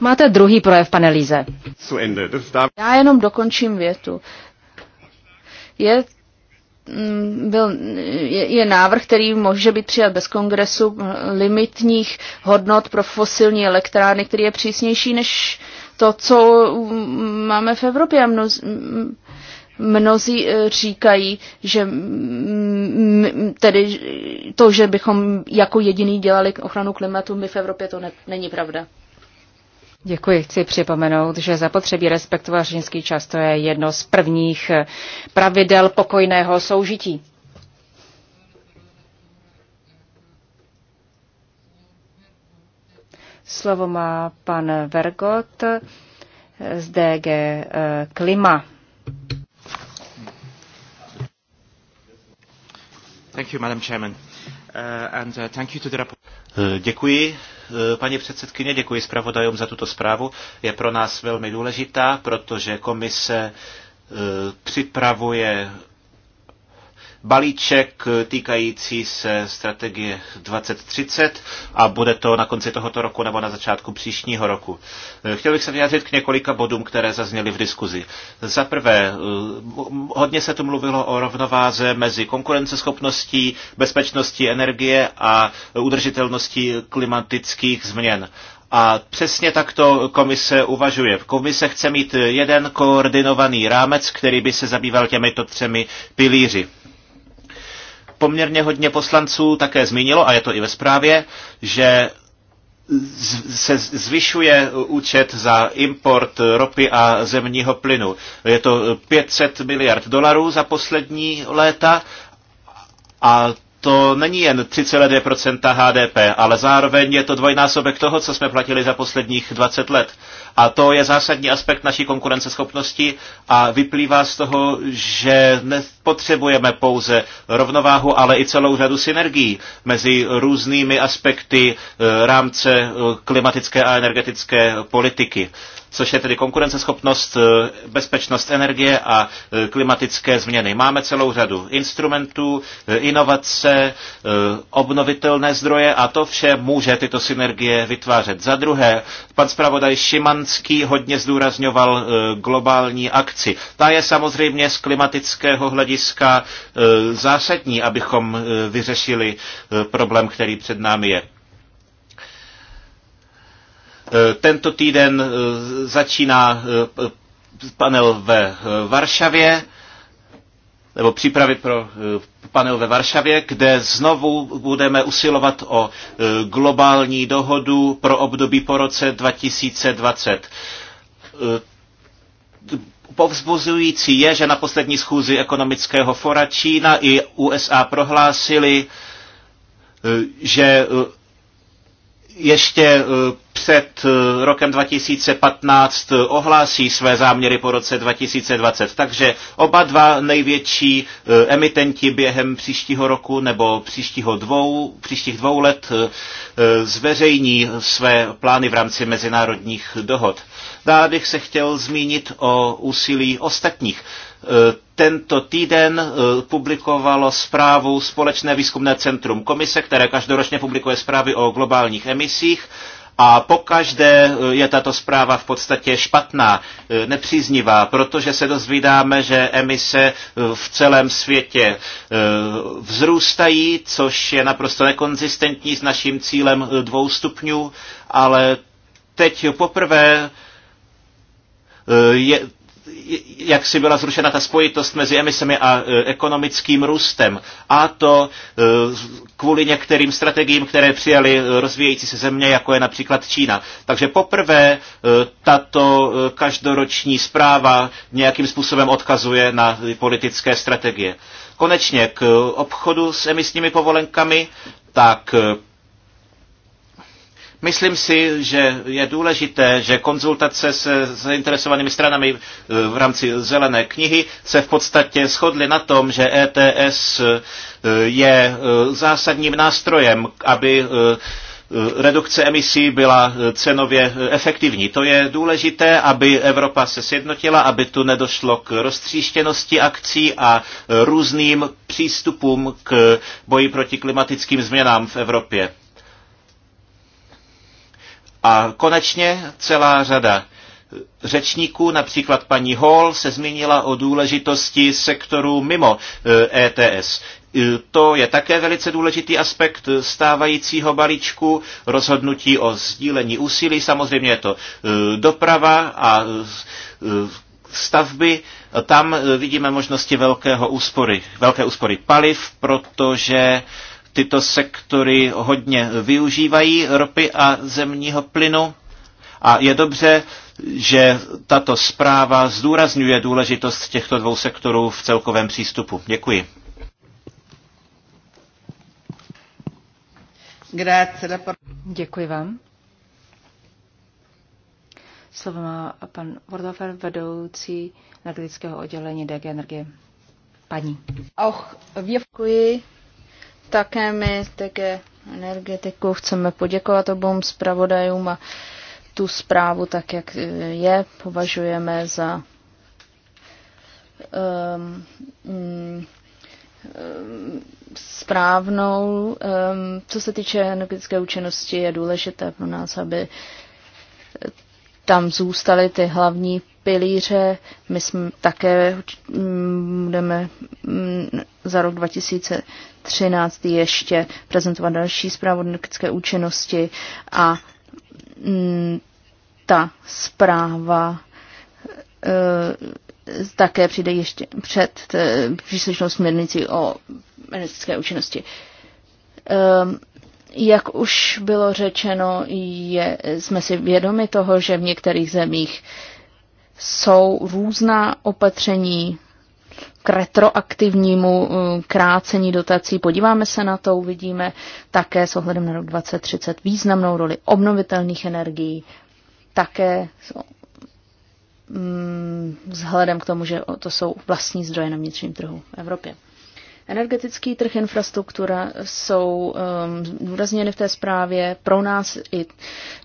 máte druhý projev, pane Líze. Já jenom dokončím větu. Je Mm, byl, je, je návrh, který může být přijat bez kongresu limitních hodnot pro fosilní elektrárny, který je přísnější než to, co mm, máme v Evropě. Mnoz, mnozí e, říkají, že tedy to, že bychom jako jediný dělali ochranu klimatu, my v Evropě to ne, není pravda. Děkuji. Chci připomenout, že zapotřebí respektovat řečnický čas to je jedno z prvních eh, pravidel pokojného soužití. Slovo má pan Vergot eh, z DG eh, Klima. Thank you, Madam Chairman. Uh, and, uh, thank you to the Děkuji Eh, paní předsedkyně, děkuji zpravodajům za tuto zprávu. Je pro nás velmi důležitá, protože komise eh, připravuje balíček týkající se strategie 2030 a bude to na konci tohoto roku nebo na začátku příštího roku. Eh, chtěl bych se vyjádřit k několika bodům, které zazněly v diskuzi. Za prvé, eh, hodně se tu mluvilo o rovnováze mezi konkurenceschopností, bezpečností energie a udržitelností klimatických změn. A přesně takto komise uvažuje. Komise chce mít jeden koordinovaný rámec, který by se zabýval těmito třemi pilíři poměrně hodně poslanců také zmínilo, a je to i ve zprávě, že se zvyšuje účet za import ropy a zemního plynu. Je to 500 miliard dolarů za poslední léta a to není jen 3,2% HDP, ale zároveň je to dvojnásobek toho, co jsme platili za posledních 20 let. A to je zásadní aspekt naší konkurenceschopnosti a vyplývá z toho, že nepotřebujeme pouze rovnováhu, ale i celou řadu synergií mezi různými aspekty eh, rámce eh, klimatické a energetické politiky což je tedy konkurenceschopnost, eh, bezpečnost energie a eh, klimatické změny. Máme celou řadu instrumentů, eh, inovace, obnovitelné zdroje a to vše může tyto synergie vytvářet. Za druhé, pan zpravodaj Šimanský hodně zdůrazňoval globální akci. Ta je samozřejmě z klimatického hlediska zásadní, abychom vyřešili problém, který před námi je. Eh, tento týden eh, začíná eh, panel ve Varšavě, nebo přípravy pro panel ve Varšavě, kde znovu budeme usilovat o globální dohodu pro období po roce 2020. Povzbuzující je, že na poslední schůzi ekonomického fora Čína i USA prohlásili, že ještě eh, před eh, rokem 2015 eh, ohlásí své záměry po roce 2020. Takže oba dva největší emitenti během příštího roku nebo příštího dvou, příštích dvou let zveřejní své plány v rámci mezinárodních dohod. Dále bych se chtěl zmínit o úsilí ostatních tento týden eh, publikovalo zprávu Společné výzkumné centrum komise, které každoročně publikuje zprávy o globálních emisích. A pokaždé eh, je tato zpráva v podstatě špatná, eh, nepříznivá, protože se dozvídáme, že emise v celém světě vzrůstají, což je naprosto nekonzistentní s naším cílem dvou stupňů, ale teď poprvé je, jak si byla zrušena ta spojitost mezi emisemi a e, ekonomickým růstem. A to e, kvůli některým strategiím, které přijali e, rozvíjející se země, jako je například Čína. Takže poprvé tato každoroční zpráva nějakým způsobem odkazuje na politické strategie. Konečně k obchodu s emisními povolenkami, tak Myslím si, že je důležité, že konzultace se zainteresovanými stranami eh, v rámci zelené knihy se v podstatě shodly na tom, že ETS eh, je eh, zásadním nástrojem, aby redukce emisí byla cenově efektivní. To je důležité, aby Evropa se sjednotila, aby tu nedošlo k roztříštěnosti akcí a různým přístupům k boji proti klimatickým změnám v Evropě. A konečně celá řada řečníků, například paní Hall, se zmínila o důležitosti sektoru mimo ETS. E e, to je také velice důležitý aspekt stávajícího balíčku, rozhodnutí o sdílení úsilí, samozřejmě je to e, doprava a stavby, tam vidíme možnosti velkého úspory, velké úspory paliv, protože tyto sektory hodně využívají ropy a zemního plynu. A je dobře, že tato zpráva zdůrazňuje důležitost těchto dvou sektorů v celkovém přístupu. Děkuji. Děkuji vám. Slovo má pan Vordofer, vedoucí energetického oddělení DG Energie. Paní. Auch, děkuji. Také my také energetiku chceme poděkovat obou zpravodajům a tu zprávu tak, jak je, považujeme za um, mm, um správnou. Um, co se týče energetické účinnosti, je důležité pro nás, aby tam zůstaly ty hlavní pilíře. My jsme také mm, budeme mm, za rok 2013 ještě prezentovat další zprávu energetické účinnosti a mm, ta zpráva eh, také přijde ještě před eh, příslušnou směrnici o energetické účinnosti. Eh, jak už bylo řečeno, je, jsme si vědomi toho, že v některých zemích uh, jsou různá opatření k retroaktivnímu eh, krácení dotací. Podíváme se na to, uvidíme také s ohledem na rok 2030 významnou roli obnovitelných energií, také mm, vzhledem k tomu, že to jsou vlastní zdroje na vnitřním trhu v Evropě. Energetický trh, infrastruktura jsou um, v té zprávě. Pro nás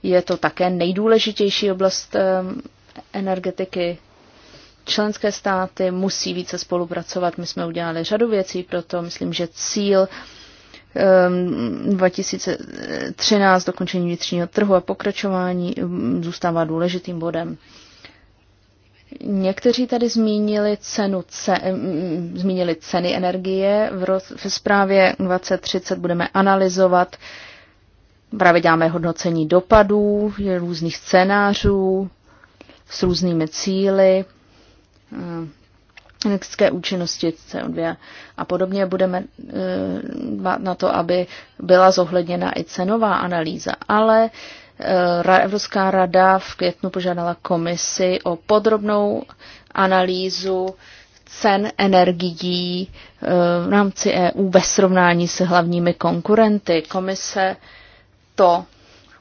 je to také nejdůležitější oblast um, energetiky. Členské státy musí více spolupracovat. My jsme udělali řadu věcí, proto myslím, že cíl 2013 ehm, dokončení vnitřního trhu a pokračování ehm, zůstává důležitým bodem. Někteří tady zmínili, cenu, ce, ehm, zmínili ceny energie. V, roz, v zprávě 2030 budeme analyzovat, právě děláme hodnocení dopadů, různých scénářů, s různými cíly, eh, energetické účinnosti CO2 a podobně. Budeme eh, dbát na to, aby byla zohledněna i cenová analýza, ale eh, Evropská rada v květnu požádala komisi o podrobnou analýzu cen energií v rámci EU ve srovnání se hlavními konkurenty. Komise to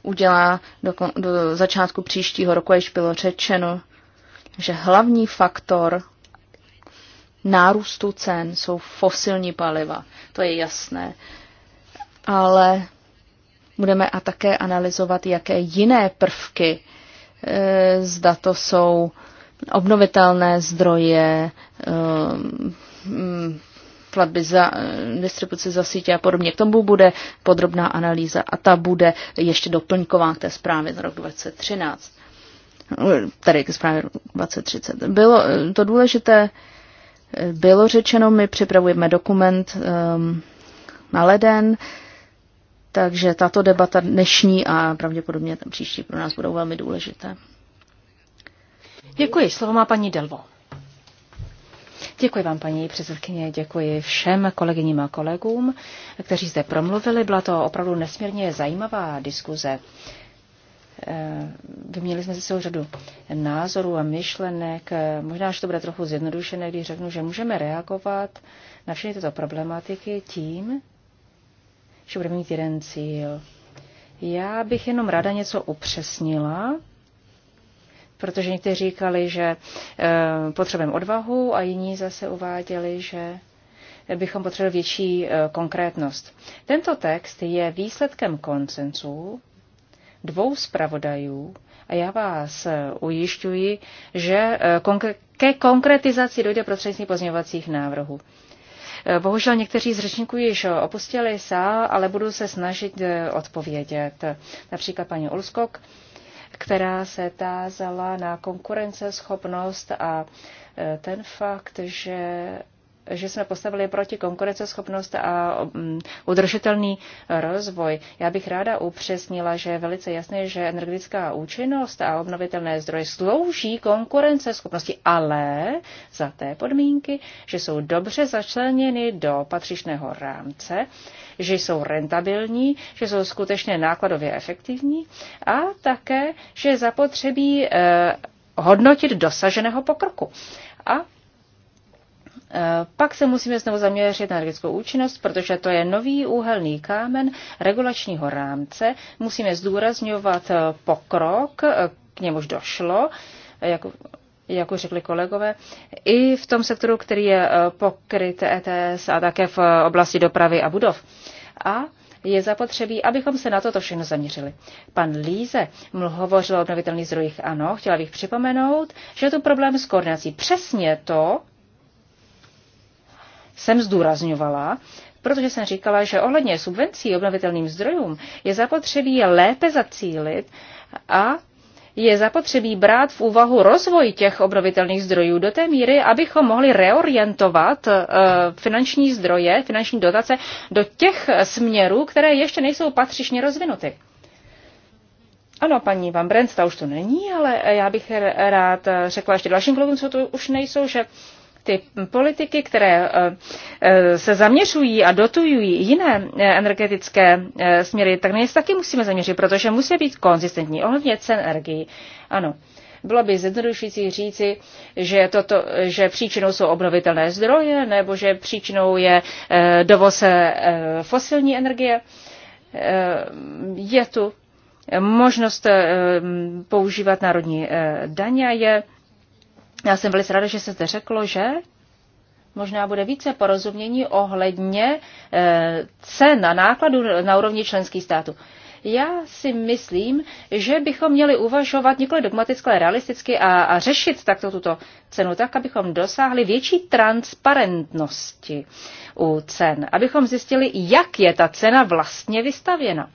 udělá do, do začátku příštího roku, již bylo řečeno, že hlavní faktor nárůstu cen jsou fosilní paliva. To je jasné. Ale budeme a také analyzovat, jaké jiné prvky, e, zda to jsou obnovitelné zdroje, e, platby za eh, distribuci za sítě a podobně. K tomu bude podrobná analýza a ta bude ještě doplňková té zprávy za rok 2013 tady ke zprávě 2030. Bylo eh, to důležité, eh, bylo řečeno, my připravujeme dokument um, na leden, takže tato debata dnešní a pravděpodobně tam příští pro nás budou velmi důležité. Děkuji. Slovo má paní Delvo. Děkuji vám, paní předsedkyně, děkuji všem kolegyním a kolegům, kteří zde promluvili. Byla to opravdu nesmírně zajímavá diskuze. Eh, Vyměli jsme si celou řadu názorů a myšlenek. Možná, že to bude trochu zjednodušené, když řeknu, že můžeme reagovat na všechny tyto problematiky tím, že budeme mít jeden cíl. Já bych jenom ráda něco upřesnila protože někteří říkali, že eh, potřebujeme odvahu a jiní zase uváděli, že bychom potřebovali větší eh, konkrétnost. Tento text je výsledkem koncensu dvou zpravodajů a já vás eh, ujišťuji, že ke konkretizaci dojde prostřednictvím pozměňovacích návrhů. Bohužel někteří z řečníků již opustili sál, ale budu se snažit odpovědět. Například paní Olskok která se tázala na konkurenceschopnost a e, ten fakt, že že jsme postavili proti konkurenceschopnost a mm, udržitelný rozvoj. Já bych ráda upřesnila, že je velice jasné, že energetická účinnost a obnovitelné zdroje slouží konkurenceschopnosti, ale za té podmínky, že jsou dobře začleněny do patřičného rámce, že jsou rentabilní, že jsou skutečně nákladově efektivní a také, že zapotřebí eh, hodnotit dosaženého pokroku. A Eh, pak se musíme znovu zaměřit na energetickou účinnost, protože to je nový úhelný kámen regulačního rámce. Musíme zdůrazňovat eh, pokrok, eh, k němuž došlo, jak, jak už řekli kolegové, i v tom sektoru, který je pokryt ETS a také v oblasti dopravy a budov. A je zapotřebí, abychom se na toto všechno zaměřili. Pan Líze hovořil o obnovitelných zdrojích. Ano, chtěla bych připomenout, že je tu problém s koordinací. Přesně to, jsem zdůrazňovala, protože jsem říkala, že ohledně subvencí obnovitelným zdrojům je zapotřebí je lépe zacílit a je zapotřebí brát v úvahu rozvoj těch obnovitelných zdrojů do té míry, abychom mohli reorientovat eh, finanční zdroje, finanční dotace do těch směrů, které ještě nejsou patřičně rozvinuty. Ano, paní Van ta už tu není, ale já bych rád řekla ještě dalším kolegům, co tu už nejsou, že ty politiky, které eh, eh, se zaměřují a dotují jiné eh, energetické směry, tak na ně taky musíme zaměřit, protože musí být konzistentní ohledně cen energii. Ano. Bylo by zjednodušující říci, že, toto, že příčinou jsou obnovitelné zdroje nebo že příčinou je dovoz fosilní energie. Je tu možnost používat národní daně, je já jsem velice ráda, že se zde řeklo, že možná bude více porozumění ohledně eh, cen a nákladů na úrovni členských států. Já si myslím, že bychom měli uvažovat nikoli dogmaticky, ale realisticky a, a řešit takto tuto cenu tak, abychom dosáhli větší transparentnosti u cen, abychom zjistili, jak je ta cena vlastně vystavěna.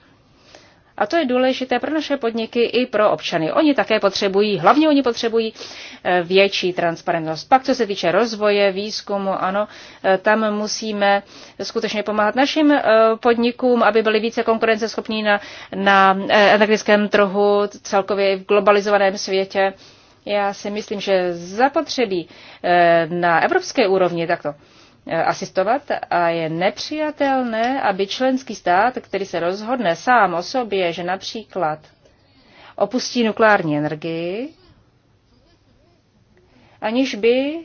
A to je důležité pro naše podniky i pro občany. Oni také potřebují, hlavně oni potřebují eh, větší transparentnost. Pak, co se týče rozvoje, výzkumu, ano, eh, tam musíme skutečně pomáhat našim eh, podnikům, aby byli více konkurenceschopní na, na energetickém trhu, celkově i v globalizovaném světě. Já si myslím, že zapotřebí na evropské úrovni takto asistovat a je nepřijatelné, aby členský stát, který se rozhodne sám o sobě, že například opustí nukleární energii, aniž by,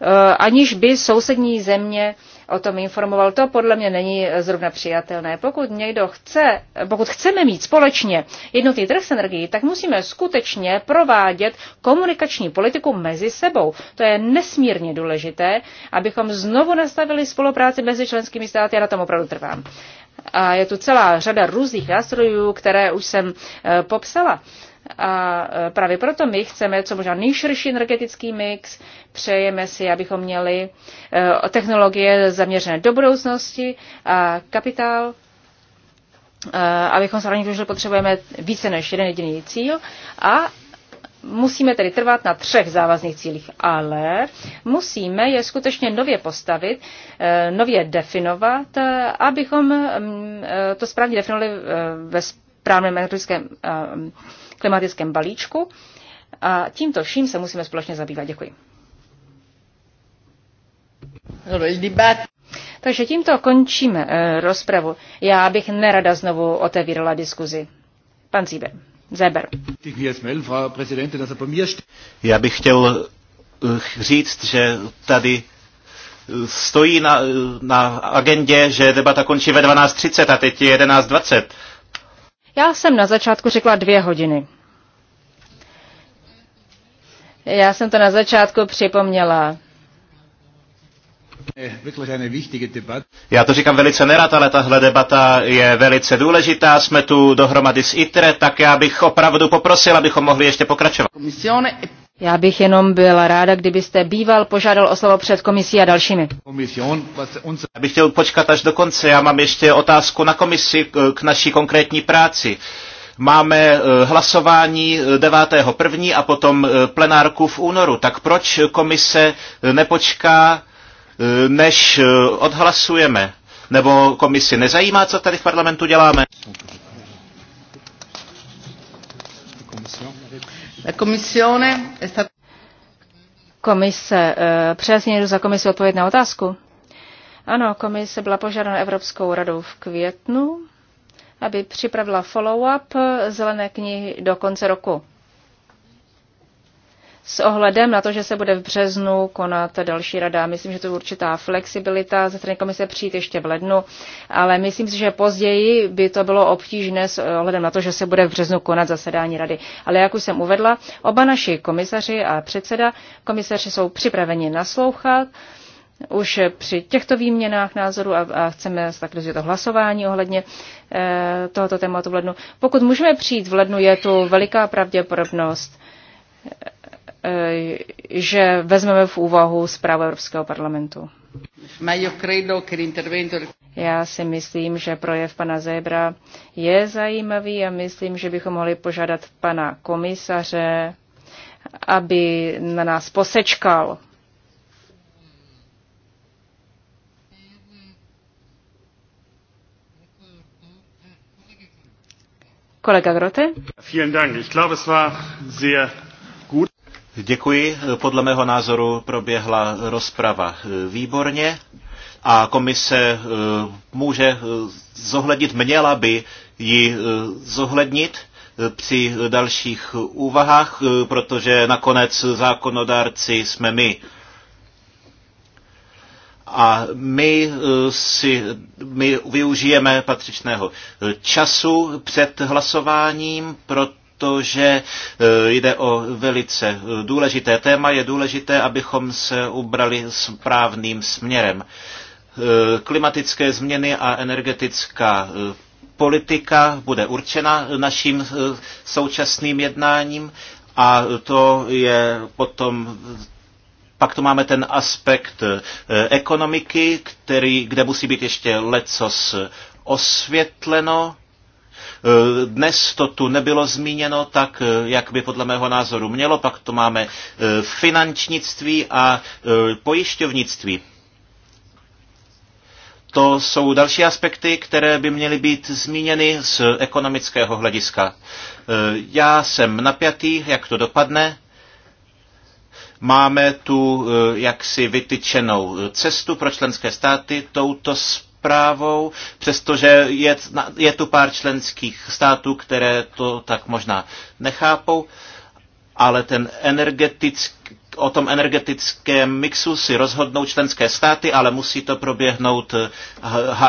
eh, aniž by sousední země o tom informoval. To podle mě není zrovna přijatelné. Pokud někdo chce, pokud chceme mít společně jednotný trh s energií, tak musíme skutečně provádět komunikační politiku mezi sebou. To je nesmírně důležité, abychom znovu nastavili spolupráci mezi členskými státy. a na tom opravdu trvám. A je tu celá řada různých nástrojů, které už jsem eh, popsala. A e, právě proto my chceme co možná nejširší energetický mix, přejeme si, abychom měli e, technologie zaměřené do budoucnosti a kapitál, e, abychom zároveň že potřebujeme více než jeden jediný cíl a musíme tedy trvat na třech závazných cílích, ale musíme je skutečně nově postavit, nově definovat, abychom mm, to správně definovali ve správném energetickém klimatickém balíčku. A tímto vším se musíme společně zabývat. Děkuji. Takže tímto končíme e, eh, rozpravu. Já bych nerada znovu otevírala diskuzi. Pan Zíber. Zeber. Já bych chtěl eh, říct, že tady eh, stojí na, na agendě, že debata končí ve 12.30 a teď je 11.20. Já jsem na začátku řekla dvě hodiny. Já jsem to na začátku připomněla. Já to říkám velice nerad, ale tahle debata je velice důležitá. Jsme tu dohromady s ITRE, tak já bych opravdu poprosil, abychom mohli ještě pokračovat. Já bych jenom byla ráda, kdybyste býval požádal o slovo před komisí a dalšími. Já bych chtěl počkat až do konce. Já mám ještě otázku na komisi k naší konkrétní práci. Máme eh, hlasování 9.1. Eh, a potom eh, plenárku v únoru. Tak proč komise nepočká, než odhlasujeme? Nebo komisi nezajímá, co tady v parlamentu děláme? Komisión. Komise, eh, přesně za komisi odpovědět na otázku. Ano, komise byla požádána Evropskou radou v květnu, aby připravila follow-up zelené knihy do konce roku s ohledem na to, že se bude v březnu konat další rada. Myslím, že to je určitá flexibilita ze strany komise přijít ještě v lednu, ale myslím si, že později by to bylo obtížné s ohledem na to, že se bude v březnu konat zasedání rady. Ale jak už jsem uvedla, oba naši komisaři a předseda komisaři jsou připraveni naslouchat už při těchto výměnách názoru a, a chceme tak to hlasování ohledně e, tohoto tématu v lednu. Pokud můžeme přijít v lednu, je tu veliká pravděpodobnost, Eh, že vezmeme v úvahu zprávu Evropského parlamentu. Já si myslím, že projev pana Zebra je zajímavý a myslím, že bychom mohli požádat pana komisaře, aby na nás posečkal. Kolega Grote? Vielen Dank. Ich glaube, es war sehr Děkuji. Podle mého názoru proběhla rozprava eh, výborně a komise eh, může eh, zohlednit, měla by ji zohlednit při dalších úvahách, protože nakonec zákonodárci jsme my. A my, si, my využijeme patřičného času před hlasováním, proto protože e, jde o velice e, důležité téma. Je důležité, abychom se ubrali správným směrem. E, klimatické změny a energetická politika bude určena naším současným jednáním a to je potom pak tu máme ten aspekt ekonomiky, který, kde musí být ještě lecos osvětleno Eh, dnes to tu nebylo zmíněno tak, eh, jak by podle mého názoru mělo, pak to máme eh, finančnictví a pojišťovnictví. To jsou další aspekty, které by měly být zmíněny z ekonomického hlediska. Já jsem napjatý, jak to dopadne. Máme tu jaksi vytyčenou cestu pro členské státy touto právou, přestože je, je tu pár členských států, které to tak možná nechápou, ale ten energetický, o tom energetickém mixu si rozhodnou členské státy, ale musí to proběhnout eh,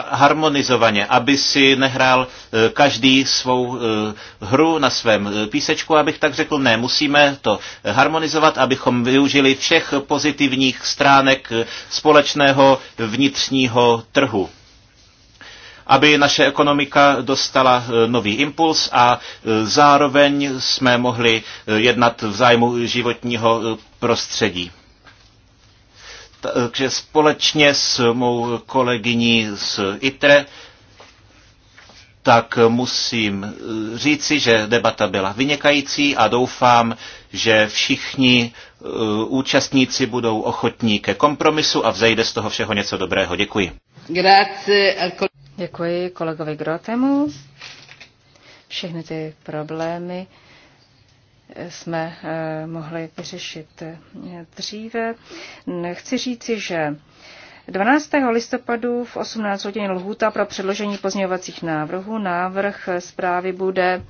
harmonizovaně, aby si nehrál eh, každý svou eh, hru na svém písečku, abych tak řekl, ne, musíme to harmonizovat, abychom využili všech pozitivních stránek společného vnitřního trhu aby naše ekonomika dostala e, nový impuls a e, zároveň jsme mohli e, jednat v zájmu životního prostředí. Takže společně s mou kolegyní z ITRE tak musím říci, že debata byla vynikající a doufám, že všichni účastníci budou ochotní ke kompromisu a vzejde z toho všeho něco dobrého. Děkuji. Grazie. Děkuji kolegovi Grotemu. Všechny ty problémy jsme eh, mohli vyřešit eh, dříve. Chci říci, že 12. listopadu v 18 hodin lhůta pro předložení pozměňovacích návrhů. Návrh zprávy bude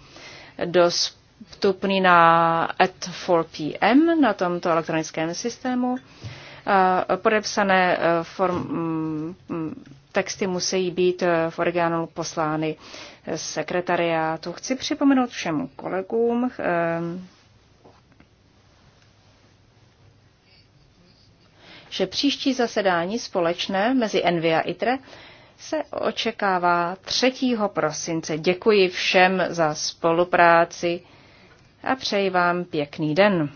dostupný na at 4 pm na tomto elektronickém systému. Podepsané eh, form, mm, mm, Texty musí být eh, v orgánu poslány eh, sekretariátu. Chci připomenout všem kolegům, eh, že příští zasedání společné mezi Envy a ITRE se očekává 3. prosince. Děkuji všem za spolupráci a přeji vám pěkný den.